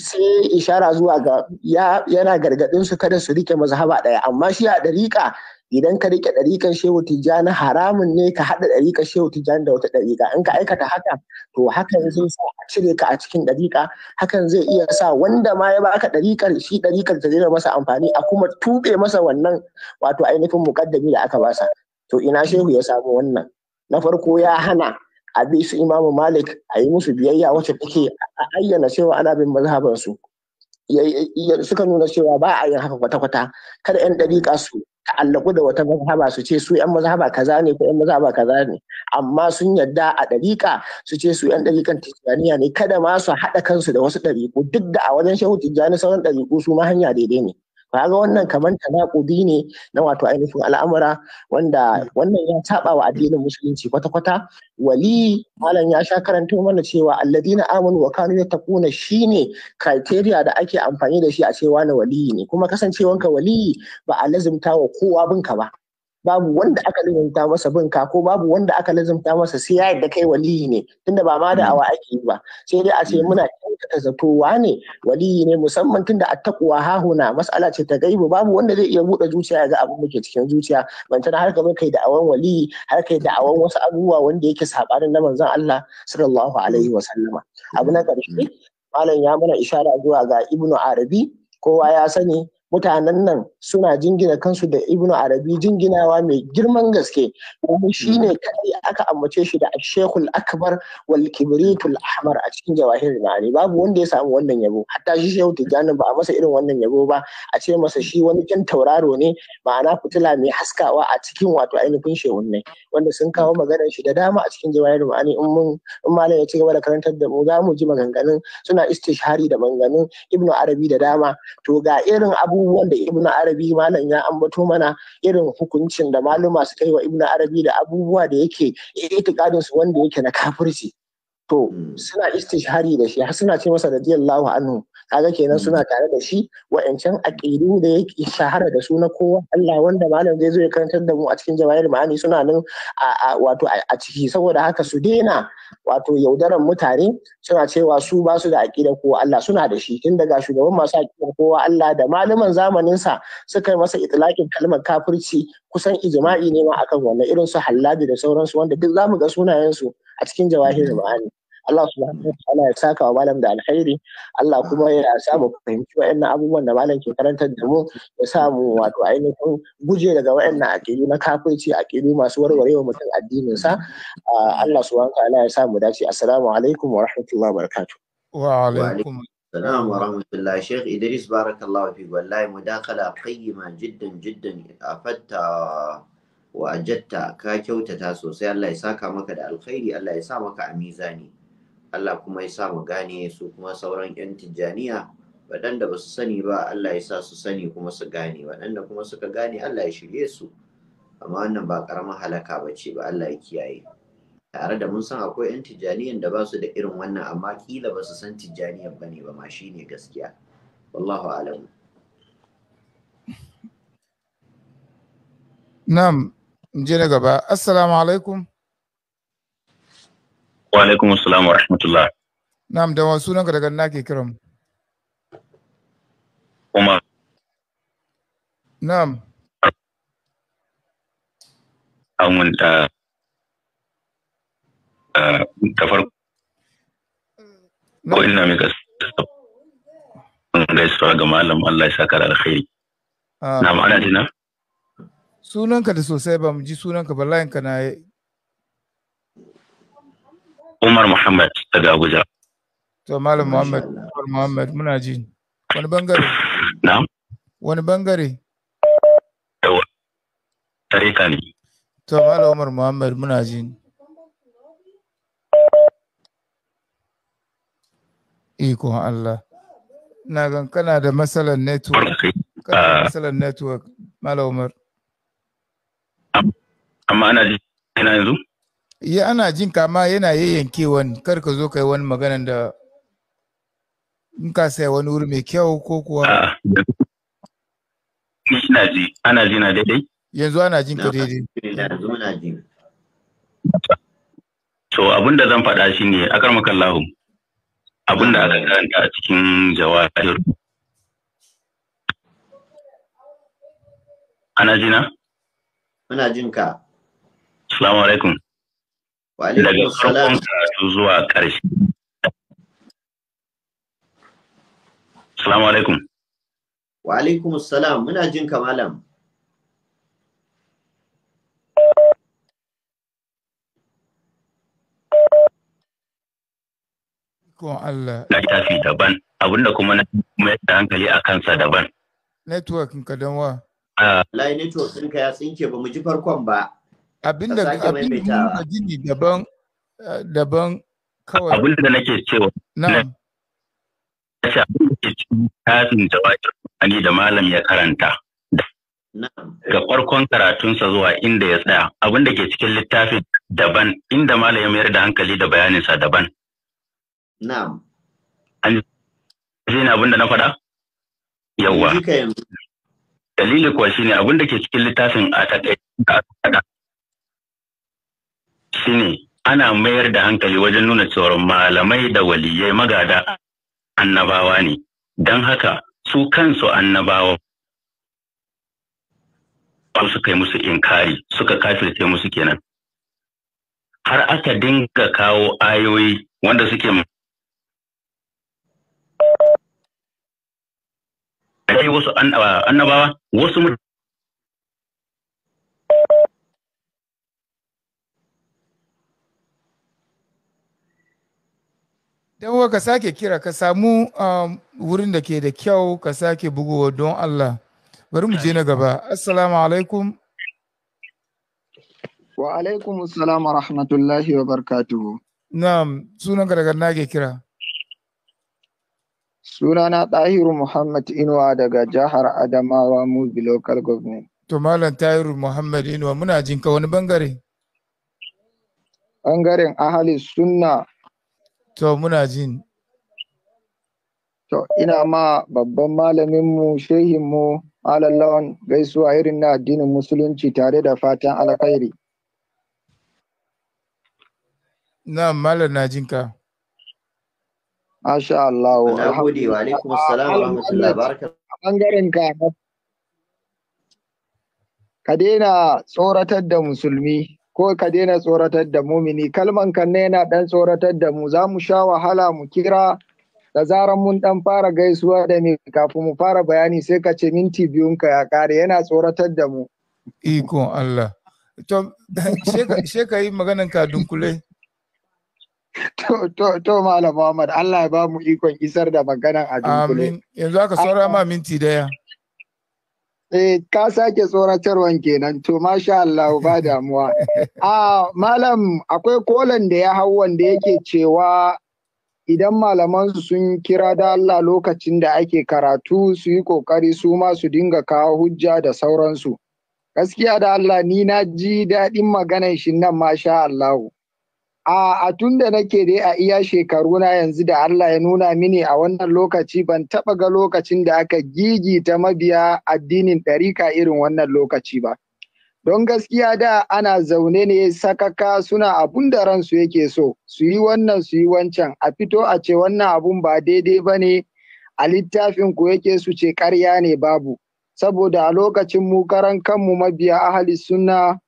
sai ishara zuwa ga yana gargadin su kada su rike mazhaba daya amma shi a dariƙa idan ka rike ɗariƙan shehu tijjani haramun ne ka haɗa ɗariƙan shehu tijjani da wata ɗariƙa in ka aikata haka to hakan zai sa a cire ka a cikin ɗariƙa hakan zai iya sa wanda ma ya baka ɗariƙar shi ɗariƙar ta daina masa amfani a kuma tuɓe masa wannan wato ainihin muƙaddami da aka basa to ina shehu ya samu wannan na farko ya hana a bi su imamu malik a yi musu biyayya wacce take a ayyana cewa ana bin mazhabansu suka nuna cewa ba a yin haka kwata-kwata kada 'yan ɗariƙa su ta'allaku da wata mazhaba su ce su 'yan mazhaba kaza ne ko 'yan mazhaba kaza ne amma sun yadda a ɗariƙa su ce su 'yan ɗariƙan tijjaniya ne kada ma su haɗa kansu da wasu ɗariƙu duk da a wajen shehu tijjani sauran ɗariƙu su ma hanya daidai ne kaga wannan kamar tanakudi ne na wato ainihin al'amura wanda wannan ya saba wa addinin musulunci kwata-kwata wali malam ya sha karanta mana cewa alladina amanu wa kanu shi ne criteria da ake amfani da shi a cewa na wali ne kuma kasancewanka wali ba a lazimta wa kowa binka ba babu wanda aka lazimta masa bin ka ko babu wanda aka lazimta masa sai ya yadda kai waliyi ne tunda ba ma da awa ake yi ba sai dai a ce mm. muna kyautata zatowa ne waliyi ne musamman tunda a takuwa hahuna mas'ala ce ta gaibu babu wanda zai iya buɗe zuciya ya ga abin muke cikin zuciya tana har ka kai da'awan waliyi har kai da'awan wasu abubuwa wanda yake saɓanin na manzon Allah sallallahu alaihi wa sallama abu na ƙarshe mm. malam ya mana ishara zuwa ga ibnu arabi kowa ya sani mutanen nan suna jingina kansu da ibnu arabi jinginawa mai girman gaske kuma shine ne kadai aka ambace shi da shekul akbar wal kibritul ahmar a cikin jawahir ma'ani babu wanda ya samu wannan yabo hatta shi shehu tijani ba a masa irin wannan yabo ba a ce masa shi wani kin tauraro ne ma'ana fitila mai haskawa a cikin wato ainihin shehun ne wanda sun kawo maganar shi da dama a cikin jawahir ma'ani in mun in malam ya ci gaba da karantar da mu za mu ji maganganun suna istishhari da maganganun ibnu arabi da dama to ga irin abu abubuwan da ibnu arabi malam ya ambato mana irin hukuncin da maluma su kai wa ibnu arabi da abubuwa da yake itikadin su wanda yake na kafirci to hmm. suna istishhari da shi har suna ce masa radiyallahu anhu kaga kenan mm. suna tare da shi wa'ancan aqidu da yake shahara da su na kowa Allah wanda malam zai zo ya karantar da mu a cikin jama'ar ma'ani suna nan wato a ciki saboda haka su daina wato yaudaran mutane suna cewa su ba su da aƙidar kowa Allah suna da shi tun daga shugaban masu aqidar kowa Allah da malaman zamanin sa suka yi masa itilakin kalmar kafirci kusan ijma'i ne ma akan wannan irin su Halladi da sauransu wanda duk zamu ga sunayen su a cikin jawahir ma'ani Allah subhanahu wa ta'ala ya saka wa malam da alkhairi Allah kuma ya sa mu fahimci wa'annan abubuwan da malam ke karantar da mu ya sa mu wato ainihin guje daga wa'annan aƙidu na kafirci aƙidu masu warwarewa mutum addinin sa Allah subhanahu wa ta'ala ya sa mu dace assalamu alaikum wa rahmatullahi wa barakatuh wa alaikum السلام ورحمة الله شيخ إدريس بارك الله فيك والله مداخلة قيمة جدا جدا أفدت وأجدت كاكوتة سوسي الله يساك مكة الخير الله يسامك عميزاني Allah kuma ya sa mu gane su kuma sauran 'yan tijjaniya waɗanda ba su sani ba Allah ya sa su sani kuma su gane waɗanda kuma suka gane Allah ya shirye su amma wannan ba ƙaramin halaka ba ce ba Allah ya kiyaye tare da mun san akwai 'yan tijjaniyan da ba su da irin wannan amma kila ba su san tijjaniyan ba ne ba ma shi ne gaskiya wallahu alam Nam, je na gaba. Assalamu alaikum. Wa alaikum assalam wa rahmatullah. Na'am da wasu nan daga na ke kiran. kuma Na'am. An ah, ah, da kafar farko. Ko ina mai kasa. Gaisuwa ga malam Allah ya saka da alkhairi. Ah. Na'am ana jina. Sunanka da sosai ba mu ji sunanka ba layinka na Umar Muhammad daga Abuja. To Malam Muhammad, Umar Muhammad muna ji. Wani bangare? Na'am. Wani bangare? Tarika ne. To Malam Umar Muhammad muna ji. Ikon Allah. Na gan kana da matsalar network. Kana da ah, matsalar network, Malam Umar. Amma ana ji ina yanzu? ya ana jin kama yana yayyankewan kar ka zo kai wani magana da in ka saya wani wuri mai kyau ko kuwa ah, ina ji ana ji na daidai yanzu ana jin ka daidai yanzu ana ji to abin da zan faɗa shi ne akar makallahu abin da aka karanta a cikin jawahir ana jina? Muna jin ka. Assalamu alaikum. daga farkon karatu zuwa ƙarshe. Salamu alaikum. Wa alaikum salam muna jin ka malam. Ko Allah. Littafi daban abinda kuma na mayar da hankali a kansa daban. Network ka don wa? Ah. Lai network ɗinka ya tsinke ba mu ji farkon ba. abin da abin daban eh, daban kawai abin da nake cewa na'am ce abin da ke cikin tafin da malam ya karanta ga farkon karatunsa zuwa inda ya tsaya abin da ke cikin littafin daban inda malam ya mayar da hankali da bayaninsa daban na'am an zina abin da na faɗa yawa dalili kuwa shine abin da ke cikin littafin a takaice shi ne ana mayar da hankali wajen nuna cewar malamai da waliyai magada annabawa ne don haka su kansu annabawa suka yi musu inkari suka kafirce musu kenan har aka dinga kawo ayoyi wanda suke kai wasu annabawa wasu don ka sake kira ka samu um, wurin da ke da kyau ka sake bugowa don Allah bari mu je na gaba assalamu alaikum wa alaikum assalamu rahmatullahi wa barakatuhu na'am sunan ka daga nake kira sunana tahiru muhammad inuwa daga jihar adamawa Muzi local government to malam tahiru muhammad inuwa muna jinka wani bangare bangaren ahali sunna To muna jin. To ina ma babban malaminmu shehinmu alallawan gaisuwa irin na addinin musulunci tare da fatan alkhairi. Na malar na jinka. Masha Allah. Na gode wa alaikum assalam wa rahmatullahi baraka. Bangaren ka ka daina tsoratar da musulmi ko ka daina tsoratar da mu mini kalman kan ne yana dan tsoratar da mu za mu sha wahala mu kira da zaran mun dan fara gaisuwa da ni kafin mu fara bayani sai ka ce minti biyun ka ya kare yana tsoratar da mu iko Allah to sai ka yi maganan ka dunkule to to to malam Muhammad Allah ya ba mu ikon isar da maganan a dunkule amin yanzu aka saura ma minti daya Eh, ka sake tsoratarwan kenan, to masha Allah ba damuwa. A ah, malam akwai kolan da ya hau wanda yake cewa idan malaman sun kira da Allah lokacin da ake karatu su yi kokari su ma su dinga kawo hujja da sauransu. Gaskiya da Allah ni na ji daɗin maganan shi nan masha Allah. A, a tun da nake dai a iya shekaru na yanzu da Allah ya nuna mini a wannan lokaci ban taba ga lokacin da aka gigita mabiya addinin ɗarika irin wannan lokaci ba. Don gaskiya da ana zaune ne sakaka suna abun da ransu yake so, su yi wannan su yi wancan, a fito a ce wannan abun ba daidai ba ne a littafin ku yake su ce ƙarya ne babu. Saboda a lokacin mu karan kanmu mabiya ahali suna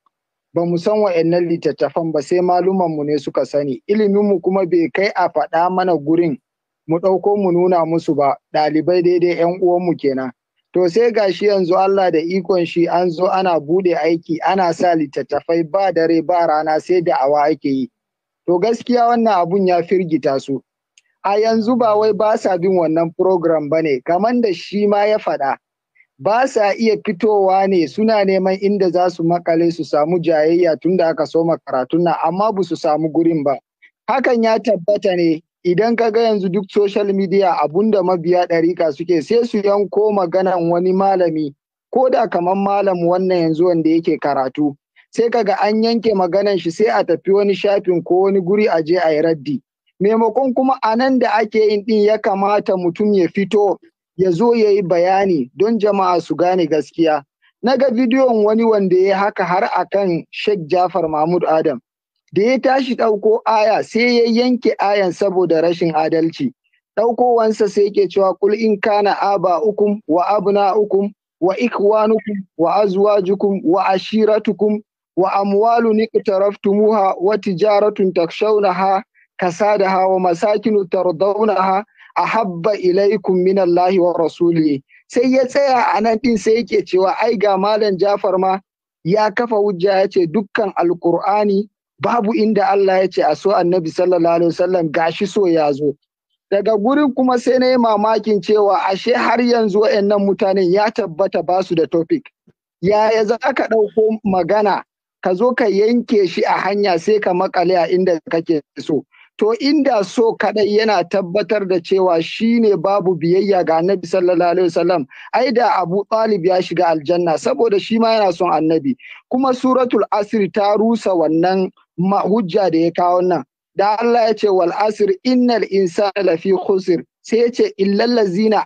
ba mu san wa'annan littattafan ba sai mu ne suka sani iliminmu kuma bai kai a faɗa mana gurin mu ɗauko mu nuna musu ba ɗalibai daidai 'yan uwanmu kenan to sai gashi yanzu Allah da ikon shi an zo ana buɗe aiki ana sa littattafai ba dare ba rana sai da awa ake yi to gaskiya wannan abun ya firgita su a yanzu ba wai ba sa bin wannan program ba ne kamar da shi ma ya faɗa ba sa iya fitowa ne suna neman inda za su makale su samu jayayya tun da aka soma karatun nan amma ba su samu gurin ba hakan ya tabbata ne idan ka ga yanzu duk social media abunda mabiya ɗarika suke sai su yanko maganan wani malami ko da kamar malam wannan yanzu wanda yake karatu sai ka ga an yanke maganan shi sai a tafi wani shafin ko wani guri a je a yi raddi maimakon kuma a nan da ake yin din ya kamata mutum ya fito ya zo ya yi bayani don jama'a su gane gaskiya. Na ga bidiyon wani wanda ya haka har a kan Sheikh Jafar Mahmud Adam. Da ya tashi ɗauko aya sai ya yanke ayan saboda rashin adalci. Ɗaukowansa sai ke cewa kul in kana aba ukum wa abna ukum wa ikwanukum wa azwajukum wa ashiratukum wa amwalun iqtaraftumuha wa tijaratun takshawnaha kasadaha wa masakinu tardawnaha ahabba ilaikum minallahi wa rasuli sai ya tsaya a nan din sai yake cewa ai ga malam Jafar ma ya kafa hujja ya ce dukkan alkur'ani babu inda Allah ya ce a so annabi sallallahu alaihi wasallam gashi so ya zo daga gurin kuma sai na yi mamakin cewa ashe har yanzu wa'annan mutanen ya tabbata ba su da topic yaya za ka ɗauko magana ka zo ka yanke shi a hanya sai ka makale a inda kake so to inda so kadai yana tabbatar da cewa shine babu biyayya ga annabi sallallahu alaihi wasallam ai da abu talib ya shiga aljanna saboda shi ma yana son annabi kuma suratul asr ta rusa wannan hujja da ya kawo nan da Allah ya ce wal asr innal insana lafi khusr sai ya ce illal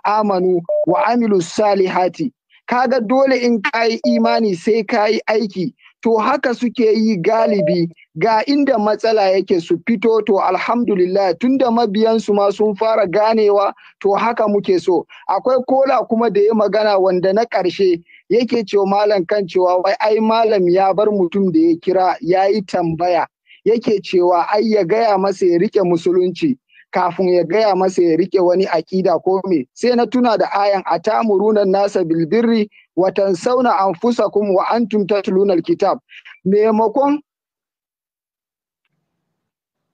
amanu wa amilus salihati kaga dole in kayi imani sai kayi aiki to haka suke yi galibi ga inda matsala yake su fito to alhamdulillah tunda mabiyansu ma sun fara ganewa to haka muke so akwai kola kuma da ya magana wanda na ƙarshe yake cewa malam kan cewa wai ai malam ya bar mutum da ya kira ya yi tambaya yake cewa ai ya gaya masa ya rike musulunci kafin ya gaya masa ya rike wani akida ko me sai na tuna da ayan a atamuruna nasa bilbirri watan sauna kuma wa antum tatluna kitab, maimakon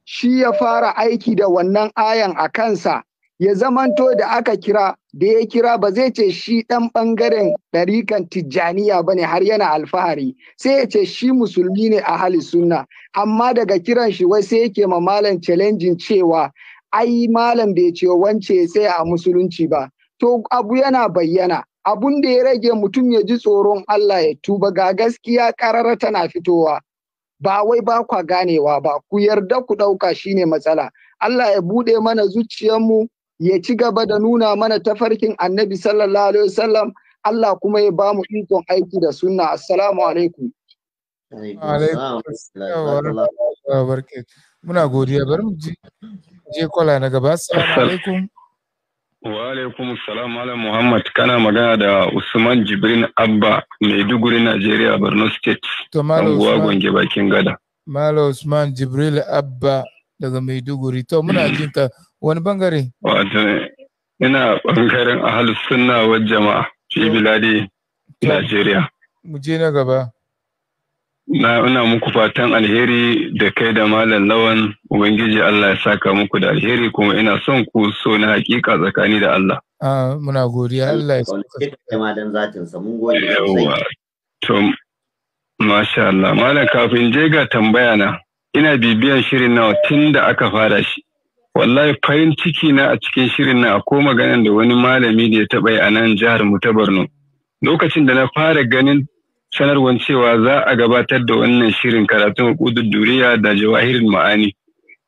shi ya fara aiki da wannan ayan a kansa ya zamanto da aka kira da ya kira ba zai ce shi ɗan ɓangaren ɗarikan tijjaniya ba ne har yana alfahari sai ya ce shi musulmi ne a hali sunna amma daga kiran shi wai sai yake ma malam challenging cewa ai malam bai ce wance ya tsaya a musulunci ba to abu yana bayyana abun da ya rage mutum ya ji tsoron Allah ya tuba ga gaskiya ƙarara tana fitowa ba wai ba kwa ganewa ba ku yarda ku ɗauka shine matsala Allah ya buɗe mana zuciyarmu ya ci gaba da nuna mana tafarkin annabi sallallahu alaihi wasallam Allah kuma ya ba mu ikon aiki da sunna assalamu alaikum muna godiya bari mu je kwala na gaba assalamu alaikum Wa alaikum salam Malam Muhammad kana magana da Usman Jibrin Abba Maiduguri Najeriya Borno State. To Malam Usman. Gwange bakin gada. Malam Usman Jibril Abba daga Maiduguri. To muna mm. jin ka wani bangare? Wato ina bangaren ahalussunna sunna jama'a fi biladi Najeriya. Mu je na gaba. Na ina muku fatan alheri da kai da malam lawan Ubangiji Allah ya saka muku da alheri kuma ina son ku so na hakika tsakani da Allah. Ah, muna godiya Allah ya saka. sa To masha Allah malam kafin je ga tambaya na ina bibiyan shirin nawa tun da aka fara shi. Wallahi farin ciki na a cikin shirin na ko maganan da wani malami da ya taɓa yi a nan jihar mu ta Borno. Lokacin da na fara ganin sanarwar cewa za a gabatar da wannan shirin karatun hukudun duriya da jawahirin ma'ani.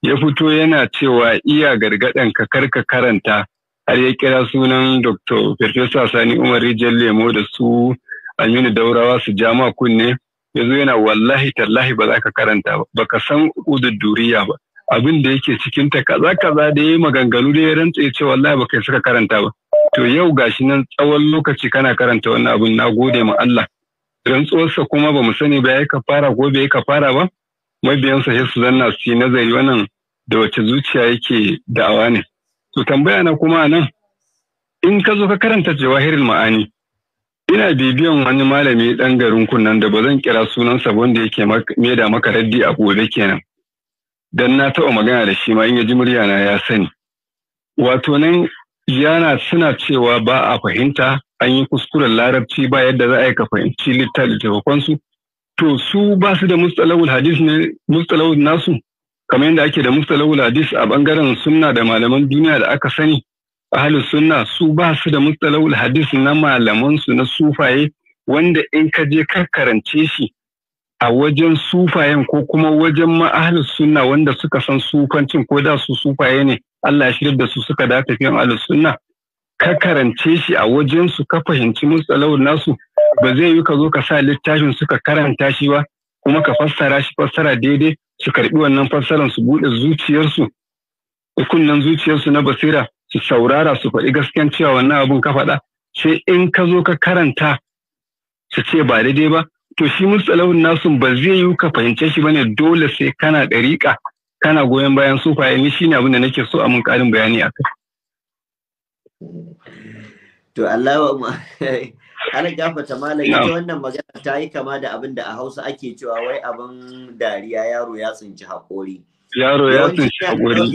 Ya fito yana cewa iya gargaɗan ka karka karanta har ya kira sunan Dr. Farfesa Sani Umar rijiyar Lemo da su Aminu Daurawa su ma kunne ya zo yana wallahi tallahi ba za ka karanta ba, ba ka san hukudun duriya ba. Abin da yake cikinta kaza kaza da ya yi maganganu da ya rantse ya ce wallahi ba kai suka karanta ba. To yau gashi nan tsawon lokaci kana karanta wannan abun na gode ma Allah. rantsuwarsa kuma ba mu sani ba ya ka fara ko bai fara ba mabiyansa sai su zanna su yi nazari wannan da wace zuciya yake da'awa ne to tambaya na kuma nan in ka zo ka karanta jawahirin ma'ani ina bibiyan wani malami dan garin kunnan da ba zan kira sunansa sa wanda yake maida maka raddi a gobe kenan dan na taɓa magana da shi ma in ya ji murya na ya sani wato nan yana suna cewa ba a fahimta an yi kuskuren larabci ba yadda za a yi ka fahimci littattafan su to su ba su da mustalahul hadis ne mustalahul nasu kamar yadda ake da mustalahul hadis a bangaren sunna da malaman duniya da aka sani ahlus sunna su ba su da mustalahul hadis na malaman su na sufaye wanda in ka je ka karance shi a wajen sufayen ko kuma wajen ma'ahal sunna wanda suka san sufancin ko da su sufaye ne Allah ya shirya da su suka da tafiyan ahlus sunna ka karance shi a wajen su ka fahimci mutsalawar nasu ba zai yi ka zo ka sa littafin suka karanta shi ba kuma ka fassara shi fassara daidai su karbi wannan fassaran su bude zuciyarsu kunnen zuciyarsu na basira su saurara su faɗi gaskiyan cewa wannan abun ka faɗa sai in ka zo ka karanta su ce ba daidai ba to shi mustalahun nasu ba zai yiwu ka fahimce shi bane dole sai kana ɗariƙa kana goyon bayan sufaye ni shine abin da nake so a mun ƙarin bayani a kai. To Allah wa ana ta malam ita wannan magana ta yi kama da abin da a Hausa ake cewa wai abin dariya yaro ya tsinci haƙori. Yaro ya tsinci haƙori.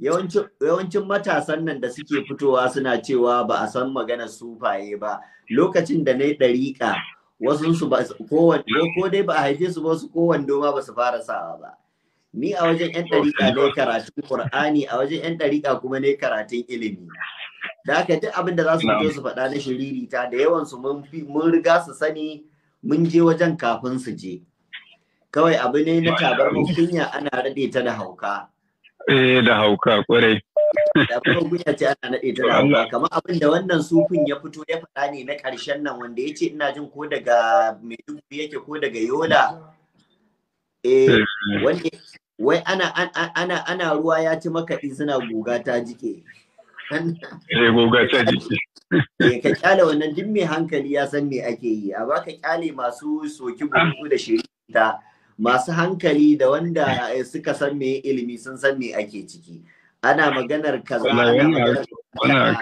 Yawancin matasan nan da suke fitowa suna cewa ba a san magana sufaye ba lokacin da na yi ɗariƙa wasu su kowanne ko dai ba a haife su ba su kowanne ma ba su fara sawa ba ni a wajen yan ɗariƙa ne karatun Qur'ani a wajen yan ɗariƙa kuma ne karatun ilimi da haka duk abin da za su fito su faɗa na shiririta da yawan su mun riga su sani mun je wajen kafin su je kawai abu ne na tabar kunya ana rade ta da hauka eh da hauka kwarai da gunya ce ana naɗe ta damuwa kamar abin da wannan sufin ya fito ya faɗa ne na ƙarshen nan wanda ya ce ina jin ko daga maiduguri yake ko daga yola eh, eh. wanda wai ana ana ana ruwa ya ci makaɗi suna goga ta jike eh goga ta jike eh ka kyale wannan duk mai hankali ya san me ake yi a baka kyale masu soki gugu da shirita masu hankali da wanda eh, suka san me ilimi sun san me ake ciki ana maganar kaza ana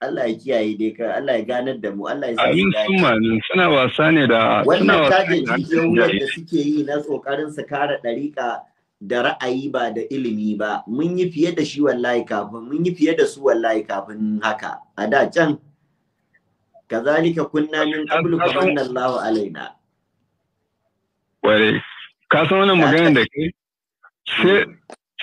Allah ya kiyaye dai ka Allah ya ganar da mu Allah ya sa mu gane suna wasa ne da suna wasa ne da suke yi na tsokarin su kare dariƙa da ra'ayi ba da ilimi ba mun yi fiye da shi wallahi kafin mun yi fiye da su wallahi kafin haka a da can kazalika kunna min qablu kamanna Allahu alaina wai ka san wannan magana da kai sai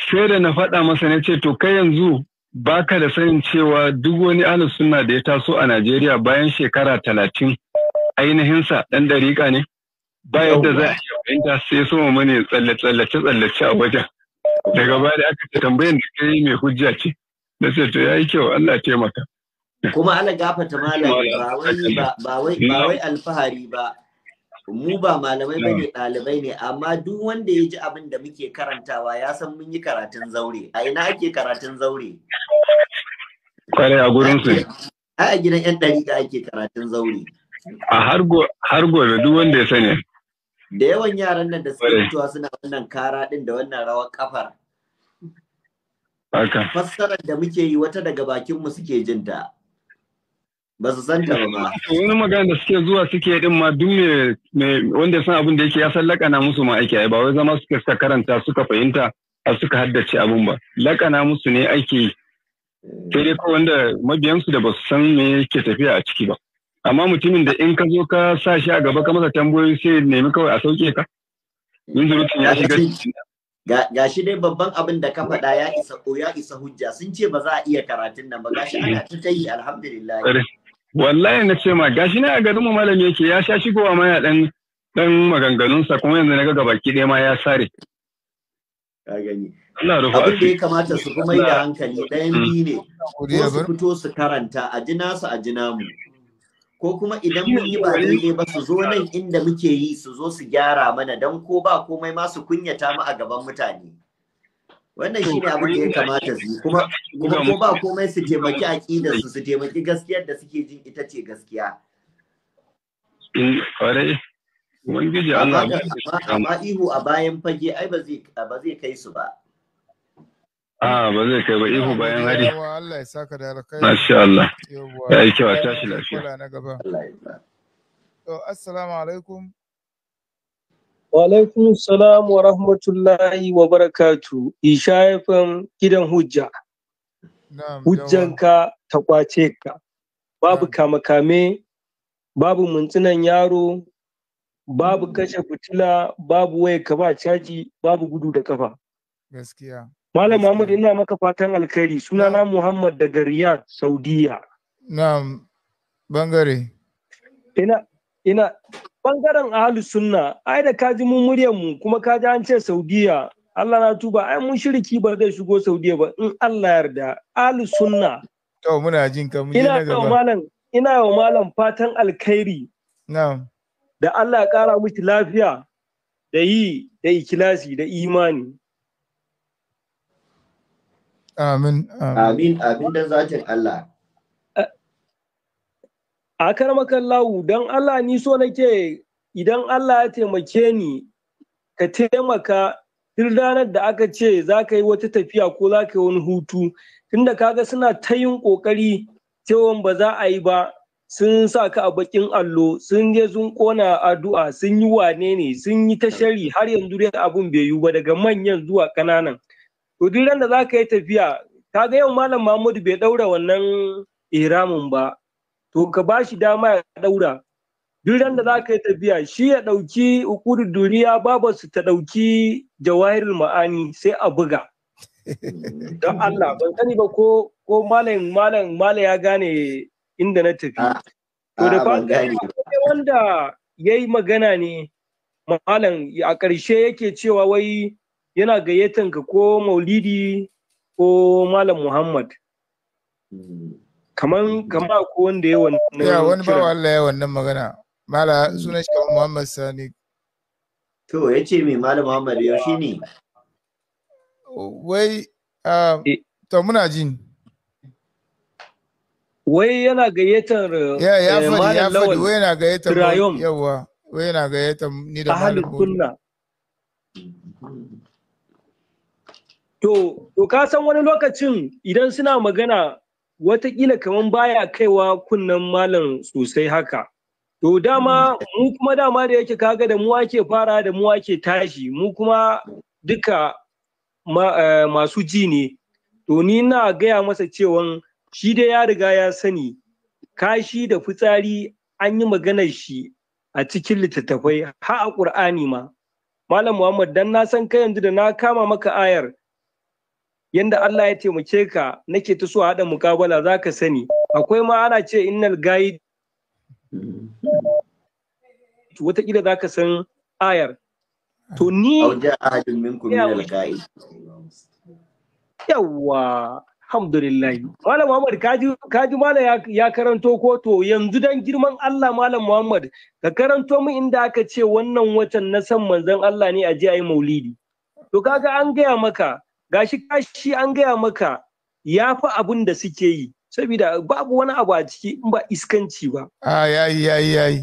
sai da na faɗa masa na ce to kai yanzu baka da sanin cewa duk wani ahlus sunna da ya taso a Najeriya bayan shekara talatin ainihinsa ɗan dariƙa ne ba yadda za a iya fahimta sai so mu mani tsallace tsallace a wajen daga baya da aka ce tambayar da kai mai hujja ce na ce to ya yi kyau Allah taimaka kuma ana gafata malam ba wai alfahari ba mu ba malamai bane ɗalibai ne amma duk wanda ya ji abin da muke karantawa ya san mun yi karatun zaure a ina ake karatun zaure kare a gurin su a gidan yan ɗariƙa ake karatun zaure a har gobe duk wanda ya sani da yawan yaran nan da suke fitowa suna wannan kara din da wannan rawar kafar fassarar da muke yi wata daga bakin mu suke jinta ba su san ta ba wani magana da suke zuwa suke din ma duk me wanda san abin da yake ya san lakana musu ma aiki ba wai zama suke suka karanta suka fahimta a suka haddace abin ba lakana musu ne aiki sai dai ko wanda mabiyansu da ba su san me yake tafiya a ciki ba amma mutumin da in ka zo ka sa shi a gaba ka masa tambayoyi sai nemi kawai a sauke ka in zurutun ya shiga ga shi dai babban abin da ka faɗa ya isa ko ya isa hujja sun ce ba za a iya karatun nan ba gashi ana ta yi alhamdulillah wallahi na ce ma gashi na a garin mu malami yake ya sha shigowa ma ya dan dan maganganunsa kuma yanzu na ga gabaki ɗaya ma ya sare ka gani abin da ya kamata su kuma yi da hankali ɗayan bi ne mm. ko su fito su karanta a jina su a jina mu ko kuma idan mun yi ba daidai ba su zo nan inda muke yi su zo su gyara mana dan ko ba komai ma su kunyata mu a gaban mutane wannan shi ne abin da ya kamata su yi kuma ko ba komai su taimaki aƙidar su su taimaki gaskiyar da suke jin ita ce gaskiya kwarai eh, ubangiji Allah amma ihu a bayan fage ai ba zai kai su ba a ba zai kai ba ihu bayan hari Allah ya saka da alkai masha Allah ya yi kyau a tashi lafiya Allah ya assalamu alaikum Walaikun salam wa rahmatullahi wa barakatu, Isha gidan hujja. Hujjanka ta kwace ka, babu kame-kame, babu muntsinan yaro, babu hmm. kashe fitila, babu waya ka ba caji, babu gudu da kafa. Gaskiya. Malam Muhammad ina maka fatan alkhairi, sunana Muhammad daga Riyadh, Saudiya. Na'am, bangare. Ina, ina, bangaren ahalus sunna ai da kaji mun muryar mu kuma kaji an ce saudiya Allah na tuba ai mun shiriki ba zai shigo saudiya ba in Allah yarda ahalus sunna to muna jin ka mun ina ga malam ina wa malam fatan alkhairi na'am da Allah ya kara miki lafiya da yi da ikilasi da imani amin amin amin dan zatin Allah a lawu don Allah ni so nake idan Allah ya taimake ni ka taimaka duk ranar da aka ce za ka yi wata tafiya ko za ka yi wani hutu tunda kaga suna ta yin kokari cewa ba za a yi ba sun sa ka a bakin allo sun je sun kona addu'a sun yi wane ne sun yi ta shari har yanzu dai abun bai yi ba daga manyan zuwa kananan to duk da za ka yi tafiya kaga yau malam mahmud bai daura wannan ihramin ba to ka ba shi dama ya daura duk ran da za ka yi tafiya shi ya ɗauki ukudu duniya babu su ta ɗauki jawahirul ma'ani sai a buga don Allah ban sani ba ko ko malam malam malam ya gane inda na tafi ah, to da ah, wanda yayi magana ne malam a ƙarshe yake cewa wai yana gayyatan ka ko maulidi ko malam muhammad hmm. kaman kama ko wanda ya wannan ya wani bawa Allah ya wannan magana mala sunan shi kamar Muhammad Sani to yace me mala Muhammad ya shi ne wai ah, e, to muna jin wai yana gayyatar ya ya eh, fadi ya fadi wai yana gayyatar yawa wai yana gayyatar ni da mala kunna to to ka san wani lokacin idan suna magana Wataƙila kaman baya kaiwa kunnen malam sosai haka to dama mu kuma dama da yake kaga da mu ake fara da mu ake tashi mu kuma duka eh, masu ji ne to ni na gaya masa cewan shi dai ya riga ya sani kashi da fitsari an yi maganar shi a cikin littattafai har a ƙur'ani ma malam muhammad dan na san kai yanzu da na kama maka ayar yanda Allah ya taimake ka nake ta so haɗa mukabala za ka sani akwai ma ana ce innal gayi wataƙila za ka san ayar to ni yawwa alhamdulillah malam muhammad kaji kaji malam ya karanto ko to yanzu dan girman Allah malam muhammad ka karanto mu inda aka ce wannan watan na san manzon Allah ne a ji ayi maulidi to kaga an gaya maka gashi kashi an gaya maka ya fi abin da suke yi saboda babu wani abu a ciki in ba iskanci ba a yayi yayi yayi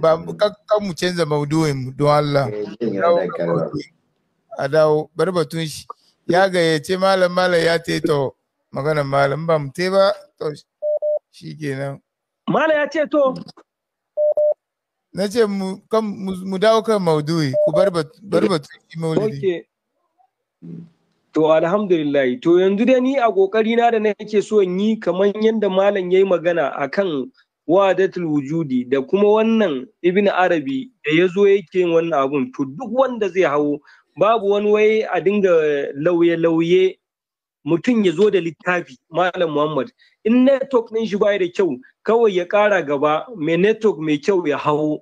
ba kan mu canza maudu'in mu don Allah eh, a dawo bari batun shi ya gayyace malam malam ya ce to magana malam ba mu te ba to shi kenan malam ya ce to na ce mu dawo kan maudu'i ku bar batun shi maulidi To alhamdulillah to yanzu dai ni a kokari na da nake so in yi kamar yadda malam yayi magana akan wadatul wujudi da kuma wannan ibn arabi da ya zo yake yin wannan abun to duk wanda zai hawo babu wani waye a dinga lauye-lauye mutum ya zo da littafi malam muhammad in network ɗin shi bai da kyau kawai ya ƙara gaba mai network mai kyau ya hawo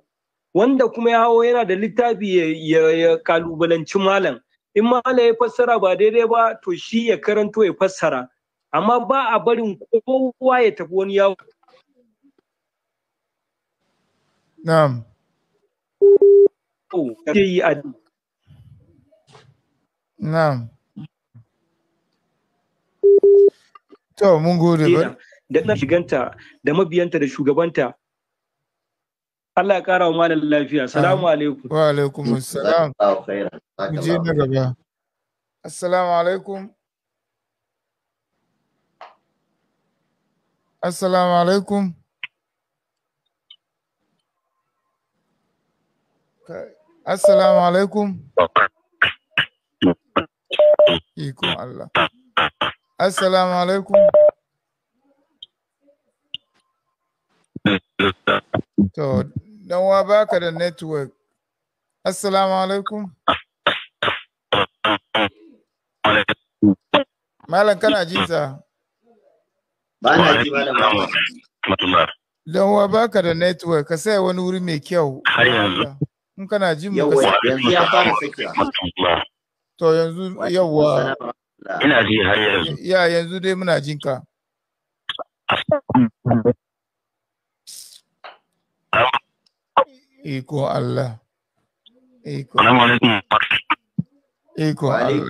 wanda kuma ya hawo yana da littafi ya kalubalanci malam in mala ya fassara ba daidai ba to shi ya karanto ya fassara amma ba a barin kowa ya tafi wani yawo na'am na'am to mun gode ba da na shiganta da mabiyanta da shugabanta Allah ya kara wa malam lafiya. Salamu alaikum. Wa alaikum assalam. Mu je na gaba. Assalamu alaikum. Assalamu alaikum. Assalamu alaikum. Ikon Allah. Assalamu alaikum. To, don wa baka da network. Assalamu alaikum. Malam kana ji sa? Ba na ji malam. wa baka da network, ka sai wani wuri mai kyau. Har yanzu. In kana ji mu ka yanzu ya fara sakiya. To yanzu yawa. Ina ji har yanzu. Ya yanzu dai muna jinka. iko Allah iko Assalamu iko Allah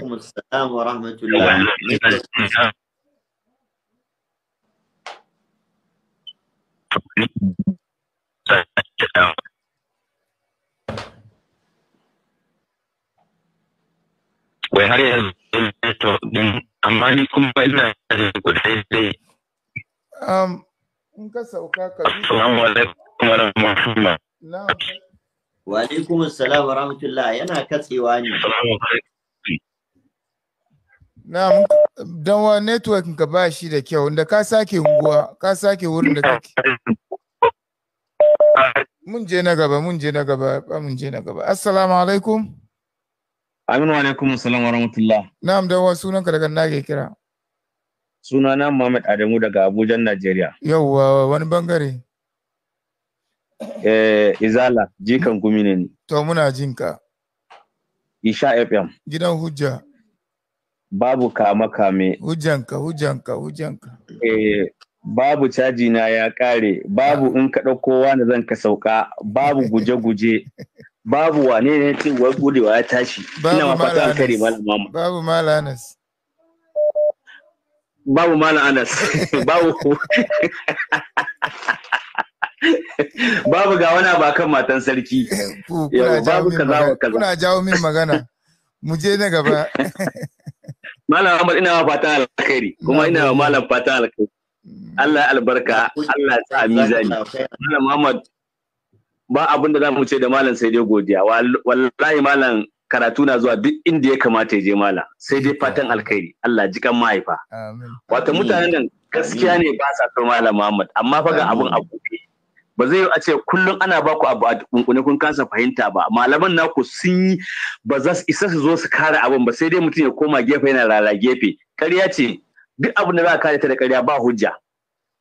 wai har yanzu din amma ni kuma ina da kudai dai in ka sauka ka assalamu alaikum wa rahmatullah Wa alaikum assalam wa rahmatullah yana katsewa ne. Na'am, dan wa network ka ba shi da kyau, da ka sake unguwa, ka sake wurin da kake. Mun je na gaba, mun je na gaba, ba mun je na gaba. Assalamu alaikum. Aminu alaikum assalam wa rahmatullah. Na'am, dan wa sunan ka daga nake kira. Sunana Muhammad Adamu daga Abuja, Najeriya. Yawwa, wani bangare. eh, Izala, jikan gumi ne ni. To muna jinka. Isha FM. Gidan hujja. Babu kama kame. Hujjanka, hujjanka, hujjanka. Eh, babu caji na ya kare, babu in ka kowa wani zan ka sauka, babu guje-guje, babu wane ne ce wa gudewa ya tashi. Ina ma fata kare malama. Babu malanas. Babu malanas. babu. babu ga wani ba kan matan sarki babu kaza kaza kuna jawo min magana mu je na gaba malam Ahmad ina wa fatan alkhairi kuma ina wa malam fatan alkhairi Allah albarka Allah ya sa mizani malam Ahmad ba abin da za mu ce da malam sai dai godiya wallahi malam karatu na zuwa duk inda ya kamata ya je malam sai dai fatan alkhairi Allah ji kan mahaifa wato mutanen nan gaskiya ne ba sa son malam Muhammad amma fa ga abun abu ba zai a ce kullum ana ba ku abu a kunkune kun kasa fahimta ba malaman naku sun yi ba za su isa su zo su kare abin ba sai dai mutum ya koma gefe yana rara gefe ƙarya ce duk abin da za a kare ta da ƙarya ba hujja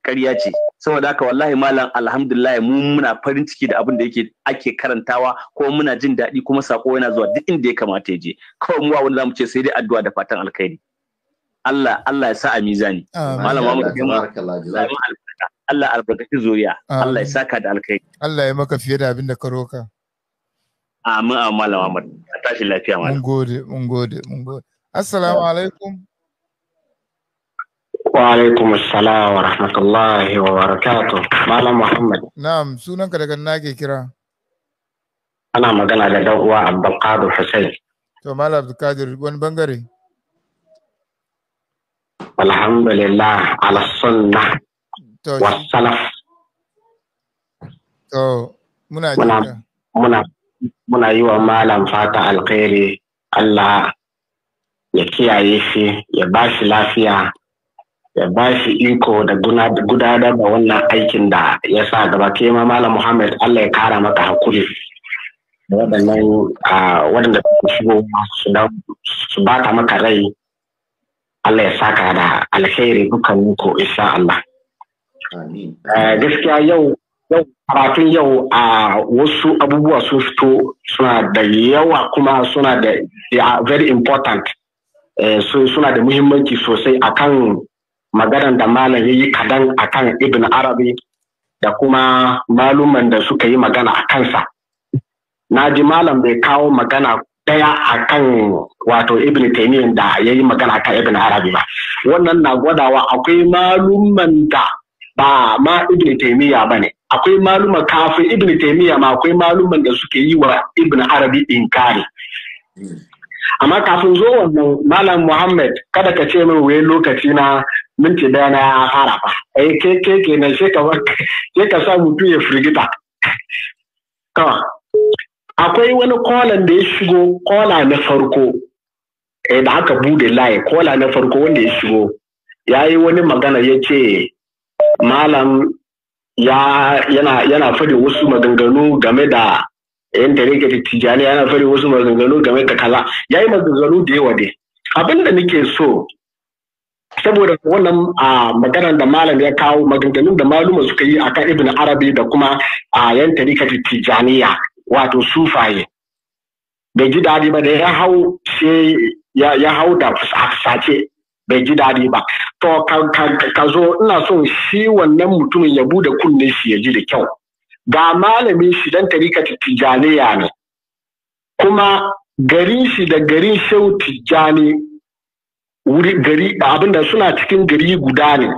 ƙarya ce saboda haka wallahi malam alhamdulillah mu muna farin ciki da abin da yake ake karantawa ko muna jin daɗi kuma sako yana zuwa duk inda ya kamata ya je kawai mu wanda zamu ce sai dai addu'a da fatan alkhairi Allah Allah ya sa a mizani malam Muhammad Kema Allah albarkaci zuriya Allah ya saka da alkai Allah ya maka fiye da abin da ka roka amin amin malam Ahmad a tashi lafiya malam mun gode mun gode mun gode assalamu alaikum wa alaikum assalam wa rahmatullahi wa barakatuh malam Muhammad na'am sunan ka daga ke kira ana magana da dan uwa Abdulkadir Hussein to malam Abdulkadir wani bangare alhamdulillah ala sunnah wasalaf to muna muna muna yi wa malam fata alkhairi Allah ya kiyaye shi ya ba shi lafiya ya ba shi iko da gudanar da wannan aikin da ya sa gaba ke ma malam Muhammad Allah ya kara maka hakuri waɗannan waɗanda suke shigo su baka maka rai Allah ya saka da alkhairi dukkan ku insha Allah Eh, gaskiya yau yau karatun yau a wasu abubuwa sun fito suna da yawa kuma suna da very important eh, suna da muhimmanci sosai akan maganar da malam ya yi kadan akan ibn arabi da kuma maluman da suka yi magana a kansa na ji malam bai kawo magana daya kan wato ibn taymiyyah da ya yi magana akan ibn arabi ba wannan na gwadawa akwai maluman da ba ma ibn taymiya bane akwai maluma kafin ibn taymiya ma akwai maluman da suke yi wa ibn arabi inkari amma kafin zo wannan malam muhammad kada ka ce min wai lokaci na minti daya na ya fara fa eh ke ke ke sai ka sa mutu ya firgita kawa akwai wani kolan da ya shigo kola na farko eh, da aka bude layi kola na farko wanda ya shigo ya yi wani magana ya ce malam ya yana yana fari wasu maganganu game da yan tarike tijani yana fari wasu maganganu game da kaza yayi maganganu da yawa dai abinda nake so saboda wannan a maganar da malam ya kawo maganganun da maluma suka yi akan ibn arabi da kuma a yan tarikati tijaniya wato sufaye bai ji daɗi ba da ya hau sai ya hau da fusace bai ji daɗi ba to ka zo ina son shi wannan mutumin ya bude kunne shi ya ji da kyau ga malamin shi dan tarika ya ne kuma garin shi da garin shau tijjani wuri gari abinda suna cikin gari guda ne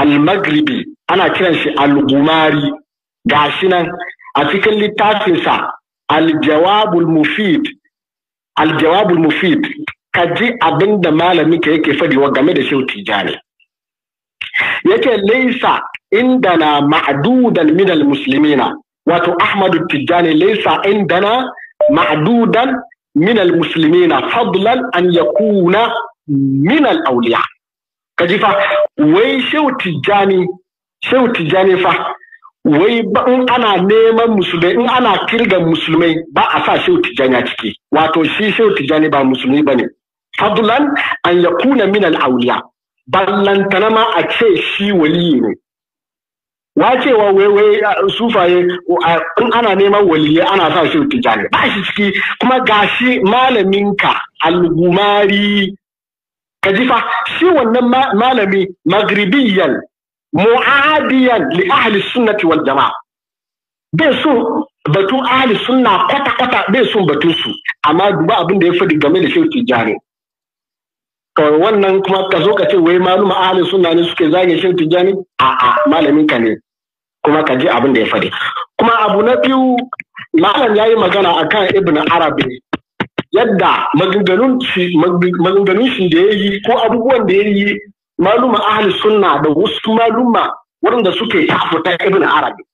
almagribi ana kiran shi algumari shi nan a cikin littafinsa aljawabul mufid aljawabul mufid ka ji abin da malamin ka yake fadiwa game da shehu tijani yake laisa indana ma'dudan minal musulmina. wato ahmadu Tijjani, laisa indana ma'dudan minal musulmina, fadlan an yakuna minal auliya kaji fa wai shehu tijani fa wai in ana neman musulmai in ana kirgan musulmai ba a sa shehu tijani a ciki wato shi shautijani tijani ba musulmi ba ne fadlan an yakuna min al-awliya ballantana ma a ce shi waliyi ne wacewa wai sufaye in ana neman waliye ana sa shi tijani ba shi ciki kuma gashi malaminka algumari ka ji fa shi wannan malami magribiyan mu'adiyan li ahli sunnati wal jama'a bai so batun ahli sunna kwata kwata bai sun batun su amma duba abin da ya faɗi game da shehu tijani kawai wannan kuma ka zo ka ce wai maluma ahli suna ne suke zage shi tijani a'a malamin ka ne kuma ka ji abin da ya faɗi kuma abu na biyu malam ya yi magana a kan ibn arabi yadda maganganun shi da ya yi ko abubuwan da ya yi maluma ahli sunna da wasu maluma waɗanda suke tafuta ibn arabi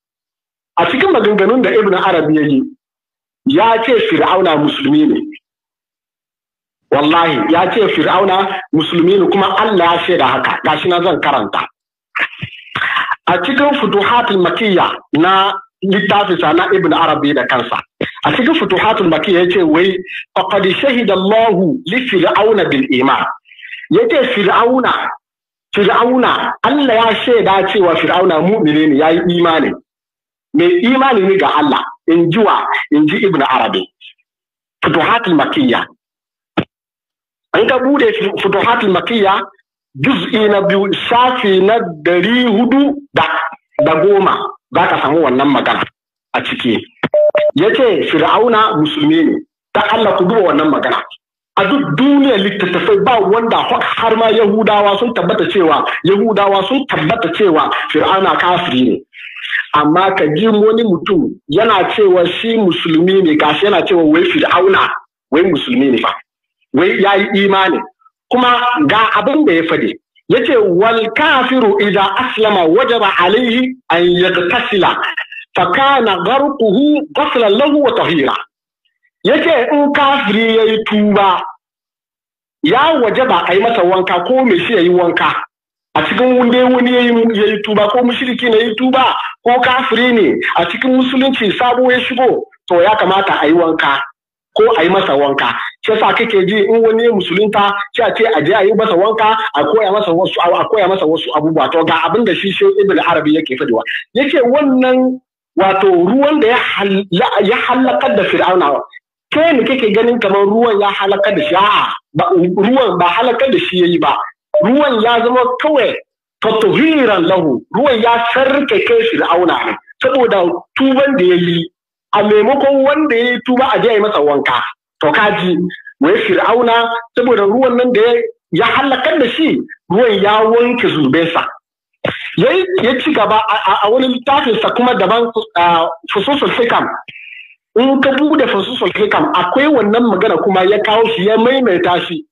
a cikin maganganun da ibn arabi ya yi ya ce fir'auna musulmi ne wallahi ya ce fir'auna musulmi ne kuma Allah ya shaida haka gashi na zan karanta a cikin futuhatul makiyya na littafinsa na ibn arabi da kansa a cikin futuhatul makiyya yace wai faqad shahida Allah li fir'auna bil iman yace fir'auna fir'auna Allah ya shaida cewa fir'auna mu'mini ne yayi imani mai imani ne ga Allah in ji in ji ibn arabi futuhatul makiyya An ka bude futuhatul makiyya juz'i na biyu shafi na dari hudu da goma za ka samu wannan magana a ciki ya ce fir'auna musulmi ne ta Allah ku duba wannan magana a duk duniyar littattafai ba wanda har ma yahudawa sun tabbata cewa yahudawa sun tabbata cewa fir'auna kafiri ne amma ka ji wani mutum yana cewa shi musulmi ne gashi yana cewa wai fir'auna wai musulmi ne fa wai ya yi imani kuma ga abin da ya fade ce wal kafiru idan aslama wajaba alaihi an tasila ta kana garkuhu lahu wa tahira ce in kafiri ya yi tuba ya waje ba a yi masa wanka ko me shi ya yi wanka a cikin wunde wani ya yi tuba ko mushriki na yi tuba ko kafiri ne a cikin musulunci sabo ya shigo to ya kamata a yi wanka ko a yi masa wanka shi yasa kake ji in wani musulunta shi a ce aje ayi masa wanka a koya masa wasu a koya masa wasu abubuwa to ga abin da shi shi ibn arabi yake fadiwa yake wannan wato ruwan da ya halakar da fir'auna kai ne kake ganin kamar ruwan ya halakar da shi a'a ruwan ba halakar da shi yayi ba ruwan ya zama kawai tatuhiran lahu ruwan ya sarke kai fir'auna saboda tuban da yayi a maimakon wanda yayi tuba a je masa wanka to kaji wai fir'auna saboda ruwan nan da ya halakar da shi ruwan ya wanke yayi ya ci gaba a wani littafinsa kuma daban fususul hikam in ka bude fususul hikam akwai wannan magana kuma ya kawo shi ya maimaita shi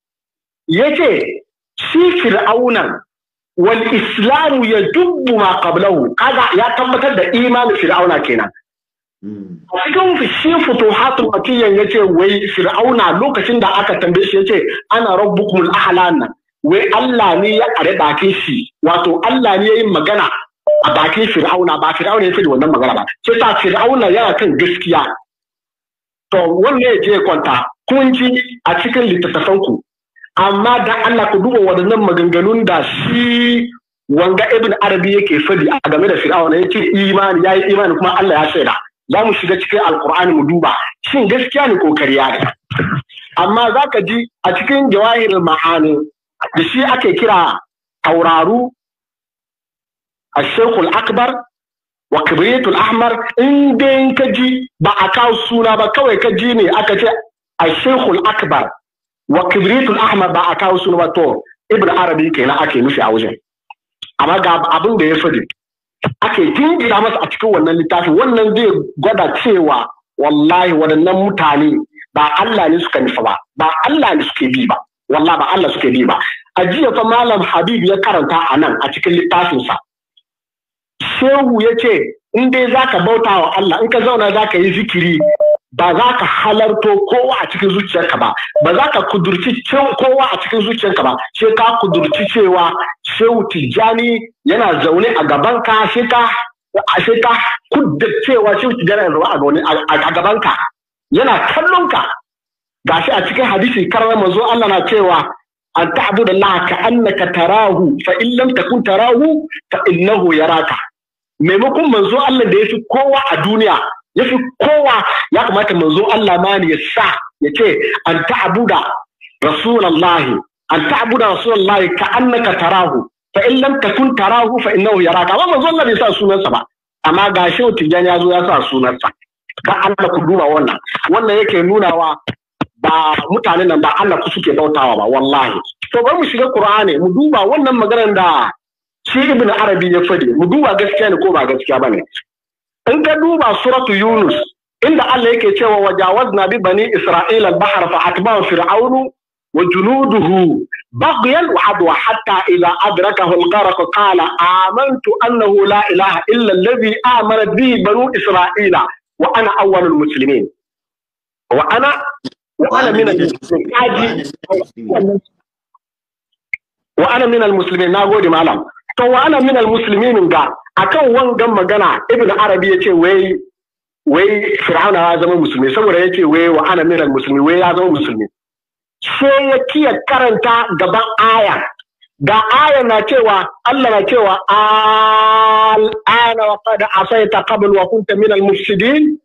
ya ce shi fir'aunan wal islamu ya dubbu ma qablahu ya tabbatar da imanin fir'auna kenan A cikin shi futuhatul makiyan ya ce wai fir'auna lokacin da aka tambaye shi ya ce ana rabbukumul ahla nan wai Allah ne ya are bakin shi wato Allah ne ya yi magana a bakin fir'auna ba fir'auna ya fi da wannan magana ba sai ta fir'auna yana kan gaskiya to wannan ya je kwanta kun ji a cikin littattafan ku amma da Allah ku duba waɗannan maganganun da shi wanga ibn arabi yake fadi a game da fir'auna ya imani ya yi imani kuma Allah ya shaida za mu shiga cikin alkur'ani mu duba shin gaskiya ne ko kariya ne amma za ka ji a cikin jawahir ma'ani da shi ake kira tauraru a shekul akbar wa ahmar in dai ka ji ba a kawo suna ba kawai ka ji ne aka ce a shekul akbar wa ahmar ba a kawo suna ba to ibn arabi kenan ake nufi a wajen amma ga abin da ya fadi ake jingina masa a cikin wannan littafin wannan zai gwada cewa wallahi waɗannan mutane ba Allah ne suka nufa ba ba Allah ne suke bi ba wallahi ba Allah suke bi ba a jiya fa malam Habib ya karanta a nan a cikin littafinsa shehu ya ce in dai zaka bauta wa Allah in ka zauna zaka yi zikiri ba za ka halarto kowa a cikin zuciyarka ba ba za ka kudurci kowa a cikin zuciyarka ba sai ka kudurci cewa shehu tijjani yana zaune a gaban ka sai ka sai ka kudda cewa shehu tijjani yana zaune a gaban ka yana kallon ka gashi a cikin hadisi karar manzo Allah na cewa an ta'budu Allah ka annaka tarahu fa in lam takun tarahu fa innahu yaraka maimakon manzo Allah da yafi kowa a duniya ya kowa ya kamata manzo Allah ma ne ya sa ya ce an ta'abuda rasulallahi an ta'abuda rasulallahi ka annaka tarahu fa in lam takun tarahu fa innahu yaraka amma manzo Allah bai sa sunansa ba amma ga shehu tijan ya ya sa sunansa ga Allah ku duba wannan wannan yake nunawa ba mutanen nan ba Allah ku suke bautawa ba wallahi to bari mu shiga Qur'ani mu duba wannan maganar da shi Ibn Arabi ya fadi mu duba gaskiya ne ko ba gaskiya bane in ka duba suratu yunus inda Allah yake cewa wa jawazna bi bani isra'ila al-bahr fa atba'u fir'aunu wa junuduhu baghyan wa adwa hatta idha adrakahu al-gharq qala amantu annahu la ilaha illa alladhi amanat bi banu isra'ila wa ana awwalul muslimin wa ana وأنا من المسلمين to wa ana minal muslimin ga akan wangan magana ibn arabi yace wai wai fir'auna ya zama musulmi saboda yace wai wa ana minal musulmi wai ya zama musulmi sai ya kiyar karanta gaban aya da aya na cewa Allah na cewa ana wa qad asayta qabl wa kunta minal mufsidin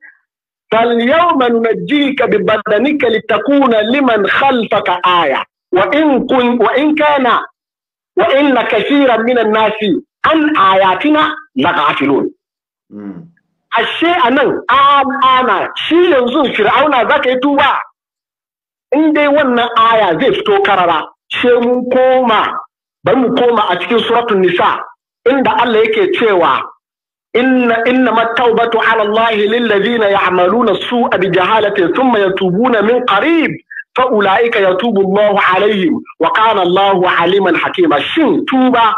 فاليوم ننجيك ببدنك لتكون لمن خلفك آية وإن, كن وإن كان wa inna mina minan nasi an ayatina laqafilun ashe anan amana shi yanzu fir'auna zaka yi tuba in dai wannan aya zai fito karara she mun koma bari mu koma a cikin suratun nisa inda Allah yake cewa inna innama tawbatu ala Allah lil ladina ya'maluna su'a bi jahalatin thumma yatubuna min qarib fa ya yatubu Allahu alaihim wa kana Allahu aliman hakima shin tuba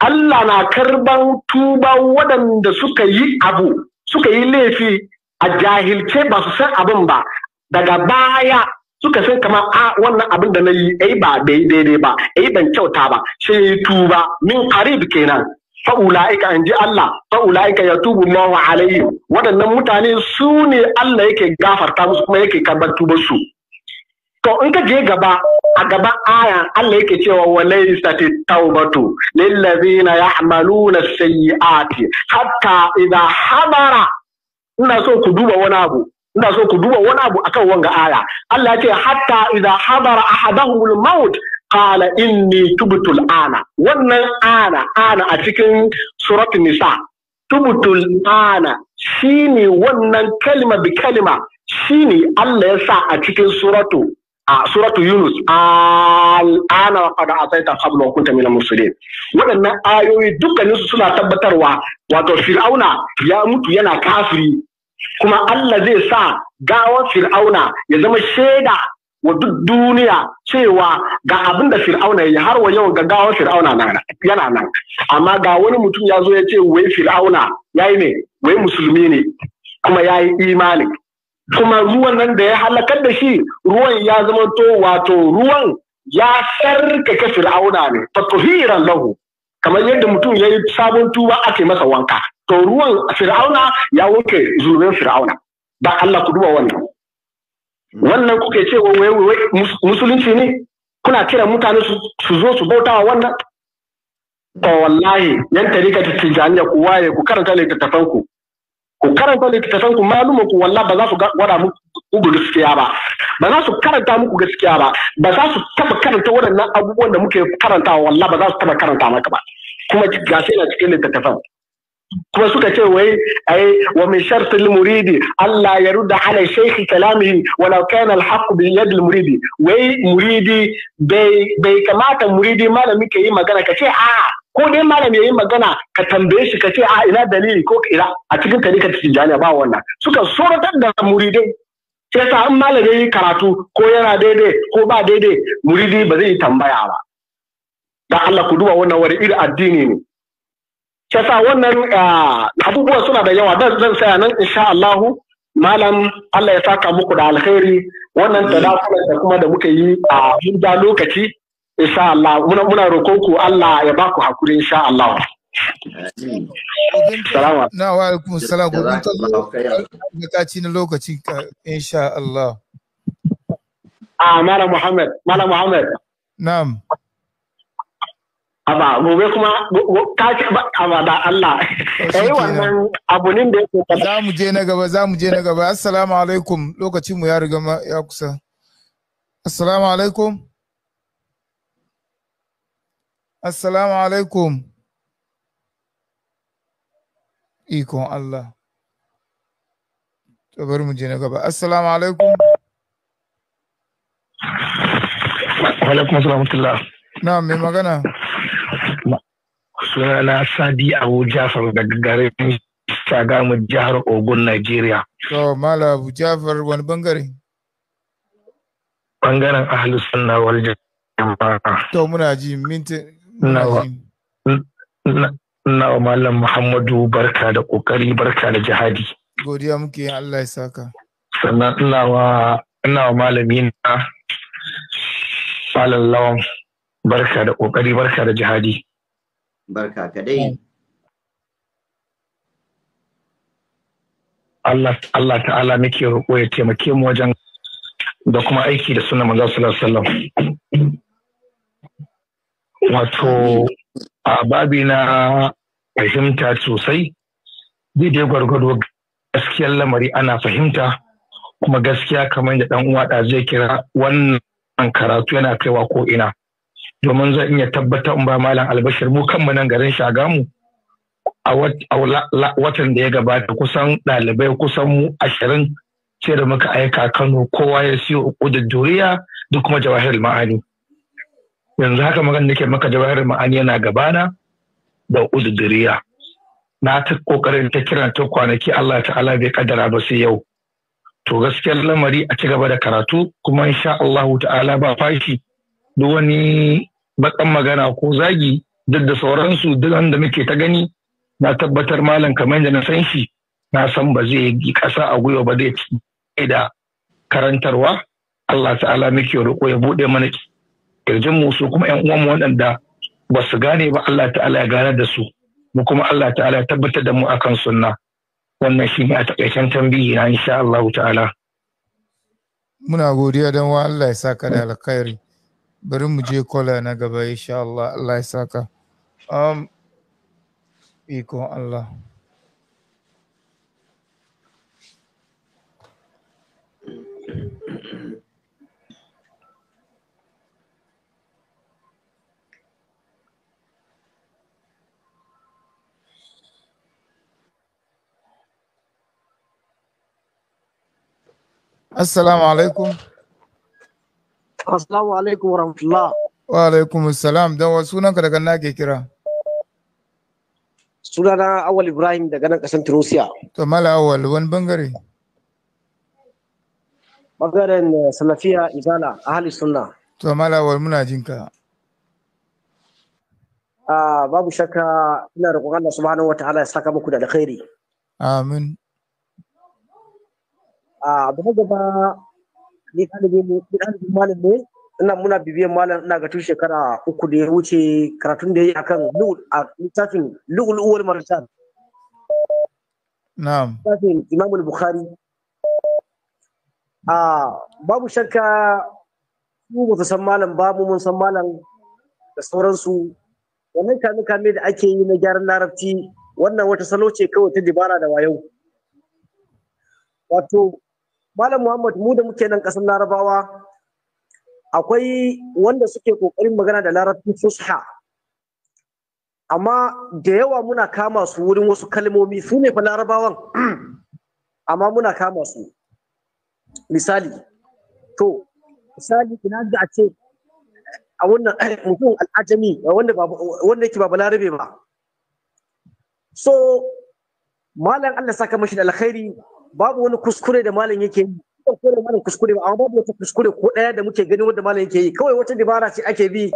Allah na karban tuba waɗanda suka yi abu suka yi laifi a jahilce ba su san abin ba daga baya suka san kamar a wannan abin da na yi ai ba daidai ba ai ban kyauta ba sai yi tuba min qarib kenan fa ulaika ji Allah fa ya yatubu Allahu alaihim waɗannan mutane su ne Allah yake gafarta musu kuma yake karban tubar su to in ka je gaba a gaban ayan Allah yake cewa wa laysat at-taubatu lil ladina ya'maluna sayyiati hatta idha habara ina so ku duba wani abu ina so ku duba wani abu akan wanga aya Allah ya ce hatta idha habara ahaduhumul maut qala inni tubtu ana wannan ana ana a cikin suratul nisa tubtul ana shine wannan kalma bi kalma shine Allah ya sa a cikin suratu a suratu yunus al'ana wa qad asaita qabla wa kunta minal mursalin waɗannan ayoyi su suna tabbatarwa wato fir'auna ya mutu yana kafiri kuma Allah zai sa gawar fir'auna ya zama shaida wa duk duniya cewa ga abin da fir'auna ya har wa yau ga gawar fir'auna yana nan amma ga wani mutum ya zo ya ce wai fir'auna yayi ne wai musulmi ne kuma yayi imani kuma ruwan nan da ya halakar da shi ruwan ya zama to wato ruwan ya sarkake fir'auna ne fatuhiran lahu kamar yadda mutum ya yi sabon tuba ake masa wanka to ruwan fir'auna ya wanke zunubin fir'auna ba Allah ku duba wannan wannan kuke cewa wai wai musulunci ne kuna kira mutane su zo su bautawa wannan to wallahi yan tarika tijaniya ku waye ku karanta littattafan ku ku karanta littattafan ku malumin ku walla ba za su gwada muku gaskiya ba ba za su karanta muku gaskiya ba ba za su taba karanta waɗannan abubuwan da muke karanta walla ba za su taba karanta maka ba kuma gashi yana cikin littattafan kuma suka ce wai ai wa min shartil muridi Allah ya rudda ala shaykhi kalamihi walau kana al-haqq bi yad al-muridi wai muridi bai bai kamata muridi malami ke yi magana ka ce a ko dai malami ya yi magana ka tambaye shi ka ce a ina dalili ko ina a cikin tarika cikin jami'a ba wannan suka suratar da muridai sai sa an malami yi karatu ko yana daidai ko ba daidai muridi ba zai tambaya ba dan Allah ku duba wannan wani irin addini ne kasa wannan eh, abubuwa suna da yawa don zan saya nan insha Allahu malam Allah ya saka muku da alkhairi wannan da da kuma da muka yi a hinda lokaci insha Allah muna muna roƙon ku Allah ya baku hakuri insha Allah. Salamu na wa alaikum salam ko kun lokaci na lokaci insha Allah. Ah malam Muhammad malam Muhammad. Na'am. Aba, gobe kuma ka ce ba da Allah. Eh wannan abunin da yake Za mu je na gaba, za mu je na gaba. Assalamu alaikum. Lokacin mu ya riga ya kusa. Assalamu alaikum. Assalamu alaikum. Ikon Allah. To bari mu je na gaba. Assalamu alaikum. Wa alaikum assalam. Na, mai magana? suna na Sadi Abu Jafar daga garin Sagamu jihar Ogun Najeriya. To Mala Abu Jafar wani bangare? Bangaren Ahlus Sunna wal Jama'a. To muna ji minti nawa. Nawa Malam Muhammadu barka da kokari barka da jihadi. Godiya muke Allah ya saka. Sannan ina wa ina wa malami na Malam Lawan barka da kokari barka da jihadi. barka ka dai Allah ta'ala nake roƙo ya taimake mu wajen da kuma aiki da sunan manzo sallallahu alaihi wasallam wato a babi na fahimta sosai dai gwargwado gaskiyar lamari ana fahimta kuma gaskiya kamar da ɗanuwa uwa da zai kira wannan karatu yana kaiwa ko ina domin zan iya tabbatar in ba malam albashir mu kanmu nan garin shagamu a watan da ya gabata kusan ɗalibai kusan mu ashirin sai da muka aika kano kowa ya siyo duriya da kuma jawahir ma'ani yanzu haka magana nake maka jawahir ma'ani yana gabana da duriya na ta kokarin ta kira ta kwanaki Allah ta'ala bai kaddara ba sai yau to gaskiyar lamari a ci gaba da karatu kuma insha Allah ta'ala ba fashi duk wani bakan magana ko zagi duk da sauransu duk wanda muke ta gani na tabbatar malam kamar da na san shi na san ba zai yi ƙasa a gwiwa ba zai ci da karantarwa Allah ta'ala muke roƙo ya buɗe mana kirjin mu su kuma ƴan uwanmu waɗanda ba su gane ba Allah ta'ala ya gane da su mu kuma Allah ta'ala ya tabbatar da mu akan sunna wannan shi ne a takaicen tambayi na insha Allah ta'ala muna godiya don wa Allah ya saka da alkhairi bari mu je kwala na gaba insha Allah Allah ya saka um ikon Allah Assalamu alaikum. Assalamu alaikum warahmatullah. Wa alaikum salam dan wasu sunanka daga na ke kira. Sunana Awal Ibrahim daga nan kasan Tunisia. To mala Awal wani bangare? Bangaren eh, Salafiya Izala Ahli Sunna. To mala Awal muna jinka. Uh, babu shakka ina da Allah subhanahu wa ta'ala ya saka muku da alkhairi. Amin. Uh, abu ba. ni ɗalibin malam ne ina muna bibiyar malam ina ga tun shekara uku da ya wuce karatun da ya yi kan littafin lu'ul marasar marjan na'am littafin imam bukhari a babu shakka mu ba san malam ba mu mun san malam da sauransu wannan kame kame da ake yi na gyaran larabci wannan wata salo ce kawai ta dibara da wayo wato Malam Muhammad mu da muke nan ƙasar Larabawa akwai wanda suke ƙoƙarin magana da Larabci fusha amma da yawa muna kama su wurin wasu kalmomi su ne fa larabawan amma muna kama su misali to misali ina ga a ce a wannan mutum al'ajami wanda wanda yake ba Larabe ba so malam Allah saka mashi da alkhairi babu wani kuskure da malam yake yi kuskure malam kuskure ba amma babu wata kuskure ko ɗaya da muke gani wanda malam yake yi kawai wata dabara ce ake bi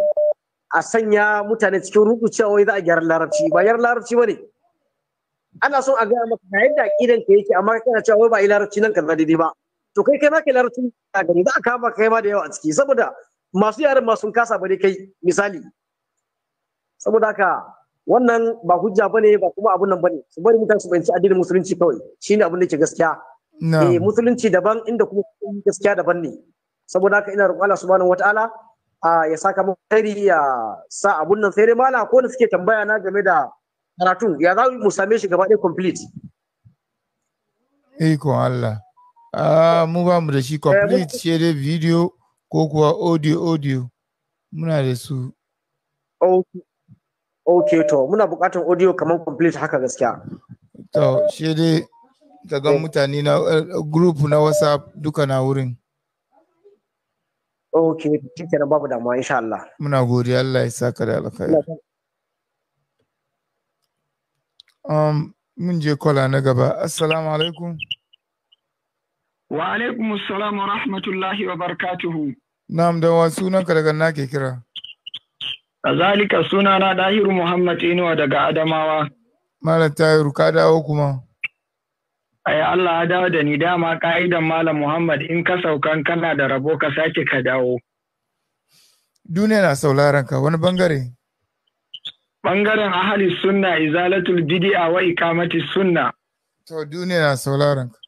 a sanya mutane cikin rudu cewa wai za a gyara larabci ba gyara larabci ba ana son a gaya maka ga yadda aqidan ka yake amma kana cewa wai ba a yi larabci nan kaza daidai ba to kai kai ma kai larabci a gani za a kama kai ma da yawa a ciki saboda masu yaran ma kasa ba kai misali saboda haka wannan ba hujja bane ba kuma abun nan bane su bari mutane su fahimci addinin musulunci kawai shine abin da yake gaskiya eh musulunci daban inda kuma gaskiya daban ne saboda haka ina roƙon Allah subhanahu wataala ya saka mu khairi ya sa abun nan sai dai mala ko ne suke tambaya na game da karatun ya za mu same shi gaba ɗaya complete ikon Allah mu ba mu da shi complete shi dai video ko kuwa audio audio muna da su ok to muna buƙatar audio kamar complete haka gaskiya to shi dai ga mutane na group na whatsapp duka na wurin ok kike na babu damuwa insha Allah muna godiya Allah ya saka da alkhairi um mun je kwala na gaba assalamu alaikum wa alaikum assalam wa rahmatullahi wa barakatuhu na'am da wa sunanka daga na ke kira Kazalika suna na Dahiru Muhammad Inuwa daga Adamawa. Malam Tahiru ka dawo kuma. yi Allah ya dawo da ni dama ka'idan Malam Muhammad in ka saukan kana da rabo ka sake ka dawo. Duniya na sauraron ka wani bangare? Bangaren ahali sunna izalatul a wa ikamati sunna. To duniya na sauraron ka.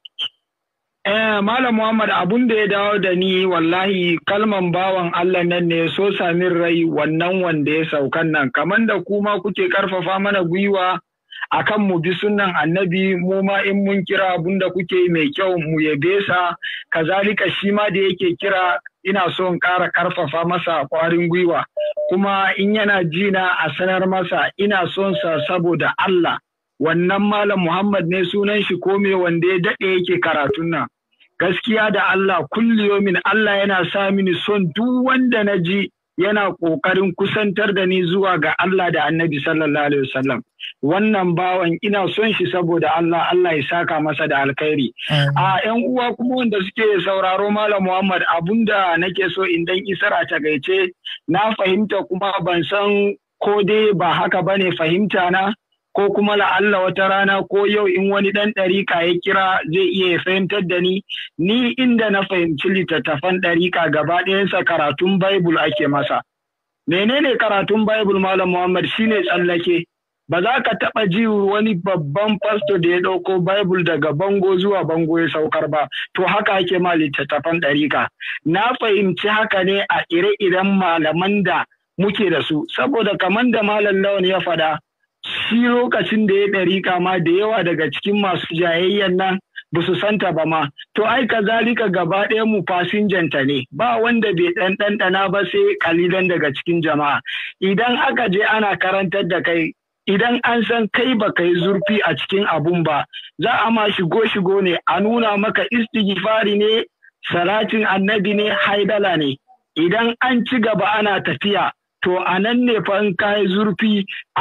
Eh, Malam Muhammad abun da ya dawo da ni wallahi kalman bawan Allah nan ne so samin rai wannan wanda ya saukan nan kamar da kuma kuke karfafa mana gwiwa akan mu bi sunan annabi mu ma in mun kira abun da kuke mai kyau mu ya besa kazalika shi ma da yake kira ina so in ƙara karfafa masa ƙwarin gwiwa kuma in yana jina a sanar masa ina son sa saboda Allah wannan Malam Muhammad ne sunan shi kome wanda ya daɗe yake karatun nan. gaskiya da Allah kulli yomin Allah yana sa mini son duk wanda na ji yana ƙoƙarin kusantar da ni zuwa ga Allah da annabi sallallahu alaihi wasallam wannan bawan ina son shi saboda Allah Allah ya saka masa da alkhairi a yan uwa kuma wanda suke sauraro malam Muhammad abunda nake so in dan isar ta gaice, na fahimta kuma ban san ko dai ba haka ba ne fahimta na ko kuma la'alla wata rana ko yau in wani ɗan ɗarika ya kira zai iya fahimtar da ni ni inda na fahimci littattafan ɗarika gaba ɗayansa karatun Bible ake masa. Menene karatun Bible Malam Muhammad shine tsallake ba za ka taɓa ji wani babban fasto da ya ɗauko Bible daga bango zuwa bango ya saukar ba, to haka ake ma littattafan ɗarika. Na fahimci haka ne a ire-iren malaman da muke da su, saboda kamar da Malam Lawan ya faɗa shi lokacin da ya ɗari kama da yawa daga cikin masu jayayyan nan ba su santa ba ma to ai ka zalika gaba ɗaya mu fasinjanta ne ba wanda bai ɗan ɗanɗana ba sai kalilan daga cikin jama'a idan aka je ana karantar da kai idan an san kai ba kai zurfi a cikin abun ba za a ma shigo shigo ne a nuna maka istighfari ne salatin annabi ne haidala ne idan an ci gaba ana tafiya to a nan ne fa in ka yi zurfi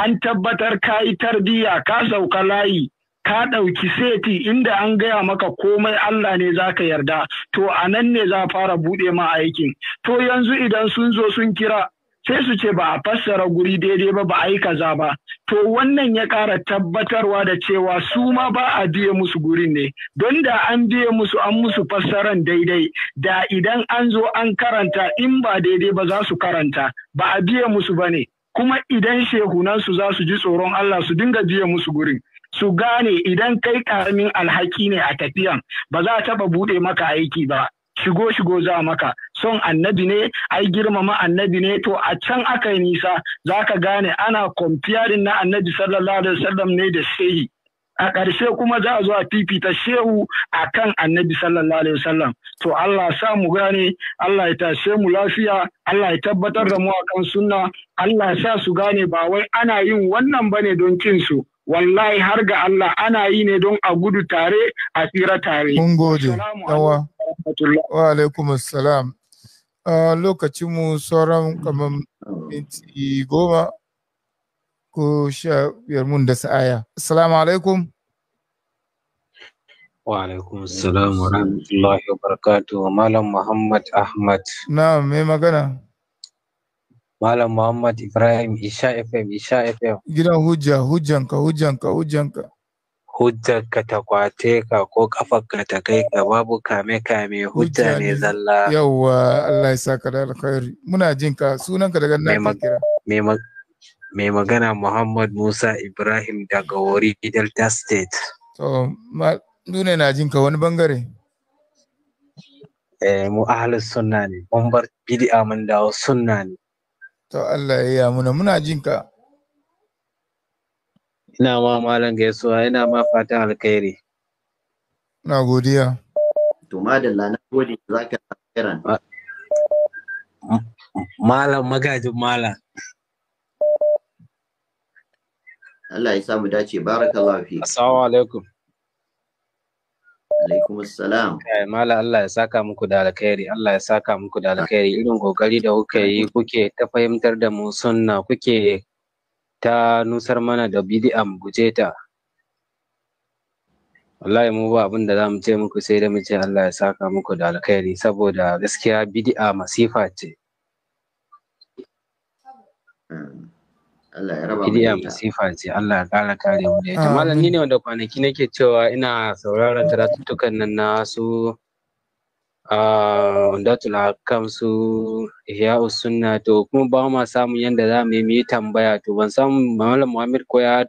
an tabbatar ka yi tarbiyya ka sauka layi ka ɗauki seti inda an gaya maka komai Allah ne za ka yarda to a nan ne za fara buɗe ma aikin to yanzu idan sun zo sun kira sai su ce ba a fassara guri daidai ba ba a yi kaza ba to wannan ya ƙara tabbatarwa da cewa su ma ba a biye musu gurin ne don da an biye musu an musu fassaran daidai da idan an zo an karanta in ba daidai ba za su karanta ba a biye musu ba ne kuma idan shehunansu za su ji tsoron Allah su dinga biye musu gurin su gane idan kai ƙaramin alhaki ne a tafiyan ba za a taɓa buɗe maka aiki ba shigo shigo za maka son annabi ne ai girmama annabi ne to a can aka yi nisa za ka gane ana kwamfiyarin na annabi sallallahu alaihi wasallam ne da shehi a ƙarshe kuma za a zo a fifita shehu a kan annabi sallallahu alaihi wasallam to Allah sa mu gane Allah ya tashe mu lafiya Allah ya tabbatar da mu a kan sunna Allah ya sa su gane ba wai ana yin wannan bane don kin su wallahi har ga Allah ana yi ne don a gudu tare a tsira tare. Mun gode. Yawa. Wa alaikum assalam. Lokacin mu sauran kamar minti goma ko sha biyar mun da sa'aya. Assalamu alaikum. Wa alaikum assalam wa rahmatullahi wa wa Malam Muhammad Ahmad. Na mai magana. Malam Muhammad Ibrahim Isha FM Isha FM. Gidan hujja hujjanka hujjanka hujjanka. Hujjanka ta kwate ka ko kafarka ta kai ka babu kame kame hujja ne zalla. Yawwa Allah ya saka da alkhairi. Muna jin ka sunanka daga nan kira. Mai magana Muhammad Musa Ibrahim daga wori Delta State. To ma nune na jin ka wani bangare. Eh mu ahlus sunna ne. Bambar bid'a mun dawo sunna ne. To Allah ya yi muna muna jin ka. Ina ma malam gaisuwa ina ma fatan alkhairi. Na godiya. To madalla na gode za ka kiran. Malam magajin malam. Allah ya samu dace barakallahu fi. Assalamu alaikum. alaikum assalam eh, mala Allah ya saka muku da alkhairi Allah ya saka muku da alkhairi irin kokari da kuke yi kuke ta fahimtar da mu sunna kuke ta nusar mana da bid'a mu guje ta wallahi mu ba abin da zamu ce muku sai da mu ce Allah ya saka muku da alkhairi saboda gaskiya bid'a masifa ce Allah ya raba mu masifa ce Allah ya kara kare mu da malam ni ne wanda kwanaki nake cewa ina sauraron taratuttukan nan na su Undatul Hakam su Ihya Sunna to kuma ba ma samun yanda za mu yi tambaya to ban samu Malam Muhammad ko ya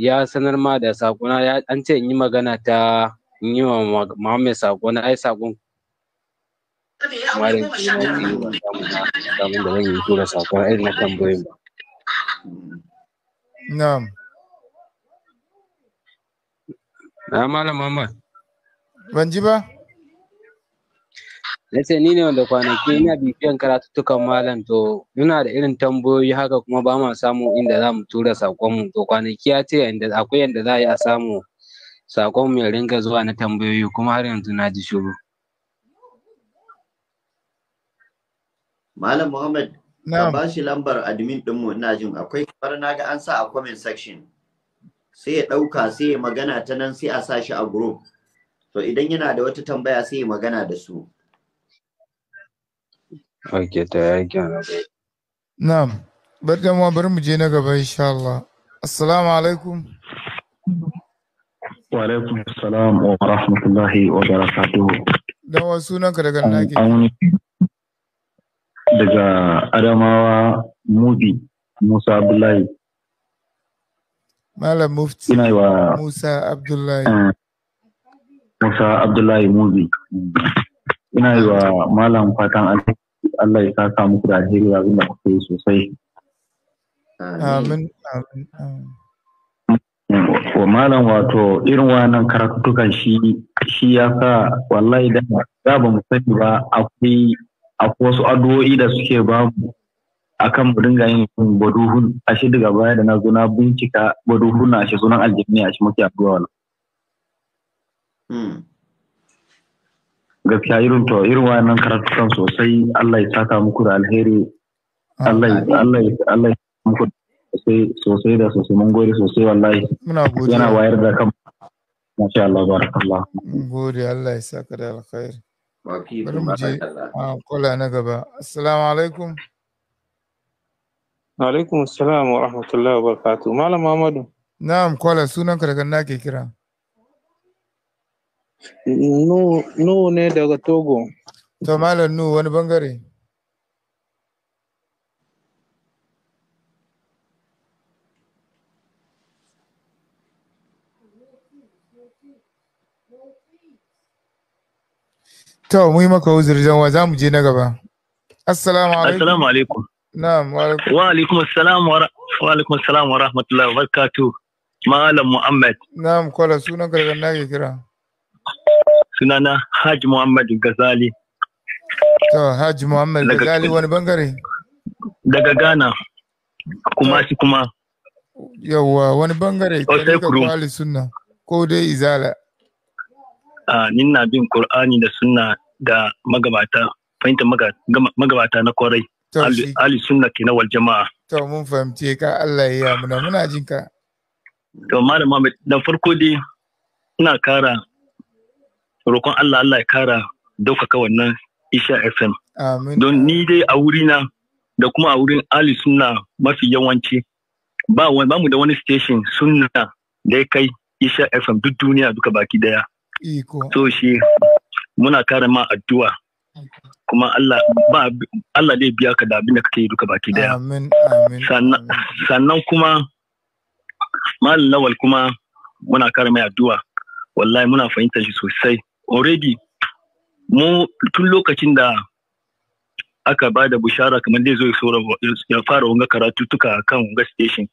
ya sanar ma da sakona ya an ce in yi magana ta in yi wa Muhammad sakona ai sakon Malam Muhammad da zan yi tura sakona irin na tambayoyin ba Na'am. Na Malam Muhammad. Ban ji ba? Na ce ni ne wanda kwanaki ina bibiyan karatuttukan malam to ina da irin tambayoyi haka kuma ba ma samu inda za mu tura saƙonmu to kwanaki ya ce akwai yadda za a yi a samu saƙonmu ya ringa zuwa na tambayoyi kuma har yanzu na ji shiru. Malam Muhammad ka ba shi lambar admin ɗinmu ina jin akwai kamar na ga an sa a comment section sai ya ɗauka sai ya magana ta nan sai a sa shi a group to idan yana da wata tambaya sai ya magana da su ok ta ya gyara na'am bar da bari mu je na gaba insha Allah assalamu alaikum wa alaikum assalam wa rahmatullahi wa barakatuh. dan wasu nan ka daga nake daga Adamawa Mubi Musa Abdullahi. Malam Mufti wa Musa Abdullahi. Eh, Musa Abdullahi Mubi. Ina yi wa Malam fatan Allah ya kasa muku da alheri abin da kuka yi sosai. Amin. Amin. Wa malam wato irin wannan karatutukan shi shi ya sa wallahi da ba mu sani ba akwai akwai wasu addu'o'i da suke bamu akan mu dinga yin baduhun ashe daga baya da na zo na bincika baduhun ashe sunan aljini ashe muke addu'a wala hmm. gaskiya irin to irin wannan karatukan sosai Allah ya saka muku da alheri Allah Allah Allah muku sosai sosai da sosai mun gode sosai wallahi muna gode yana wayar da kan masha Allah barakallah gode Allah ya saka da alheri bari mu je kwala na gaba assalamu alaikum alaikum assalam wa rahmatullahi wa barakatuh malam muhammadu na'am kwala sunanka daga na ke kira nu ne daga togo to malam nu wani bangare To mu yi maka uzuri zanwa za mu je na gaba. Assalamu alaikum. Assalamu alaikum. Na'am wa alaikum. Wa alaikum assalam wa alaikum assalam wa rahmatullahi wa barakatuh. Malam Muhammad. Na'am kwala sunan ka na ke kira. Sunana Haji Muhammad Gazali. To Haji Muhammad Gazali wani bangare? Daga Ghana. Kuma shi kuma. Yawwa wani bangare. Ko dai Izala. nina na bin Kur'ani da sunna da magabata fahimtar magabata na kwarai. Ali sunna ke na wal jama'a. To mun fahimce ka Allah ya muna muna jin ka. To Malam da farko dai ina kara roƙon Allah Allah ya kara daukaka wannan Isha FM. Don ni dai a wurina da kuma a wurin Ali sunna mafi yawanci ba mu da wani station sunna da ya kai Isha FM duk duniya duka baki daya. to shi muna kare ma addu'a kuma Allah ba Allah zai biya ka da abin da kake yi duka baki daya sannan kuma malam lawal kuma muna kare mai addu'a wallahi muna fahimtar shi sosai already mu tun lokacin da aka ba da bushara kamar dai zo ya fara wanga karatu karatutuka kan wanga station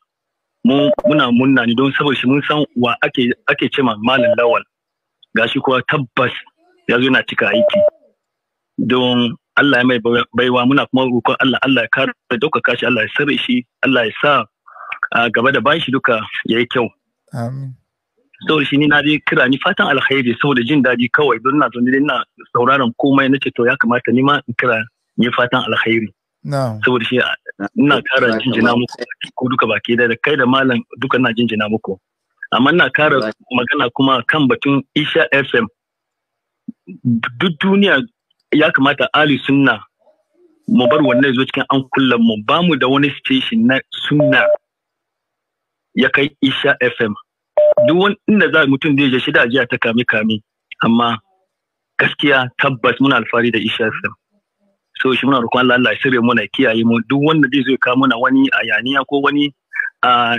mu muna munna ne don saboda shi mun san wa ake ake cema malam lawal gashi kuwa tabbas ya zo yana cika aiki don Allah ya mai baiwa muna kuma roƙon Allah Allah ya kare ɗaukaka shi Allah ya sare shi Allah ya sa a gaba da bashi duka ya yi kyau. Saboda shi ni na je kira ni fatan alkhairi saboda jin daɗi kawai don na zaune na sauraron komai na ce to ya kamata ni ma in kira ni fatan alkhairi. Saboda shi ina kara jinjina muku ko duka baki da kai da malam duka na jinjina muku. amma na kara magana kuma kan batun isha fm duk duniya ya kamata ali sunna mu bar wannan zo cikin an kullum mu ba mu da wani station na sunna ya kai isha fm duk wani inda za mutum zai je shida ajiya ta kame kame amma gaskiya tabbas muna alfahari da isha fm so shi muna roƙon Allah Allah ya sirre muna kiyaye mu duk wanda zai zo ya kawo muna wani ayaniya ko wani ah,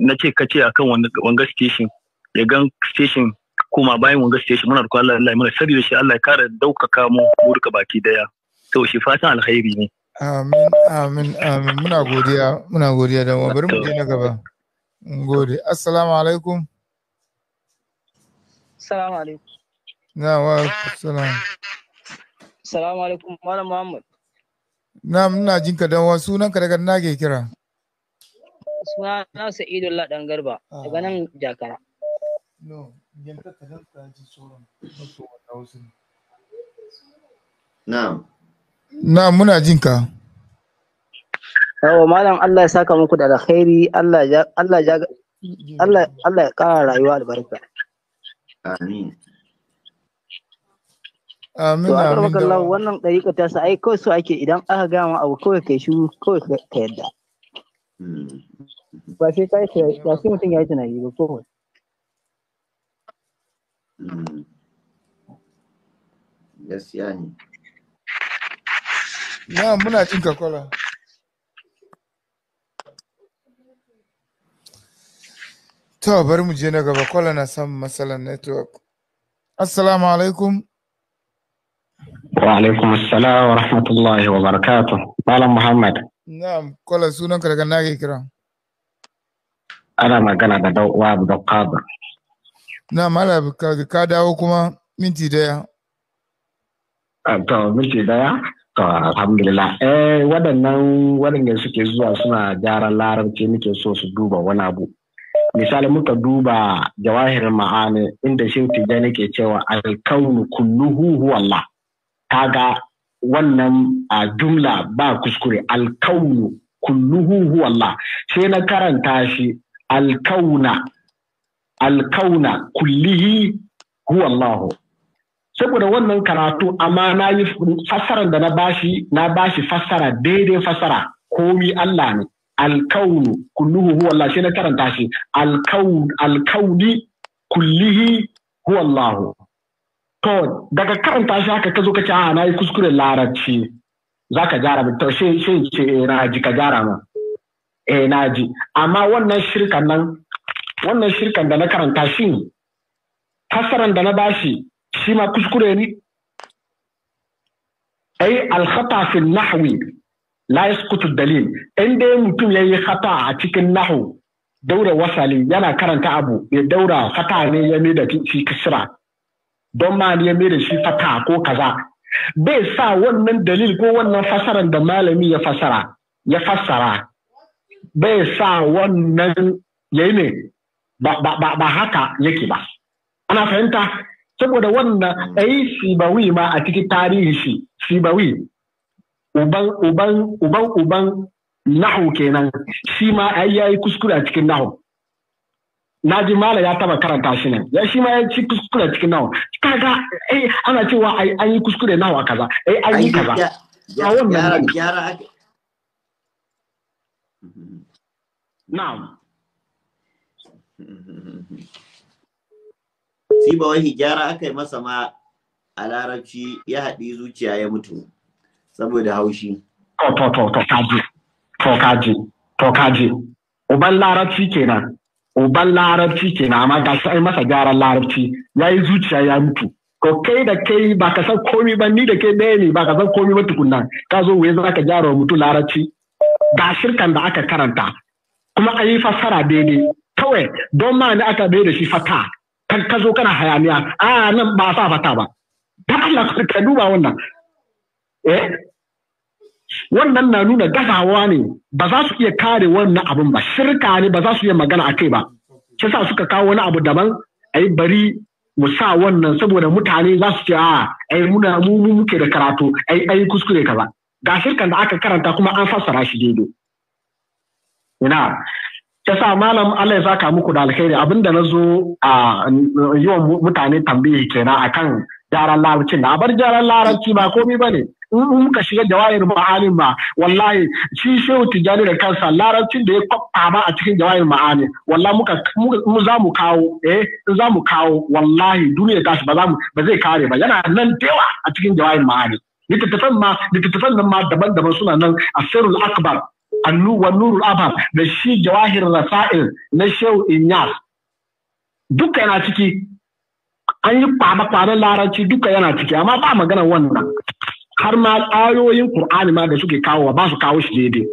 na ce kace akan wanga station ya gan station kuma bayan wanga station muna roƙon Allah Allah mana sirri da shi Allah ya kara daukaka mu burka baki daya to shi fatan alkhairi ne amin amin amin muna godiya muna godiya da mu bari mu je na gaba gode assalamu alaikum assalamu alaikum na wa assalam assalamu alaikum malam muhammad na muna jinka dan wa sunan ka daga nage kira suna na Sa'idullah dan Garba daga nan Jakara. No, yanta ta dan ta ji tsoron Na'am. Na'am muna jin ka. Yawa malam Allah ya saka muku da alkhairi Allah ya Allah ya Allah ya kara rayuwa albarka. Amin. Amin. To a wannan ɗariƙa ta sa ai kawai su ake idan aka gama abu kawai kai shi kawai ka yadda. Mm. ba sai ka yi ba sai mutum ya yi tunani ba ko mm. gaskiya ne na muna cin kakola to bari mu je na gaba kola na samun matsalar network assalamu alaikum wa alaikum assalam wa rahmatullahi wa barakatuh malam muhammad Na'am, kola sunan ka daga nake kira. Ana magana da dan uwa Abdul Qadir. Na mala ka dawo kuma minti daya. Ah, to minti daya? To alhamdulillah. Eh waɗannan waɗanda suke zuwa suna gyaran larabci muke so su duba wani abu. Misali muka duba jawahirin ma'ani inda shi tijani ke cewa alkaunu kulluhu huwallah. ga. wannan a jumla ba kuskure alkaunu kulluhu huwa Allah sai na karanta shi alkauna alkauna kullihi huwa saboda wannan karatu amma na yi fassarar da na bashi na bashi fassara daidai fassara komi Allah ne alkaunu kulluhu huwa Allah sai na karanta shi alkauni kullihi huwa Allah to daga karanta shi haka ka zo ka ce a ah, na yi kuskure larabci za ka gyara to shi shi ce eh, na ji ka gyara ma eh na ji amma wannan shirkan nan wannan shirkan da na karanta shi kasaran da na bashi shi ma kuskure ne ai alkhata fi nahwi la yasqutu dalil in dai mutum yayi khata a cikin nahwu daura wasali yana karanta abu ya daura khata ne ya mai da shi kisra don ma ya mai da shi fata ko kaza bai sa wannan dalil ko wannan fasaran da malami ya fasara ya fassara bai sa wannan yayi ne ba haka yake ba ana fahimta saboda wannan ai sibawi ma a cikin tarihi shi sibawi uban uban uban uban nahu kenan shi ma ai yayi kuskure a cikin nahu na ji mala ya taba karanta shi nan ya shi ma ya ci kuskure cikin nawa kaga eh ana cewa ai an yi kuskure nawa kaza eh an yi kaza a wannan gyara na'am ba wani gyara aka yi masa ma a larabci ya haɗi zuciya ya mutu saboda haushi. To, to, to, to, kaji, to, kaji, to, kaji, uban larabci kenan. uban larabci ke na amma gashi ai masa gyaran larabci ya yi zuciya ya mutu ko kai da kai ba ka san komi ba ni da kai ɗaya ne ba ka san komi ba tukunna ka zo wuya za ka gyara wa mutu larabci ga shirkan da aka karanta kuma an yi fassara daidai kawai don ma ne aka bai da shi fata kan ka zo kana hayaniya a ah, nan ba sa fata ba ta Allah ka duba wannan eh wannan na nuna gazawa ne ba za su iya kare wannan abun ba shirka ne ba za su iya magana a kai ba shi sa suka kawo wani abu daban a yi bari mu sa wannan saboda mutane za su ce a yi muna mu muke da karatu a yi kuskure kaza ga shirkan da aka karanta kuma an fassara shi daidai ina ta sa malam Allah ya saka muku da alkhairi abinda na zo a yawan mutane tambayi kenan akan jaran larabci na bar jaran larabci ba komai bane muka shiga jawahir ma'anin ma wallahi shi shehu tijjani da kansa larabcin da ya kwaba a cikin jawahir ma'anin wallahi muka mu za mu kawo eh za mu kawo wallahi duniya ta ba za mu ba zai kare ba yana nan tewa a cikin jawahir ma'anin littattafan ma littattafan nan ma daban-daban suna nan asirul akbar annu wa nurul abar da shi jawahir rasail na shehu inyas duka yana ciki an yi kwaba-kwaben larabci duka yana ciki amma ba magana wannan har ma ayoyin Kur'ani ma da suke kawo ba su kawo shi daidai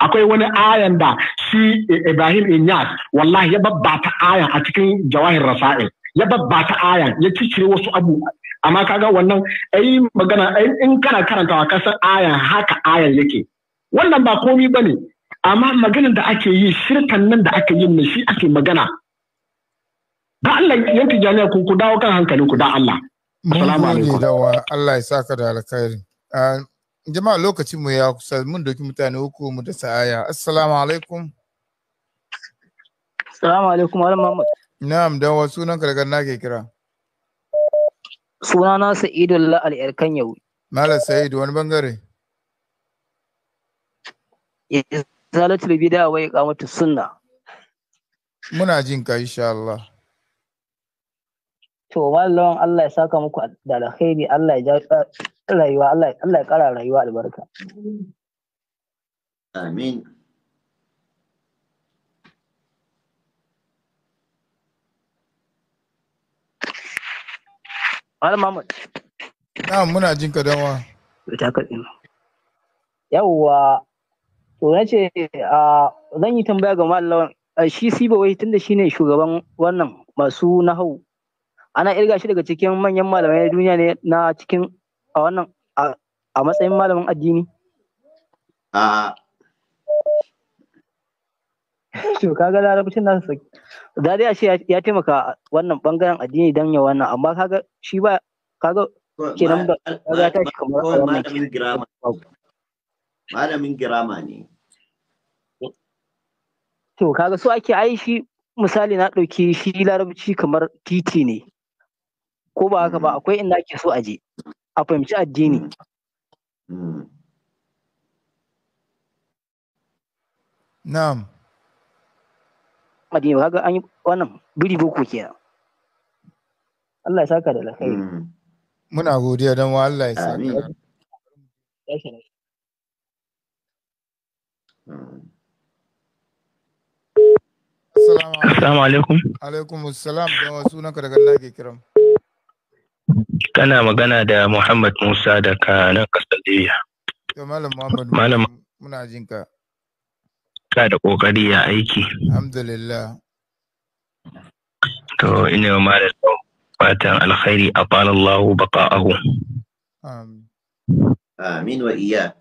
akwai wani ayan da shi Ibrahim Inyas wallahi ya babbata ayan a cikin jawahir rasa'il ya babbata ayan ya cicire wasu abu amma kaga wannan ai magana in kana karantawa kasan ayan haka ayan yake wannan ba komi bane amma maganar da ake yi shirkan nan da aka yi ne shi ake magana ba Allah yanki jami'a ku ku dawo kan hankali ku da Allah Assalamu alaikum. Dawa Allah ya saka da alkhairi. Jama'a lokacin mu ya kusa mun doki mutane uku mu da sa'aya. Assalamu alaikum. Assalamu alaikum Malam Muhammad. Na'am dawa sunan daga na ke kira. Suna Sunana Sa'idullah Al-Yarkan yau. Malam Sa'id wani bangare? Zalatul bid'a wa iqamatu sunna. Muna jin ka insha Allah. to mallam Allah ya saka muku da alkhairi Allah ya ja rayuwa Allah ya kara rayuwa albarka amin Malam Mahmud. Na muna jin ka dawa. Yawwa to na ce zan yi tambaya ga malam shi Sibo wai tunda shine shugaban wannan masu nahau ana irga shi daga cikin manyan malamai na duniya ne na cikin a wannan a matsayin malamin addini a to ga larabcin nan sai da dai ashe ya taimaka wannan bangaren addini don ya wannan amma kaga shi ba kaga kenan ba kaga ta shi kamar malamin girama malamin girama ne to kaga so ake ai shi misali na ɗauki shi larabci kamar titi ne ko ba haka ba mm. akwai inda ake so a je a fahimci addini mm. Mm. na'am addini ba an yi wannan biri boko ke Allah ya saka da lafiya muna godiya don wa Allah ya saka Assalamu alaikum. Alaikum assalam. Yawa sunanka daga Allah ke kiran. kana magana da Muhammad Musa daga nan kasar Libya. To Malam Muhammad Malam muna jin ka. Ka da kokari ya aiki. Alhamdulillah. To ina ma da fatan alkhairi a Allahu baqa'ahu. Amin. Amin wa iya.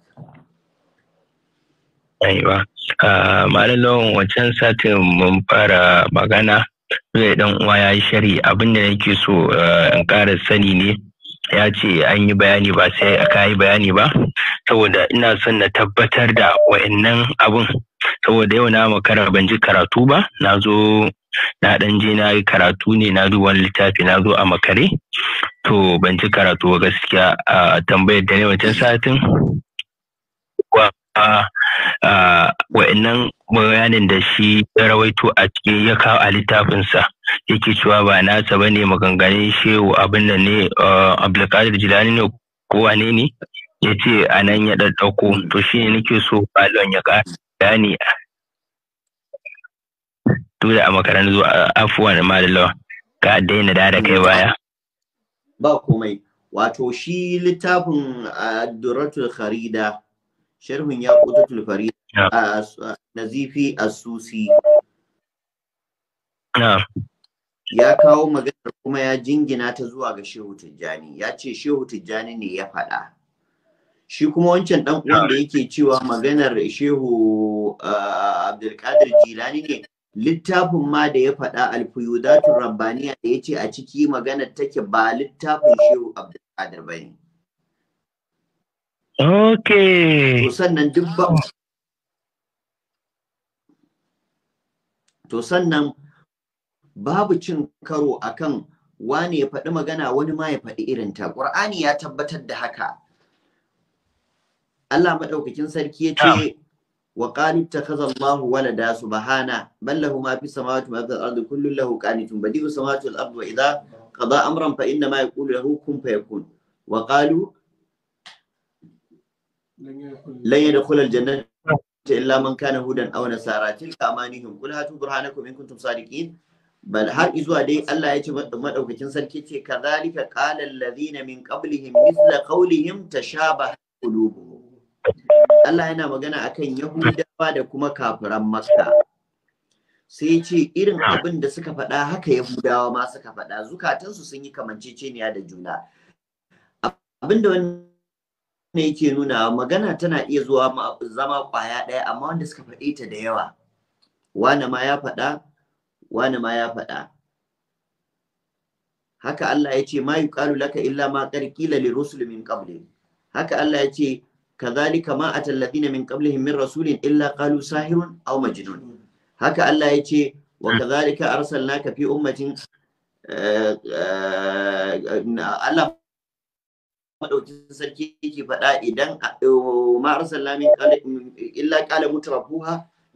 Aiwa. Ah, Malam lawan wancan satin mun fara magana zai dan uwa ya yi shari da nake so eh, in ƙara sani ne ya ce an yi bayani ba sai aka yi bayani ba saboda ina son na tabbatar da wa'annan abun saboda yau na makara ban ji karatu ba na zo na dan je na yi karatu ne na duba wani littafi na zo a makare to ban ji karatu gaskiya a tambayar da ne wancan satin wa'annan bayanin da shi ya rawaito a cikin ya kawo a littafinsa yake cewa ba nasa ba ne maganganun shehu abin da ne abdulkadir jilani ne ko wane ne ya ce a nan ya ɗaɗɗauko to shi ne nake so balon ya ƙara bayani to da a makarantar zuwa afuwan malalawa ka daina da da kai baya ba komai wato shi littafin duratun kharida sharhun ya kuta tulfari a nazifi asusi ya kawo maganar kuma ya jingina ta zuwa ga shehu tijjani ya ce shehu tijjani ne ya faɗa shi kuma wancan dan uwan da yake cewa maganar shehu abdulkadir jilani ne littafin ma da ya faɗa alfuyudatun rabbaniya da ya ce a ciki maganar take ba littafin shehu abdulkadir ba ne To sannan babu cin karo akan wane ya faɗi magana wani ma ya faɗi ta, Ƙur'ani ya tabbatar da haka. Allah maɗaukakin sarki ya ce wa qanit takhadha Allahu walada subhana bal lahu ma fi samawati wa ma fi ardi kullu lahu qanitun badi'u samawati wal ardi wa idha qada amran fa inna ma yaqulu lahu kun fayakun wa qalu lan yadkhul aljannata illa man kana hudan aw nasara tilka amanihum qul hatu burhanakum in kuntum sadiqin bal har izuwa dai Allah ya ce madaukakin sarki ce kadhalika qala alladhina min qablihim mithla qawlihim tashabaha qulubuhum Allah yana magana akan Yahudawa da kuma kafiran Makka sai ce irin abin da suka faɗa haka Yahudawa ma suka faɗa zukatansu sun yi kamanceceniya da juna abin da wani ne yake nuna magana tana iya zuwa zama kwaya ɗaya amma wanda suka faɗe ta da yawa wane ma ya faɗa wane ma ya faɗa haka Allah ya ce ma yuqalu laka illa ma ƙarƙi qila li rusul min qabli haka Allah ya ce kadhalika ma atal ladina min qablihim min rasulin illa qalu sahirun aw majnun haka Allah ya ce wa kadhalika arsalnaka fi ummatin eh, eh, Allah madaukin sarki yake faɗa idan eh, ma arsalna min illa qala mutrafuha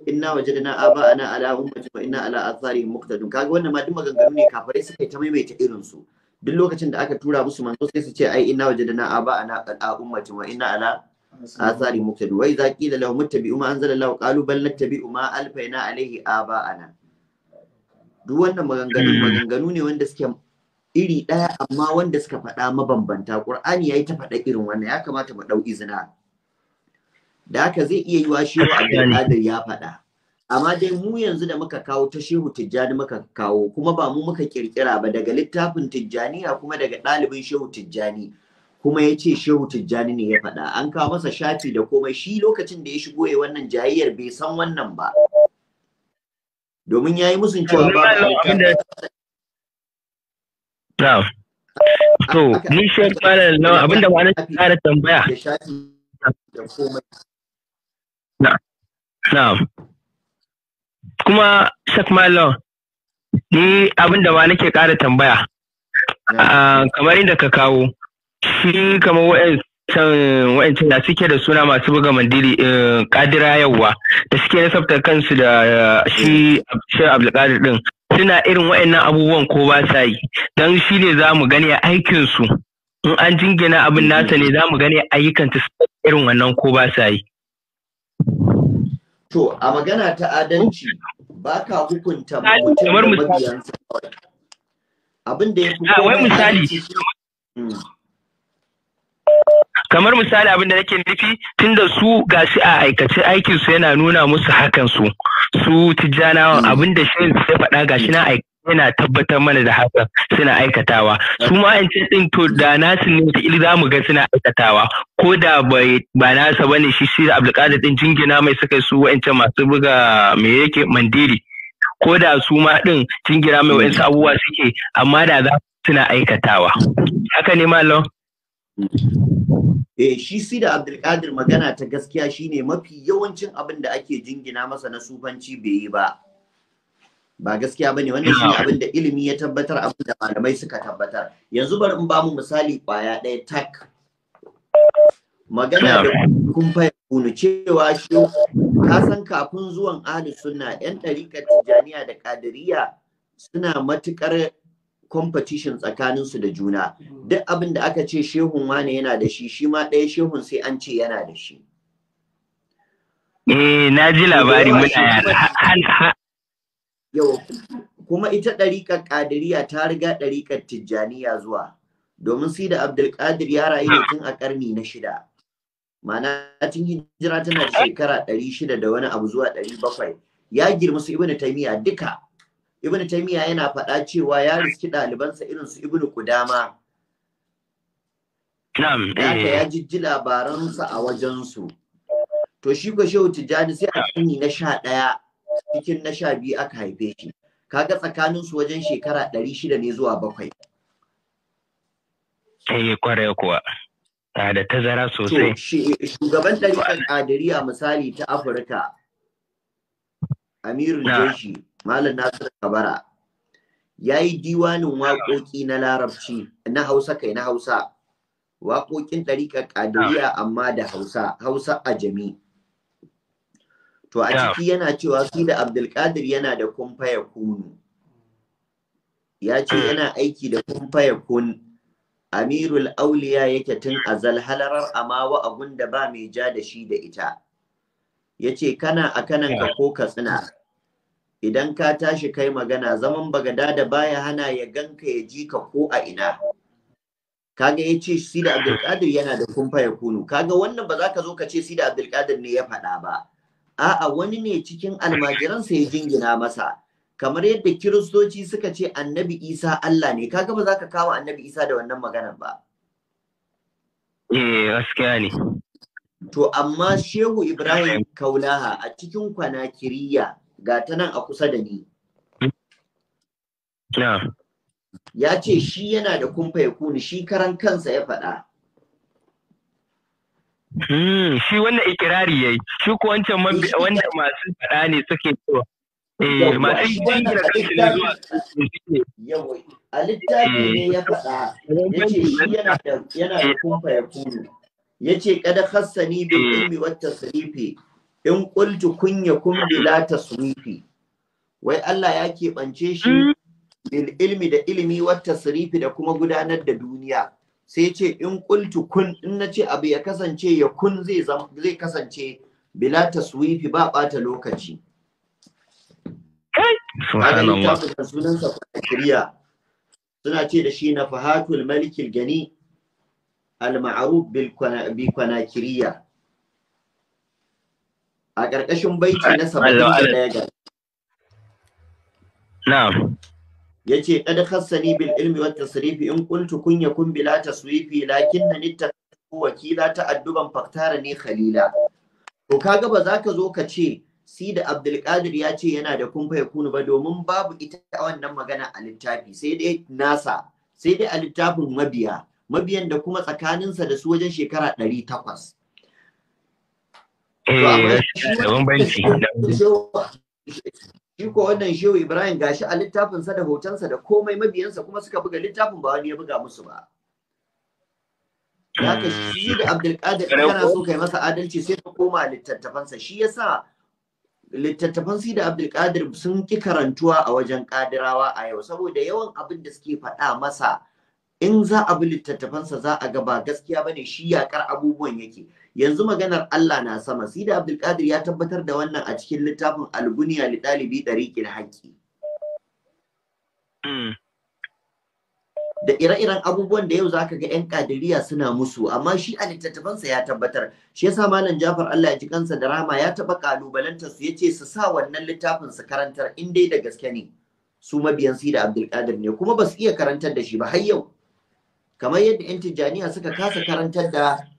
inna wajadna aba'ana ala ummati wa inna ala atharihim muqtadun kaga wannan ma duk maganganu ne kafirai suka yi ta maimaita irin su duk lokacin da aka tura musu manzo sai su ce ai inna wajadna aba'ana ala ummati wa inna ala atharihim muqtadun wa idza qila lahum ittabi'u ma anzala Allah qalu bal nattabi'u ma alfayna alayhi aba'ana duk wannan maganganu hmm. maganganu ne wanda suke iri ɗaya amma wanda suka faɗa mabambanta ƙur'ani ya yi ta faɗa irin wannan ya kamata mu ɗau izina da haka zai iya yiwa shehu abdulkadir ya faɗa amma dai mu yanzu da muka kawo ta shehu tijjani muka kawo kuma ba mu muka kirkira ba daga littafin tijjaniya kuma daga ɗalibin shehu tijjani kuma ya ce shehu tijjani ne ya faɗa an kawo masa shafi da komai shi lokacin da ya shigo ya wannan jayayyar bai san wannan ba domin ya yi musun cewa ba to ah, ni fara malam lawa abinda ba na tsara tambaya na na kuma shek ni abinda ma nake ƙara tambaya ah, kamar inda ka kawo shi kamar wa'ancan da suke da suna masu buga mandiri eh, kadira yawwa da suke nasabta kansu da eh, shi abdulkadir din suna irin wa'annan abubuwan ko ba sa yi don shi ne za mu gani a aikinsu in an jingina abin nasa ne za mu gani ayyukan ta irin wannan ko ba sa yi. To a magana ta adalci ba ka hukunta mutum da mabiyansa abin da ya fi kuma ah, kamar misali abin da nake nufi tunda su ga su a aikace aikin su yana nuna musu hakan su su tijjana hmm. abin da shi sai faɗa ga na yana tabbatar mana da hakan suna aikatawa su ma an din to da nasu ne ta za mu ga suna aikatawa ko da ba nasa bane shi shi Abdulkadir din jingina mai suka su wa'ancan masu buga me yake mandiri ko da su ma din jingina mai wa'ancan abubuwa suke amma da za suna aikatawa haka ne malam Eh shi da Abdulkadir magana ta gaskiya shine mafi yawancin abin da ake jingina masa na sufanci bai yi ba. Ba gaskiya bane wannan shi abin da ilimi ya tabbatar abin da malamai suka tabbatar. Yanzu bari in ba mu misali kwaya ɗaya tak. Magana da kun kunu cewa shi ka san kafin zuwan Ahlus Sunna 'yan ɗariƙar Tijjaniya da Qadiriyya suna matuƙar. competition tsakanin su da juna mm. duk abin da aka ce shehun wane yana da shi shi ma ɗaya shehun sai an ce yana da shi eh na ji labari muna yau kuma ita ɗariƙar ƙadiriya ta riga ɗariƙar tijjaniya zuwa domin sai da abdulkadir ya rayu tun a ƙarni na shida ma'ana tun hijira tana da shekara ɗari shida da wani abu zuwa ɗari bakwai ya girma su ibnu taimiya duka ibnu taymiya yana faɗa cewa ya riski ɗalibansa irin su ibnu kudama na'am ya eh. jijji labaransa a wajensu to shi ko shehu tijjani sai a karni na sha ɗaya cikin na sha biyu aka haife shi kaga tsakanin su wajen shekara ɗari shida ne zuwa bakwai eh kware kuwa na da tazara sosai shugaban ɗariƙar ƙadiriya misali ta afirka amirul jeshi Malam Nasiru Kabara ya yi diwanin waƙoƙi na larabci na Hausa kai na Hausa waƙoƙin ɗariƙar ƙadiriya amma da Hausa Hausa a jami. To a ciki yana cewa su da Abdulkadir yana da kumfaya kunu. Ya ce hmm. yana aiki da kumfaya kun Amirul Auliya yake tun azal halarar amawa abun da ba mai ja da shi da ita. Ya ce kana a kananka ko katsina. idan ka tashi kai magana zaman bagada da baya hana ya ganka ya ji ka ko a ina kaga ya ce shi da abdulkadir yana da kumfa ya kunu kaga wannan ba za ka zo ka ce si da abdulkadir ne ya faɗa ba a'a wani ne cikin almajiransa ya jingina masa kamar yadda kiristoci suka ce annabi isa allah ne kaga ba za ka kawo annabi isa da wannan maganar ba eh gaskiya ne to amma shehu ibrahim kaulaha a cikin kwanakiriya ga ta nan a kusa da ni ya ce shi yana da kumfa ya kuni shi karan kansa ya faɗa hmm, shi wannan ikirari yayi shi ko wancan eh, wanda masu faɗa ne suke cewa a littafi eh. ne ya faɗa ya ce shi yana da kumfa ya kuni ya ce kada hassani bin eh. ilmi wata sarife in kunya kun bila tasrifi wai Allah ya keɓance shi bil hmm. ilmi da ilimi wa tasrifi da kuma gudanar da duniya sai ce in qultu kun in nace abu ya kasance ya kun zai zai kasance bila taswifi ba bata lokaci subhanallah sunansa suna ce da shi na fahatul malikil gani al-ma'ruf bil kwanakiriya a ƙarƙashin baiti na saba'in da ɗaya ga ce, yace qad bil ilmi wata tasrif in qultu kun yakun bila taswifi lakinnani taku wakila ta adduban faktara ne khalila to kaga ba za ka zo ka ce si da abdulkadir ya ce yana da kun kunu ba domin babu ita wannan magana a littafi sai dai nasa sai dai a littafin mabiya mabiyan da kuma tsakaninsa da su wajen shekara ɗari takwas Eh, iko shi ko wannan shehu ibrahim ga shi a littafinsa da hotonsa da komai mabiyansa kuma suka buga littafin ba wani ya buga musu ba haka shi da abdulkadir kana so kai masa adalci sai ka koma littattafansa shi ya littattafan si da abdulkadir sun ki karantuwa a wajen kadirawa a yau saboda yawan abin da suke faɗa masa in za a bi littattafansa za a ga ba gaskiya bane shi yakar abubuwan yake yanzu maganar Allah na sama Si Sida Abdulkadir ya tabbatar da wannan a cikin littafin Al-Bunya li dalibi dariqil haqqi hmm. da ire-iren abubuwan da yau zaka ga 'yan kadiriya suna musu amma shi a littattafansa ya tabbatar shi yasa malam jafar Allah ya ji kansa da rama ya taɓa kalubalanta su ya ce su sa wannan littafin su karantar in dai da gaske ne su mabiyan da abdulkadir ne kuma ba su iya karantar da shi ba har yau kamar yadda 'yan tijjaniya suka kasa karantar da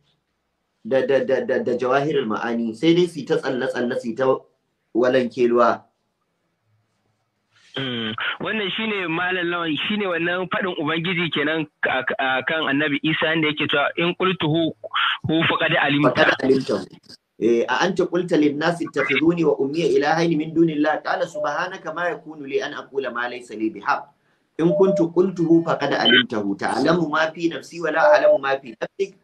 da da da da, da ma'ani sai dai su ta tsalle tsalle su ta walanke ruwa hmm. wannan shine malam lawan shine wannan faɗin ubangiji kenan kan annabi isa inda yake cewa in qultuhu hu faqad alimta eh, a an ta qulta lin nasi ittakhizuni wa ummi ilahaini min dunillah qala subhanaka ma yakunu li an aqula ma laysa li bihaq in kuntu qultuhu faqad alimtahu ta'lamu ma fi nafsi wa la a'lamu ma fi nafsik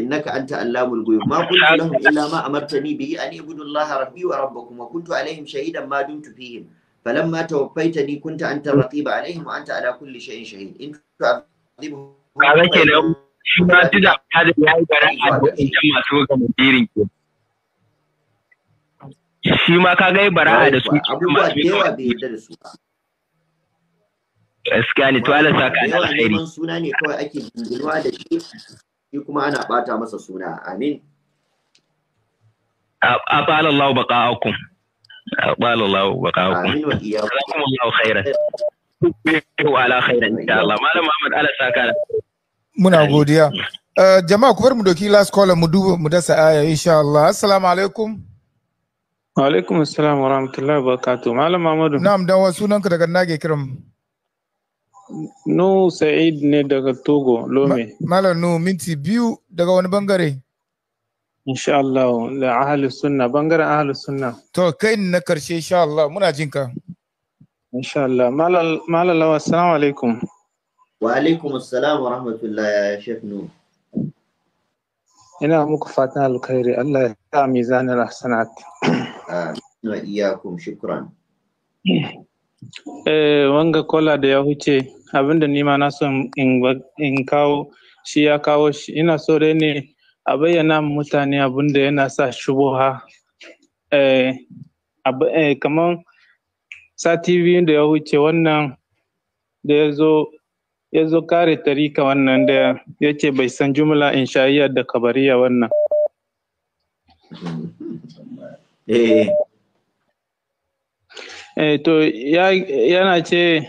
innaka anta allamul ghuyub ma kuntu lahum illa ma amartani bihi an ibudu Allah rabbi wa rabbakum wa kuntu alaihim shahidan ma dumtu fihim falamma tawaffaytani kunta anta raqiba alaihim wa anta ala kulli shay'in shahid in tu'adhibu kaga kenan shi ba tuda ya da yayi garan addu'in masu ga mudirin ke shi ma ka gai bara'a da su abubuwa da yawa bai yadda da su gaskiya ne to Allah saka da alheri suna ne kawai ake jinginuwa da shi shi kuma ana bata masa suna amin a abalallahu baqa'akum abalallahu baqa'akum amin wa iyyakum Allahu khairan wa ala khairan insha Allah malam Muhammad Allah saka muna godiya eh, jama'a ku bar mu doki last call mu duba mu dasa aya insha Allah assalamu alaikum wa alaikum assalam wa rahmatullahi wa barakatuh malam Muhammad na'am dan wa sunanka daga nage kiran No Sa'id ne daga Togo, Lome. Malam Nuhu minti biyu daga wani bangare? Insha Allah, da ahli sunna, bangaren ahli sunna. To, kai na karshe insha Allah, muna jin ka. Insha Allah. Malam Lawa, assalamu alaikum. Wa alaikum assalam wa rahmatullahi ya Sheikh Nu. Ina muku fatan alkhairi, Allah ya ta mizanin hasanat. Ah, na iyakum shukran. eh wanga kola da ya huce abinda ni ma na son in kawo shi ya kawo shi ina so dai ne a bayyana mutane abinda yana sa shubuha eh, eh kamar sati biyu da ya huce wannan da ya zo ya zo kare tarika wannan da ya ce bai san jumla insha'iyya da kabariya wannan eh eh to yana ce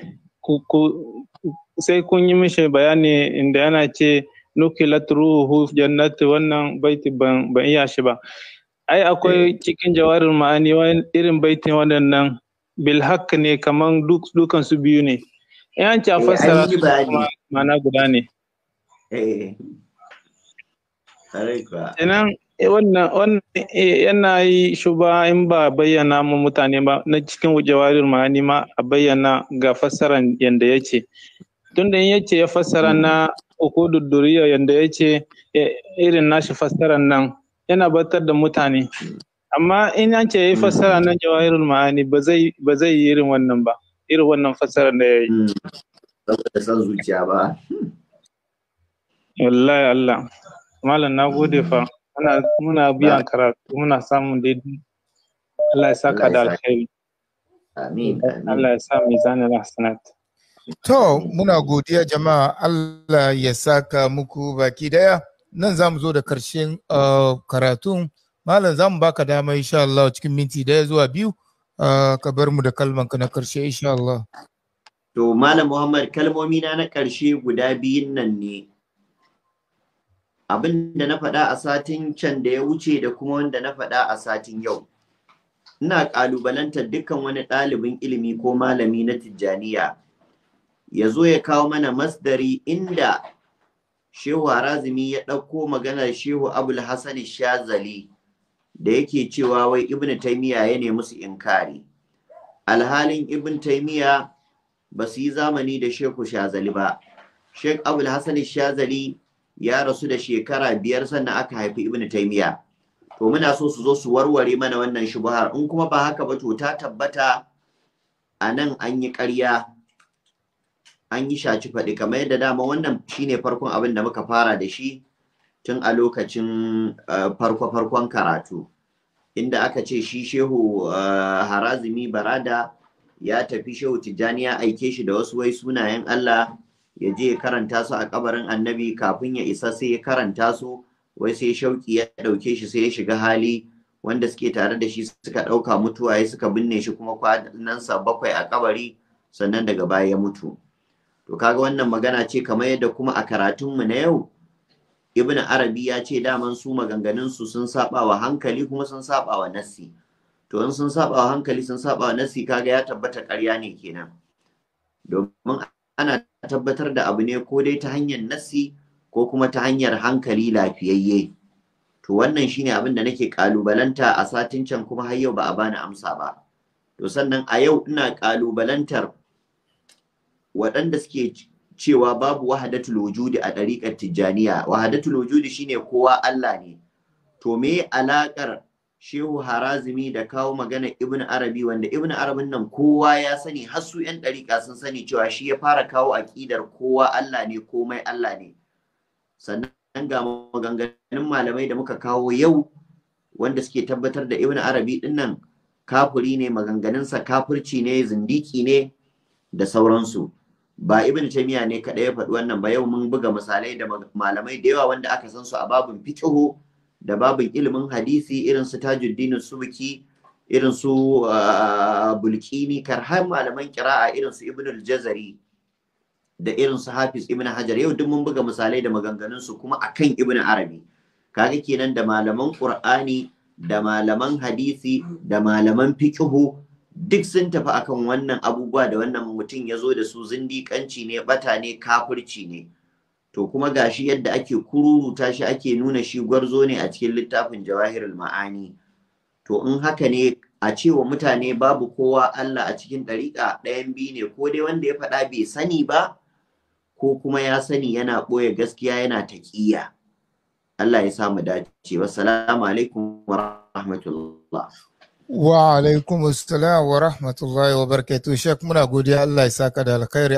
sai kun yi mishi bayani inda yana ce nukilat ruhu jannati wannan baiti ban iya shi ba ai akwai eh. cikin jawarin ma'ani irin baitin waɗannan bilhak ne kaman dukan su biyu ne yan an a eh, fassara su ma'ana guda ne eh. Eh, wannan wannan eh, yana yi shuba in ba bayyana mu mutane ba na cikin jawarin ma'ani ma a bayyana ga fassaran yanda yace tunda in yace ya fassara na uku ukudud duriya yanda ce eh, irin nashi fassaran nan yana batar da mutane amma in an ce ya yi fassara na jawahirul ma'ani ba zai ba zai yi irin wannan ba irin wannan fassarar da yayi hmm. saboda san zuciya ba wallahi Allah malam na gode fa muna biyan karatu muna samun daidai Allah ya saka da alkhairi amin Allah ya sa mizanin hasanat to muna godiya jama'a Allah ya saka muku baki daya nan zamu zo da karshen uh, karatun malam zamu baka dama insha Allah cikin minti daya zuwa biyu uh, ka bar mu da kalman ka na karshe insha Allah to malam Muhammad kalmomi na na karshe guda biyun nan ne abin da na faɗa a satin can da ya wuce da kuma wanda na faɗa a satin yau ina ƙalubalantar dukkan wani ɗalibin ilimi ko malami na tijjaniya ya zo ya kawo mana masdari inda shehu harazimi ya ɗauko maganar shehu abul hassan shazali da yake cewa wai ibn taimiya ya ne musu inkari alhalin ibn taimiya ba su yi zamani da shehu shazali ba shehu abul hassan shazali ya rasu da shekara biyar sannan aka haifi ibnu taimiya to muna so su zo su warware mana wannan shubuhar in kuma ba haka ba to ta tabbata a nan an yi ƙarya an yi shaci faɗi kamar yadda dama wannan shine farkon abin da muka fara da shi tun a lokacin eh, farko-farkon karatu inda aka ce shi shehu eh, Harazumi barada ya tafi shehu tijjani ya aike shi da wasu wai sunayen Allah ya je ya karanta su a kabarin annabi kafin ya isa sai ya karanta su wai sai shauki ya ɗauke shi sai ya shiga hali wanda suke tare da shi suka ɗauka mutuwa ya suka binne shi kuma kwanansa bakwai a kabari sannan daga baya ya mutu to kaga wannan magana ce kamar yadda kuma a karatun mu na yau ibn arabi ya ce daman su maganganunsu sun saba wa hankali kuma sun saba wa nassi to in sun saba wa hankali sun saba wa nassi kaga ya tabbata ƙarya ne kenan domin ana tabbatar da abu ne ko dai ta hanyar nassi ko kuma ta hanyar hankali lafiyayye to wannan shine abin da nake kalubalanta a satin can kuma har yau ba a bani amsa ba to sannan a yau ina kalubalantar waɗanda suke cewa babu wahadatul wujudi a ɗariƙar tijjaniya wahadatul wujudi shine kowa Allah ne to me alaƙar shehu harazimi da kawo magana ibn arabi wanda ibn arabin nan kowa ya sani har su yan ɗariƙa sun sani cewa shi ya fara kawo aƙidar kowa Allah ne komai Allah ne sannan ga maganganun malamai da muka kawo yau wanda suke tabbatar da ibn arabi din nan kafuri ne maganganunsa kafirci ne zindiki ne da sauransu ba ibn taymiya ne kaɗai ya faɗi wannan ba yau mun buga misalai da malamai da yawa wanda aka san su a babun fiqhu da babin ilimin hadisi irin su tajuddin subki irin su bulkini karhan malaman kira'a irin su ibnul jazari da irin su hafiz ibn hajar yau duk mun buga misalai da maganganun su kuma akan ibn arabi kaga kenan da malaman qur'ani da malaman hadisi da malaman fiqhu duk sun tafi akan wannan abubuwa da wannan mutum ya zo da su zindiƙanci ne bata ne kafirci ne to kuma gashi yadda ake kururuta shi ake nuna shi gwarzo ne a cikin littafin jawahirul ma'ani to in haka ne a cewa mutane babu kowa Allah a cikin ɗariƙa ɗayan biyu ne ko dai wanda ya faɗa bai sani ba ko kuma ya sani yana ɓoye gaskiya yana taƙiya Allah ya samu dace Salamu alaikum wa rahmatullah wa alaikum assalam wa rahmatullahi wa barakatuh shek muna godiya Allah ya saka da alkhairi